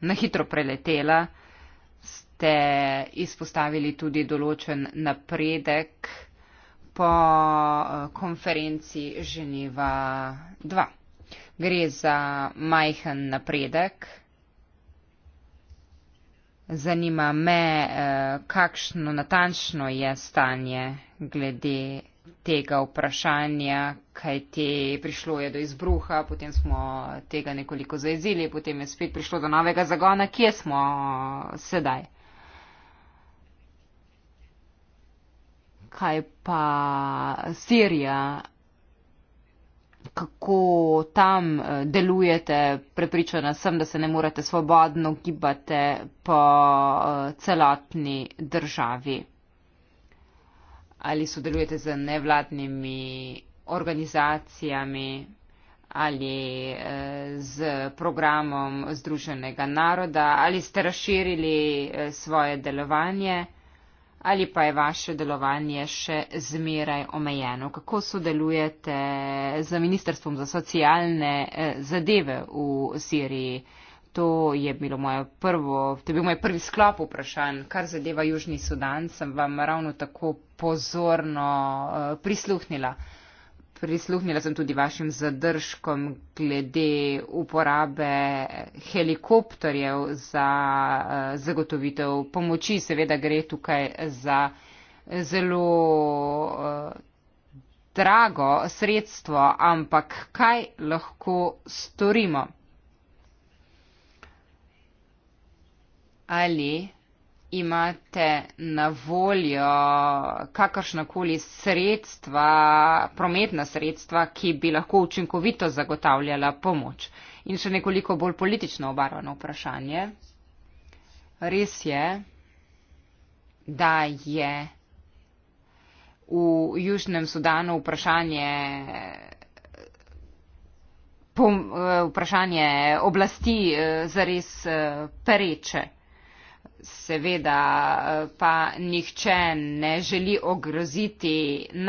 na hitro preletela, ste izpostavili tudi določen napredek, po eh, konferenci Ženeva 2. Gre za majhen napredek. Zanima me, eh, kakšno natančno je stanje glede tega vprašanja, kaj te prišlo je do izbruha, potem smo tega nekoliko zaezili, potem je spet prišlo do novega zagona, kje smo sedaj. kaj pa Sirija, kako tam eh, delujete, prepričana sem, da se ne morete svobodno gibati po eh, celotni državi. Ali sodelujete z nevladnimi organizacijami ali eh, z programom Združenega naroda, ali ste razširili svoje delovanje ali pa je vaše delovanje še zmeraj omejeno? Kako sodelujete z Ministrstvom za socialne eh, zadeve v Siriji? To je, bilo moje prvo, to je bil moj prvi sklop vprašanj, kar zadeva Južni Sudan, sem vam ravno tako pozorno eh, prisluhnila prisluhnila sem tudi vašim zadržkom glede uporabe helikopterjev za eh, zagotovitev pomoči. Seveda gre tukaj za zelo eh, drago sredstvo, ampak kaj lahko storimo? Ali imate na voljo kakršnakoli sredstva, prometna sredstva, ki bi lahko učinkovito zagotavljala pomoč. In še nekoliko bolj politično obarvano vprašanje. Res je, da je v Južnem Sudanu vprašanje, eh, vprašanje oblasti eh, zares eh, pereče. Seveda eh, pa nihče ne želi ogroziti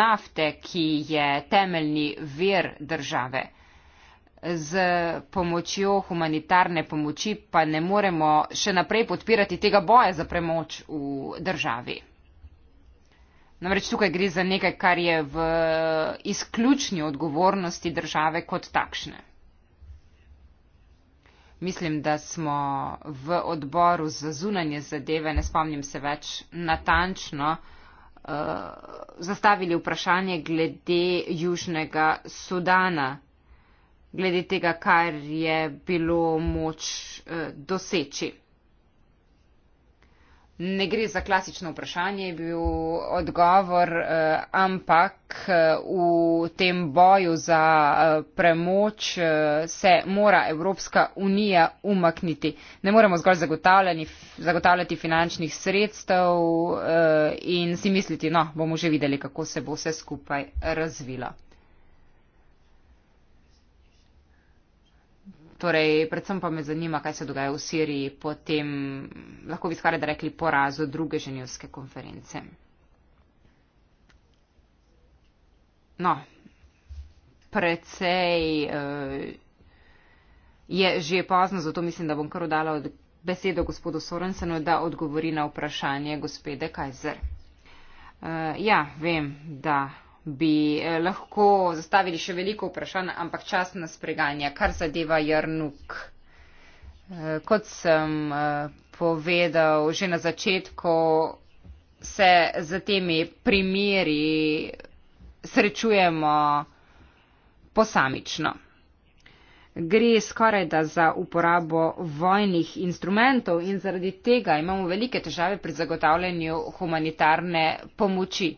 nafte, ki je temeljni vir države. Z pomočjo humanitarne pomoči pa ne moremo še naprej podpirati tega boja za premoč v državi. Namreč tukaj gre za nekaj, kar je v izključni odgovornosti države kot takšne mislim, da smo v odboru za zunanje zadeve, ne spomnim se več natančno, uh, zastavili vprašanje glede Južnega Sudana, glede tega, kar je bilo moč uh, doseči. Ne gre za klasično vprašanje, je bil odgovor, eh, ampak eh, v tem boju za eh, premoč se mora Evropska unija umakniti. Ne moremo zgolj zagotavljati finančnih sredstev in si misliti, no, bomo že videli, kako se bo vse skupaj razvila. Torej, predvsem pa me zanima, kaj se dogaja v Siriji po tem, lahko bi skoraj da rekli, porazu druge ženevske konference. No, precej uh, je že pozno, zato mislim, da bom kar udala od besedo gospodu Sorensenu, da odgovori na vprašanje gospede Kajzer. Uh, ja, vem, da bi eh, lahko zastavili še veliko vprašanj, ampak čas nas preganja, kar zadeva Jrnuk. Eh, kot sem eh, povedal že na začetku, se z temi primeri srečujemo posamično. Gre skoraj da za uporabo vojnih instrumentov in zaradi tega imamo velike težave pri zagotavljanju humanitarne pomoči.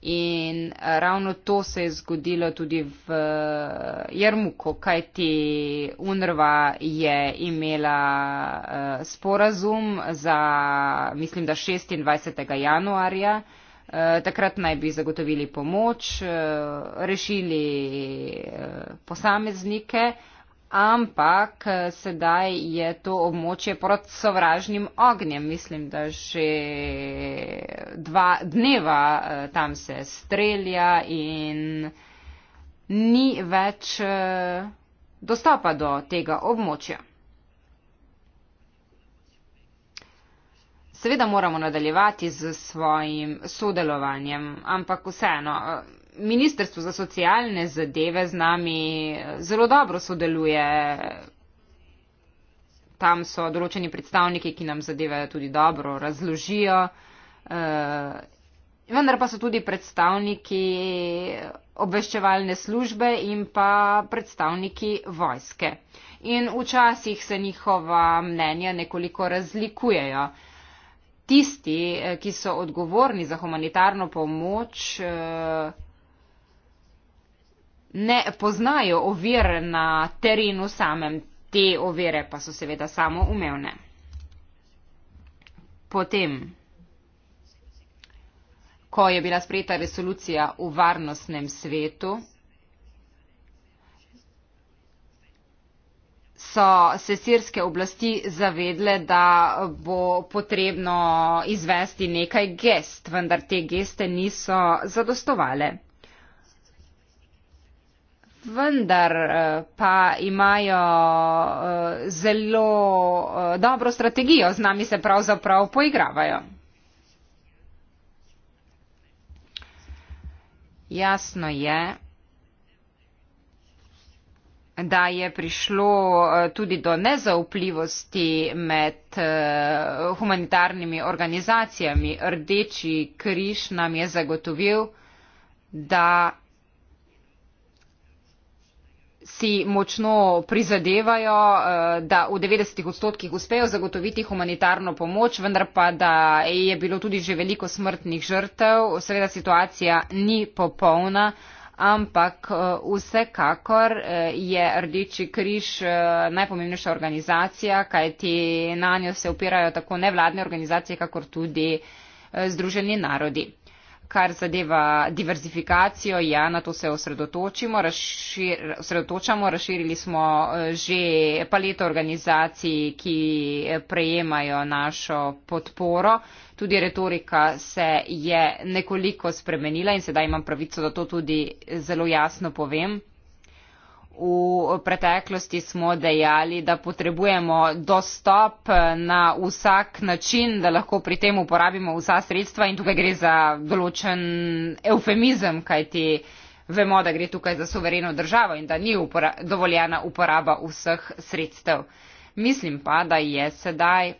In eh, ravno to se je zgodilo tudi v eh, Jarmuku, kajti UNRWA je imela eh, sporazum za, mislim, da 26. januarja. Takrat naj bi zagotovili pomoč, rešili posameznike, ampak eh, sedaj je to območje pod sovražnim ognjem. Mislim, da že dva dneva eh, tam se strelja in ni več eh, dostopa do tega območja. Seveda moramo nadaljevati z svojim sodelovanjem, ampak vseeno, ministrstvo za socialne zadeve z nami eh, zelo dobro sodeluje. Tam so določeni predstavniki, ki nam zadeve tudi dobro razložijo. Eh, vendar pa so tudi predstavniki obveščevalne službe in pa predstavniki vojske. In včasih se njihova mnenja nekoliko razlikujejo. Tisti, eh, ki so odgovorni za humanitarno pomoč, ne poznajo ovir na terenu samem. Te ovire pa so seveda samo umevne. Potem, ko je bila sprejeta resolucija v varnostnem svetu, so se sirske oblasti zavedle, da bo potrebno izvesti nekaj gest, vendar te geste niso zadostovale vendar eh, pa imajo eh, zelo eh, dobro strategijo, z nami se pravzaprav poigravajo. Jasno je, da je prišlo tudi do nezaupljivosti med humanitarnimi organizacijami. Rdeči križ nam je zagotovil, da si močno prizadevajo, eh, da v 90 odstotkih uspejo zagotoviti humanitarno pomoč, vendar pa da je bilo tudi že veliko smrtnih žrtev. Seveda situacija ni popolna, ampak eh, vsekakor eh, je Rdeči križ najpomembnejša organizacija, kajti na njo se opirajo tako nevladne organizacije, kakor tudi Združeni narodi kar zadeva diverzifikacijo, ja, na to se osredotočimo, razšir, osredotočamo, razširili smo eh, že paleto organizacij, ki eh, prejemajo našo podporo. Tudi retorika se je nekoliko spremenila in sedaj imam pravico, da to tudi zelo jasno povem. V preteklosti smo dejali, da potrebujemo dostop na vsak način, da lahko pri tem uporabimo vsa sredstva in tukaj gre za določen eufemizem, kajti vemo, da gre tukaj za suvereno državo in da ni upora dovoljena uporaba vseh sredstev. Mislim pa, da je sedaj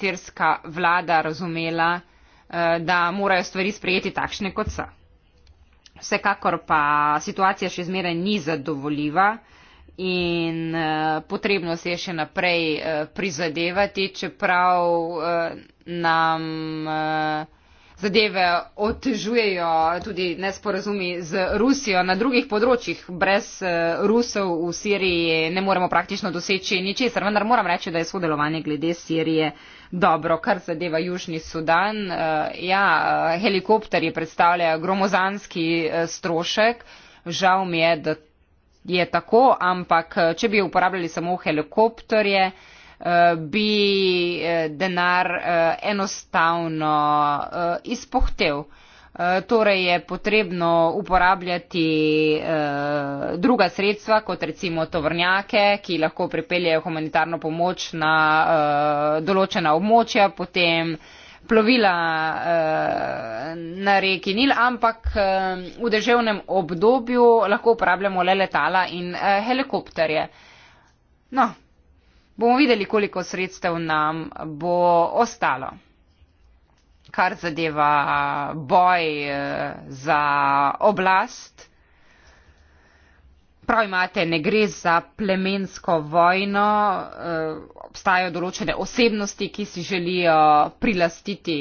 sirska vlada razumela, eh, da morajo stvari sprejeti takšne, kot so. Vsekakor pa situacija še zmeraj ni zadovoljiva in uh, potrebno se je še naprej uh, prizadevati, čeprav uh, nam. Uh, zadeve otežujejo tudi nesporazumi z Rusijo na drugih področjih. Brez eh, Rusov v Siriji ne moremo praktično doseči ničesar, vendar moram reči, da je sodelovanje glede Sirije dobro, kar zadeva Južni Sudan. Eh, ja, eh, helikopterji predstavljajo gromozanski strošek. Žal mi je, da je tako, ampak če bi uporabljali samo helikopterje, bi eh, denar eh, enostavno eh, izpohtel. Torej je potrebno uporabljati druga sredstva, kot recimo tovrnjake, ki lahko pripeljejo humanitarno pomoč na določena območja, potem plovila na reki Nil, ampak v deževnem obdobju lahko uporabljamo le letala in helikopterje. No, bomo videli, koliko sredstev nam bo ostalo, kar zadeva boj eh, za oblast. Prav imate, ne gre za plemensko vojno, eh, obstajajo določene osebnosti, ki si želijo prilastiti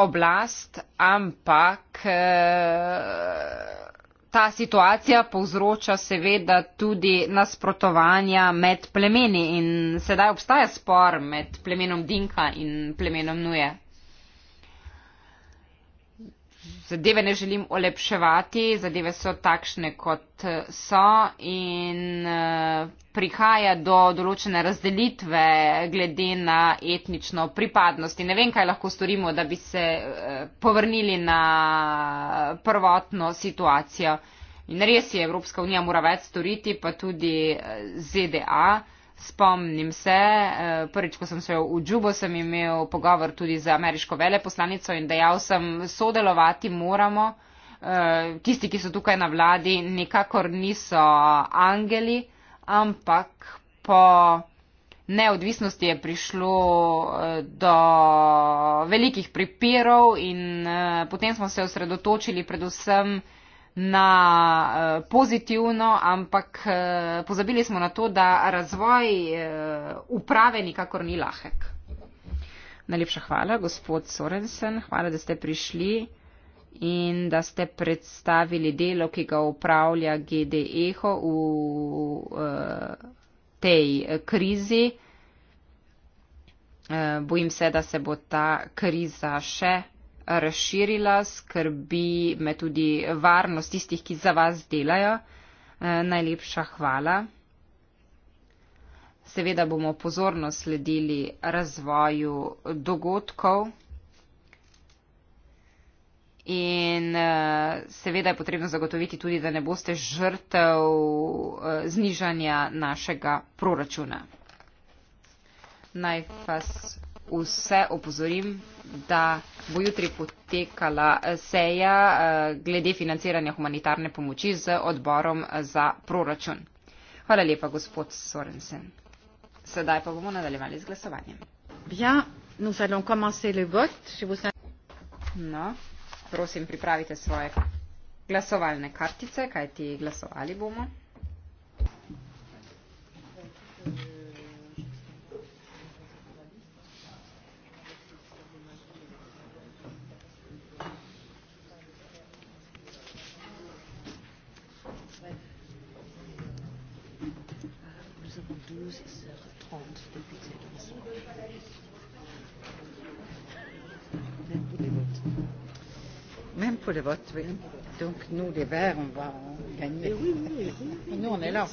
oblast, ampak eh, ta situacija povzroča seveda tudi nasprotovanja med plemeni in sedaj obstaja spor med plemenom Dinka in plemenom Nuje zadeve ne želim olepševati, zadeve so takšne, kot eh, so in eh, prihaja do določene razdelitve glede na etnično pripadnost. Ne vem, kaj lahko storimo, da bi se eh, povrnili na prvotno situacijo. In res je, Evropska unija mora več storiti, pa tudi ZDA. Spomnim se, eh, prvič, ko sem se v Džubo, sem imel pogovor tudi z ameriško veleposlanico in dejal sem, sodelovati moramo. Eh, tisti, ki so tukaj na vladi, nikakor niso angeli, ampak po neodvisnosti je prišlo eh, do velikih pripirov in potem smo se osredotočili predvsem na eh, pozitivno, ampak eh, pozabili smo na to, da razvoj eh, uprave nikakor ni lahek. Najlepša hvala, gospod Sorensen. Hvala, da ste prišli in da ste predstavili delo, ki ga upravlja GDEHO v tej krizi. Bojim se, da se bo ta kriza še razširila, skrbi me tudi varnost tistih, ki za vas delajo. Eh, najlepša hvala. Seveda bomo pozorno sledili razvoju dogodkov. In eh, seveda je potrebno zagotoviti tudi, da ne boste žrtev eh, znižanja našega proračuna. Naj vas vse opozorim, da bo jutri potekala eh, seja eh, glede financiranja humanitarne pomoči z odborom eh, za proračun. Hvala lepa, gospod Sorensen. Sedaj pa bomo nadaljevali z glasovanjem. Ja, nous allons commencer le vote, je vous No, prosim, pripravite svoje glasovalne kartice, kajti glasovali bomo. pour le vote, oui. Donc nous, les Verts, on va gagner. Et eh oui, oui, oui. Et nous, on est là.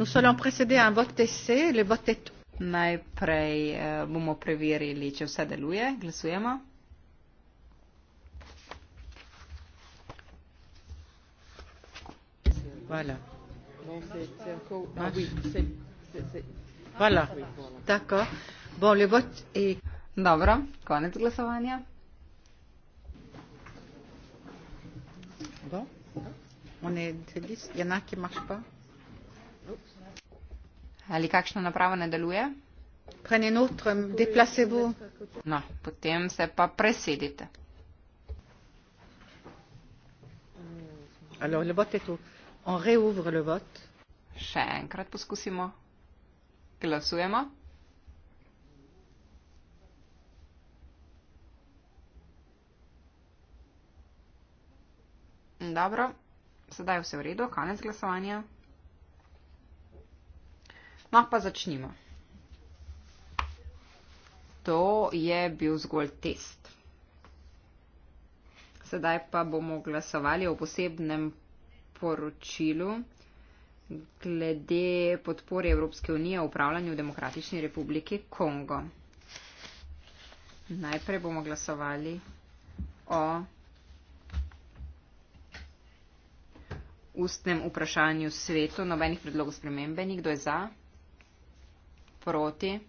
Nous allons procéder à un vote essai, le vote est tout. Najprej eh, bomo preverili, če vse deluje. Glasujemo. Hvala. Tako. Bolje bo. I... Dobro, konec glasovanja. Bo? On je delis, enak imaš pa? ali kakšna naprava ne deluje. No, potem se pa presedite. Alors, le vote est tout. On réouvre le vote. Še enkrat poskusimo. Glasujemo. Dobro, sedaj je vse v redu, konec glasovanja. No, pa začnimo. To je bil zgolj test. Sedaj pa bomo glasovali o posebnem poročilu glede podpore Evropske unije v upravljanju Demokratični republiki Kongo. Najprej bomo glasovali o ustnem vprašanju svetu, nobenih predlogov spremembe, nikdo je za proti,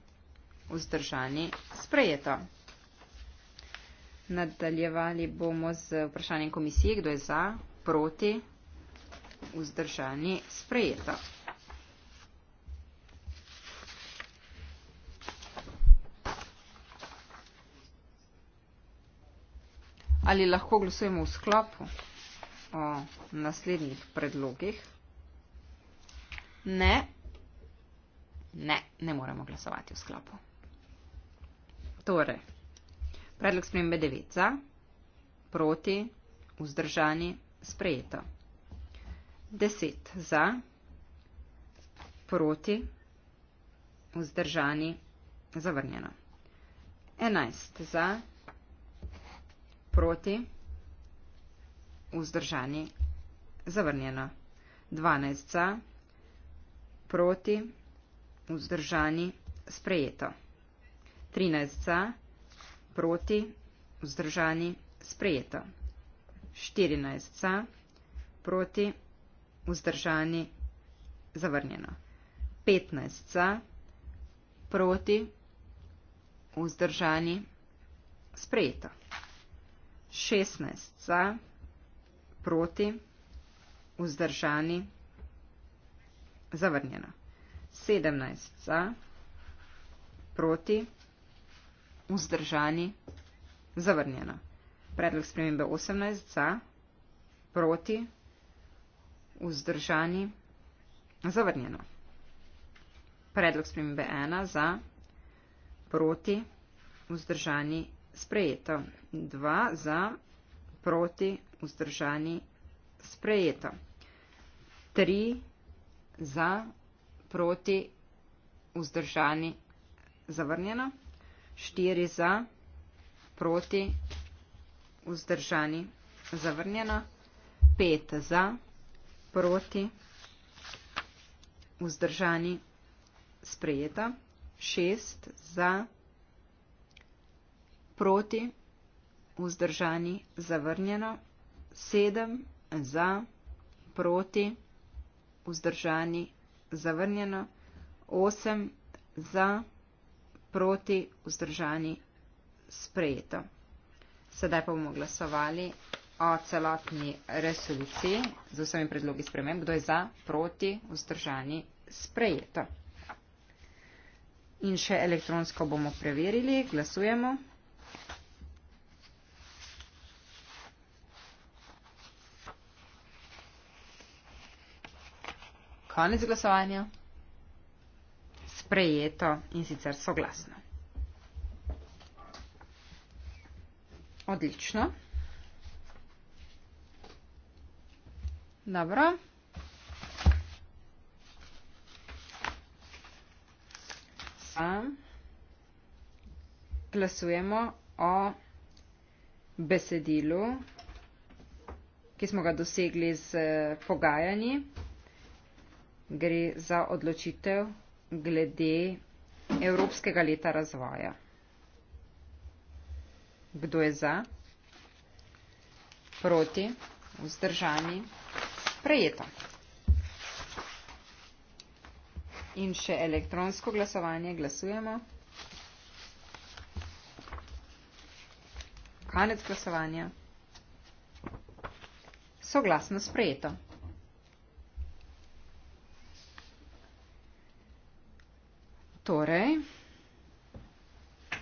vzdržani, sprejeto. Nadaljevali bomo z vprašanjem komisije, kdo je za, proti, vzdržani, sprejeto. Ali lahko glasujemo v sklopu o naslednjih predlogih? Ne ne, ne moremo glasovati v sklopu. Torej, predlog spremembe 9 za, proti, vzdržani, sprejeto. 10 za, proti, vzdržani, zavrnjeno. 11 za, proti, vzdržani, zavrnjeno. 12 za, proti, vzdržani, zavrnjeno vzdržani, sprejeto. 13 za, proti, vzdržani, sprejeto. 14 za, proti, vzdržani, zavrnjeno. 15 za, proti, vzdržani, sprejeto. 16 za, proti, vzdržani, zavrnjeno. 17 za, proti, vzdržani, zavrnjeno. Predlog spremembe 18 za, proti, vzdržani, zavrnjeno. Predlog spremembe 1 za, proti, vzdržani, sprejeto. 2 za, proti, vzdržani, sprejeto. 3 za, proti, vzdržani, zavrnjeno, štiri za, proti, vzdržani, zavrnjeno, pet za, proti, vzdržani, sprejeta, šest za, proti, vzdržani, zavrnjeno, sedem za, proti, vzdržani, zavrnjeno, zavrnjeno, 8 za, proti, vzdržani, sprejeto. Sedaj pa bomo glasovali o celotni resoluciji z vsemi predlogi sprememb, kdo je za, proti, vzdržani, sprejeto. In še elektronsko bomo preverili, glasujemo. Konec glasovanja. Sprejeto in sicer soglasno. Odlično. Dobro. Sam glasujemo o besedilu, ki smo ga dosegli z pogajanji gre za odločitev glede Evropskega leta razvoja. Kdo je za? Proti? Vzdržani? Prejeto. In še elektronsko glasovanje glasujemo. Konec glasovanja. Soglasno sprejeto. Torej,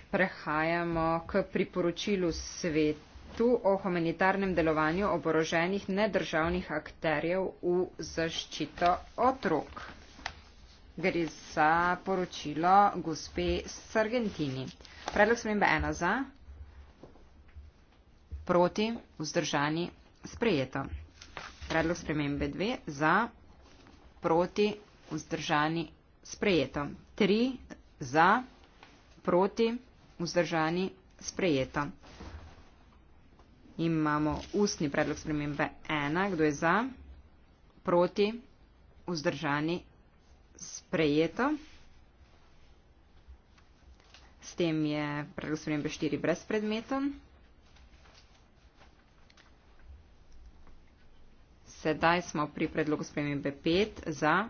prehajamo k priporočilu svetu o humanitarnem delovanju oboroženih nedržavnih akterjev v zaščito otrok. Gre za poročilo gospe Sargentini. Predlog smembe ena za, proti, vzdržani, sprejeto. Predlog spremembe 2 za, proti, vzdržani, sprejeto. 3 za, proti, vzdržani, sprejeto. Imamo ustni predlog spremembe 1. Kdo je za, proti, vzdržani, sprejeto. S tem je predlog spremembe 4 brezpredmeten. Sedaj smo pri predlogu spremembe 5 za,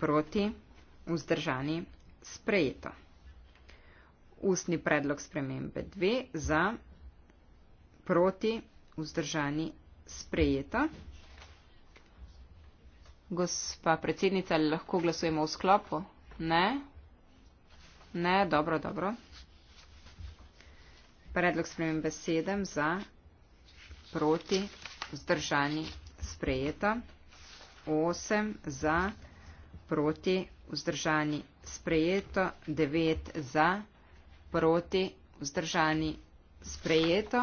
proti, vzdržani vzdržani, sprejeto. Ustni predlog spremembe 2 za, proti, vzdržani, sprejeto. Gospa predsednica, ali lahko glasujemo v sklopu? Ne. Ne, dobro, dobro. Predlog spremembe 7 za, proti, vzdržani, sprejeto. 8 za, proti, vzdržani vzdržani, sprejeto, devet za, proti, vzdržani, sprejeto.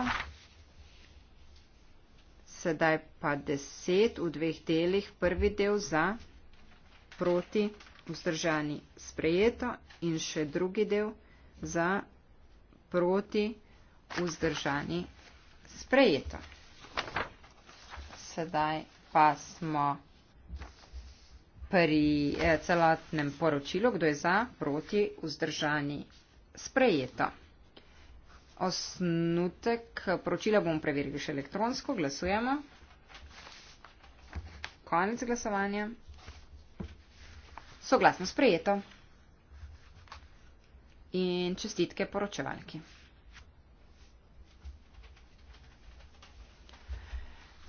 Sedaj pa deset v dveh delih, prvi del za, proti, vzdržani, sprejeto in še drugi del za, proti, vzdržani, sprejeto. Sedaj pa smo pri eh, celotnem poročilu, kdo je za, proti, vzdržani, sprejeto. Osnutek poročila bomo preverili še elektronsko. Glasujemo. Konec glasovanja. Soglasno sprejeto. In čestitke poročevalki.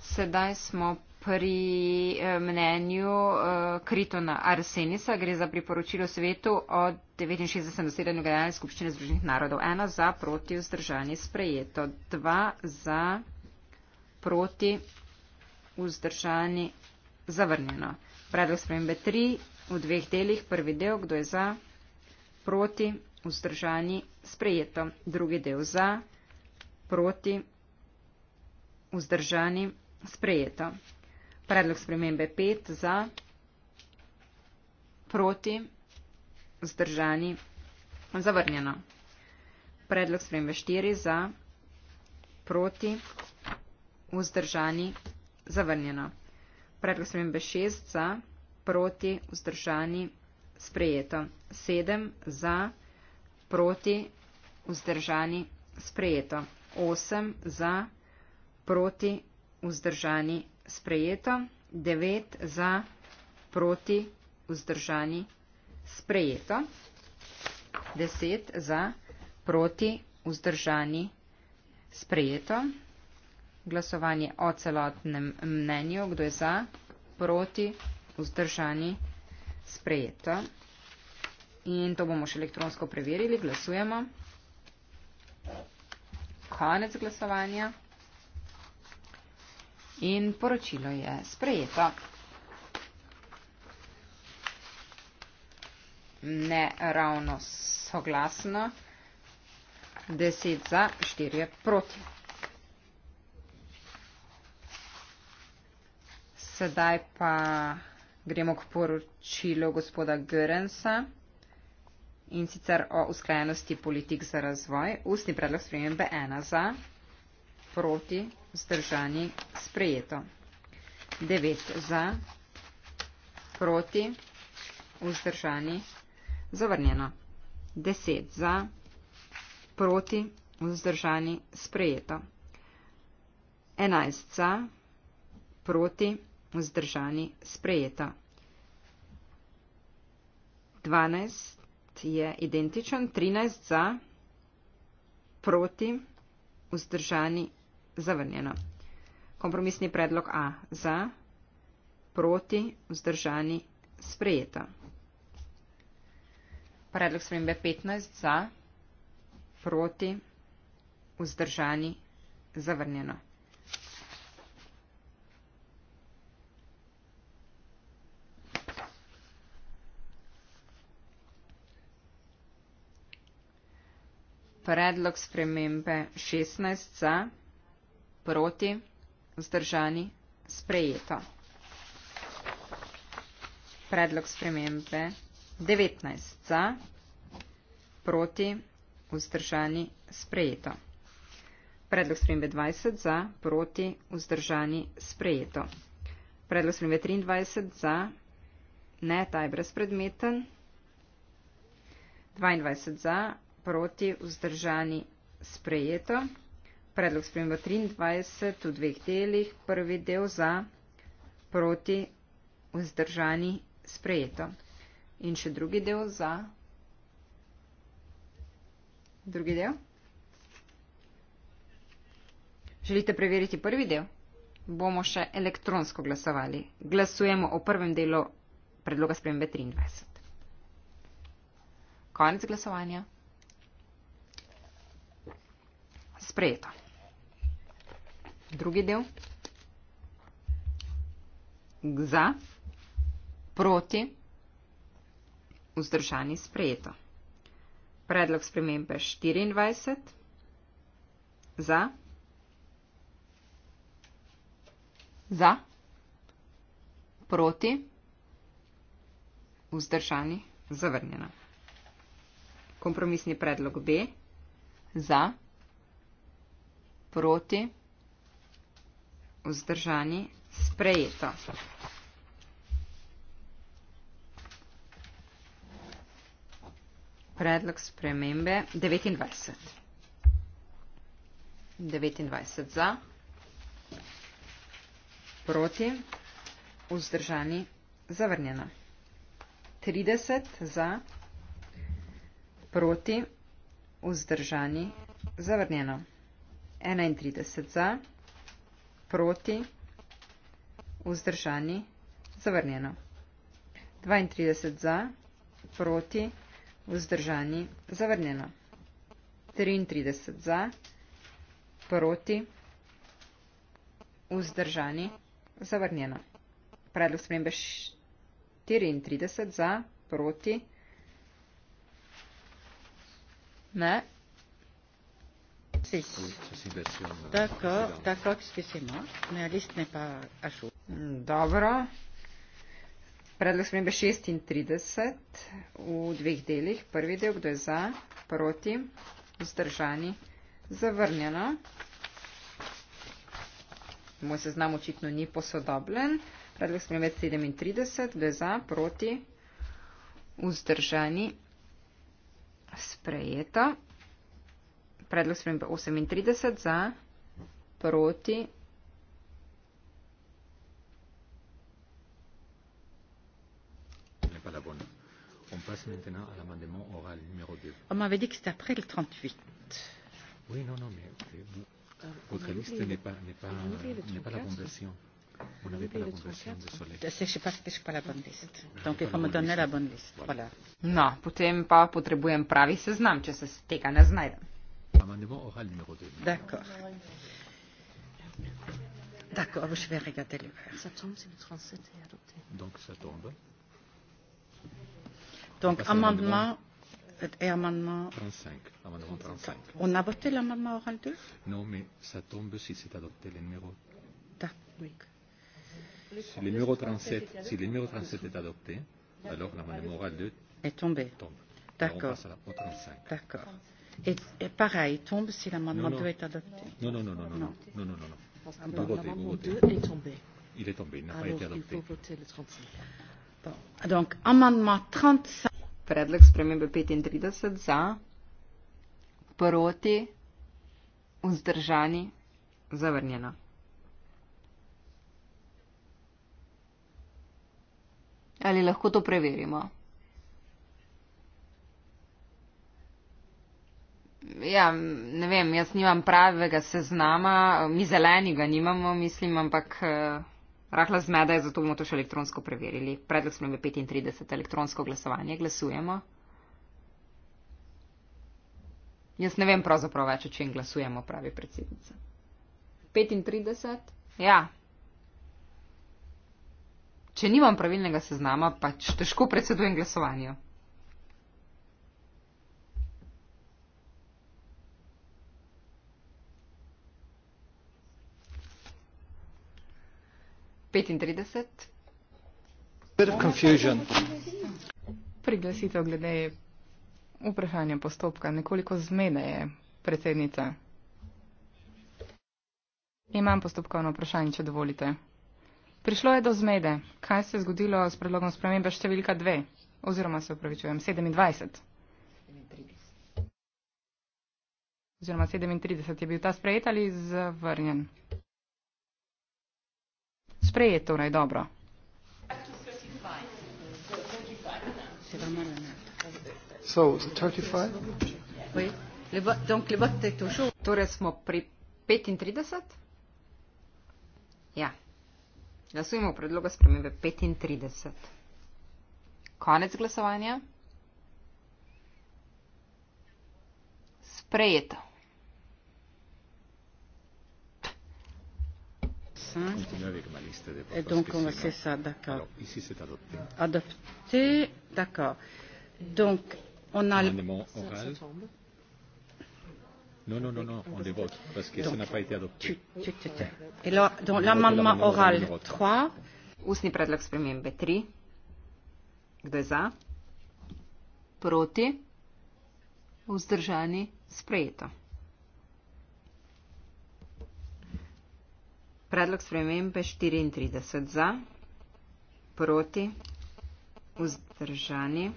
Sedaj smo pri eh, mnenju eh, Kritona Arsenisa, gre za priporočilo svetu od 69. zasedanju generalne skupščine Združenih narodov. Ena za proti vzdržanje sprejeto, dva za proti vzdržanje zavrnjeno. Predlog spremembe tri v dveh delih, prvi del, kdo je za, proti vzdržanje sprejeto, drugi del za, proti vzdržanje sprejeto. Predlog spremembe 5 za, proti, vzdržani, zavrnjeno. Predlog spremembe 4 za, proti, vzdržani, zavrnjeno. Predlog spremembe 6 za, proti, vzdržani, sprejeto. 7 za, proti, vzdržani, sprejeto. 8 za, proti, vzdržani, sprejeto sprejeto, 9 za, proti, vzdržani, sprejeto, 10 za, proti, vzdržani, sprejeto, glasovanje o celotnem mnenju, kdo je za, proti, vzdržani, sprejeto. In to bomo še elektronsko preverili, glasujemo. Konec glasovanja. In poročilo je sprejeto. Ne ravno soglasno. Deset za, štirje proti. Sedaj pa gremo k poročilu gospoda Görensa in sicer o usklajenosti politik za razvoj. Ustni predlog spremembe ena za, proti vzdržani sprejeto. 9 za, proti, vzdržani, zavrnjeno. 10 za, proti, vzdržani, sprejeto. 11 za, proti, vzdržani, sprejeto. 12 je identičen, 13 za, proti, vzdržani, zavrnjeno. Kompromisni predlog A za, proti, vzdržani, sprejeto. Predlog spremembe 15 za, proti, vzdržani, zavrnjeno. Predlog spremembe 16 za proti, vzdržani, sprejeto. Predlog spremembe 19 za, proti, vzdržani, sprejeto. Predlog spremembe 20 za, proti, vzdržani, sprejeto. Predlog spremembe 23 za, ne, ta je brezpredmeten. 22 za, proti, vzdržani, sprejeto predlog spremembe 23 v dveh delih, prvi del za, proti, vzdržani, sprejeto. In še drugi del za. Drugi del. Želite preveriti prvi del? Bomo še elektronsko glasovali. Glasujemo o prvem delu predloga spremembe 23. Konec glasovanja. Sprejeto. Drugi del. Za, proti, vzdržani sprejeto. Predlog spremembe 24. Za, za, proti, vzdržani, zavrnjeno. Kompromisni predlog B. Za, proti, vzdržani vzdržani, sprejeto. Predlog spremembe 29. 29 za, proti, vzdržani, zavrnjeno. 30 za, proti, vzdržani, zavrnjeno. 31 za, proti, vzdržani, zavrnjeno proti, vzdržani, zavrnjeno. 32 za, proti, vzdržani, zavrnjeno. 33 za, proti, vzdržani, zavrnjeno. Predlog spremembe 34 za, proti, ne, Si. Ah euh, d'accord, d'accord, excusez-moi, mais la liste n'est pas à jour. Mm, Dobro. Predlog spremembe 36 v dveh delih. Prvi del, kdo je za, proti, vzdržani, zavrnjeno. Moj seznam očitno ni posodobljen. Predlog spremembe 37, kdo je za, proti, vzdržani, sprejeto predlog spremembe 38 za, proti. On passe maintenant à l'amendement oral numéro 2. On m'avait dit que c'était après le 38. Oui, non, non, mais euh, vous, ah, votre liste n'est pas, pas, pas, pas la bonne version. Vous n'avez pas la bonne version de Soleil. Je ne sais pas ce que je pas la bonne liste. Donc il faut me donner liste. la bonne liste. Voilà. voilà. Non, potem pa potrebujem pravi seznam, če se tega ne znajdem. L'amendement aura le numéro 2. D'accord. D'accord, je vais regarder le verre. Ça tombe, c'est le 37 est adopté. Donc ça tombe. Donc amendement, amendement et amendement 35. Amendement 35. 35. On a voté l'amendement oral 2 Non, mais ça tombe si c'est adopté le numéro. Oui. Si le numéro 37, si le numéro 37 est adopté, alors l'amendement oral 2 est tombé. tombe. D'accord. D'accord. Et pareil, tombe si l'amendement 2 est adopté. Non, non, non, non, non, non, non, non, non. Parce que l'amendement 2 est tombé. Il est tombé, il n'a pas été adopté. Il faut voter le 35. Bon. Donc, amendement 35. Predlog spremembe 35 za, proti, vzdržani, zavrnjeno. Ali lahko to preverimo? Ja, ne vem, jaz nimam pravega seznama, mi zelenega nimamo, mislim, ampak eh, rahla zmeda je, zato bomo to še elektronsko preverili. Predlog smo imeli 35, elektronsko glasovanje, glasujemo. Jaz ne vem pravzaprav več, če jim glasujemo, pravi predsednica. 35? Ja. Če nimam pravilnega seznama, pač težko predsedujem glasovanju. Priglasitev glede vprašanja postopka nekoliko zmede je, predsednica. Imam postopkovno vprašanje, če dovolite. Prišlo je do zmede. Kaj se je zgodilo s predlogom spremembe številka 2, oziroma se upravičujem, 27? Oziroma 37 je bil ta sprejet ali zavrnjen? sprejeto naj torej, dobro. Torej smo pri 35. Ja. Glasujemo v predlogu spremembe 35. Konec glasovanja. Sprejeto. Continuer avec ma liste des Et donc, c'est ça, d'accord. Ici, c'est adopté. Adopté, d'accord. Donc, on a l'amendement oral. Non, non, non, non, on les vote parce que donc, ça n'a pas été adopté. Tu, tu, tu, tu. Et là, donc, l'amendement oral 3. Usni predlog spremembe 3. Kdo je za? Proti? Vzdržani? Sprejeto. Predlog spremembe 34 za, proti, vzdržani,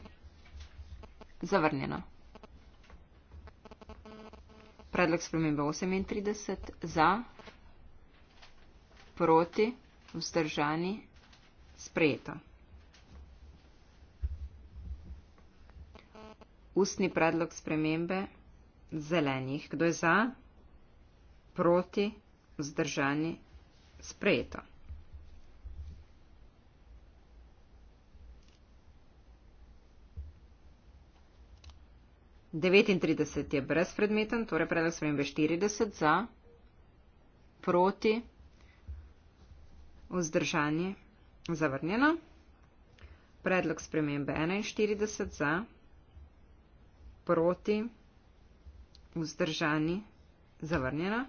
zavrnjeno. Predlog spremembe 38 za, proti, vzdržani, sprejeto. Ustni predlog spremembe zelenih. Kdo je za? Proti, vzdržani, sprejeto sprejeto. Devetintrideset je brezpredmeten, torej predlog spremembe štirideset za, proti, vzdržanje, zavrnjeno. Predlog spremembe enainštirideset za, proti, vzdržanje, zavrnjeno.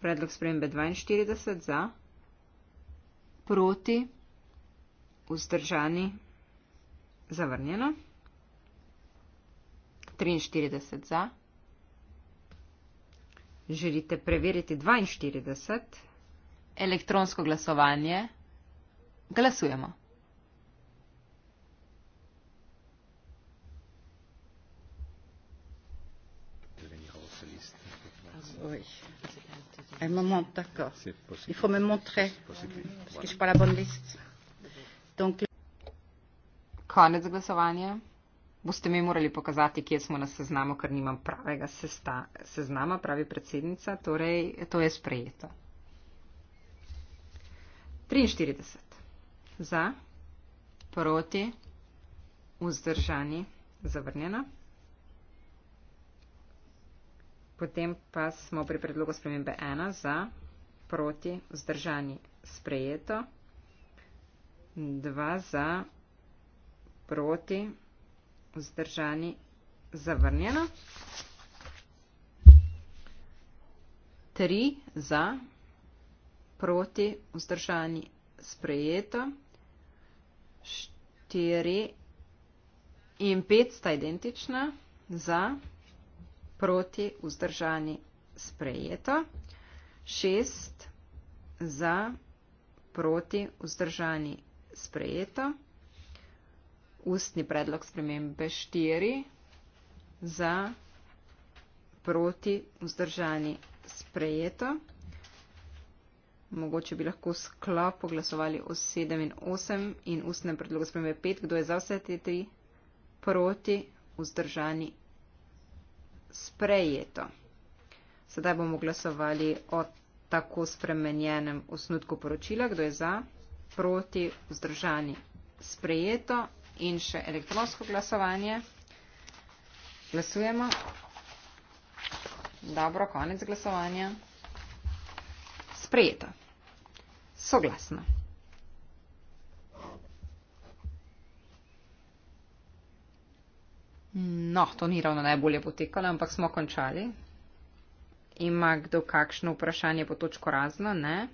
Predlog spremembe 42 za, proti, vzdržani, zavrnjeno. 43 za. Želite preveriti 42? Elektronsko glasovanje. Glasujemo. Zdaj, njihovo se listi. Zdaj un moment, d'accord. Il faut me montrer, parce que je n'ai pas la bonne liste. Donc, Konec glasovanja. Boste mi morali pokazati, kje smo na seznamu, ker nimam pravega sesta, seznama, pravi predsednica. Torej, to je sprejeto. 43. Za, proti, vzdržani, zavrnjena. Potem pa smo pri predlogu spremembe 1 za, proti, vzdržani, sprejeto, 2 za, proti, vzdržani, zavrnjeno, 3 za, proti, vzdržani, sprejeto, 4 in 5 sta identična, za, proti, vzdržani, sprejeto, proti, vzdržani, sprejeto, šest za, proti, vzdržani, sprejeto, ustni predlog spremembe štiri za, proti, vzdržani, sprejeto. Mogoče bi lahko sklop poglasovali o 7 in 8 in ustnem predlogu spremembe 5. Kdo je za vse te tri? Proti, vzdržani, sprejeto. Sedaj bomo glasovali o tako spremenjenem osnutku poročila. Kdo je za, proti, vzdržani, sprejeto in še elektronsko glasovanje. Glasujemo. Dobro, konec glasovanja. Sprejeto. Soglasno. No, to ni ravno najbolje potekalo, ampak smo končali. Ima kdo kakšno vprašanje po točko razno? Ne.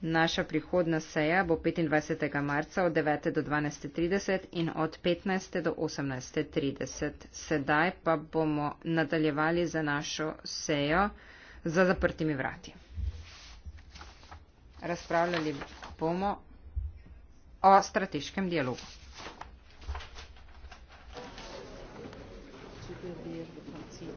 Naša prihodna seja bo 25. marca od 9. do 12.30 in od 15. do 18.30. Sedaj pa bomo nadaljevali za našo sejo za zaprtimi vrati. Razpravljali bomo o strateškem dialogu.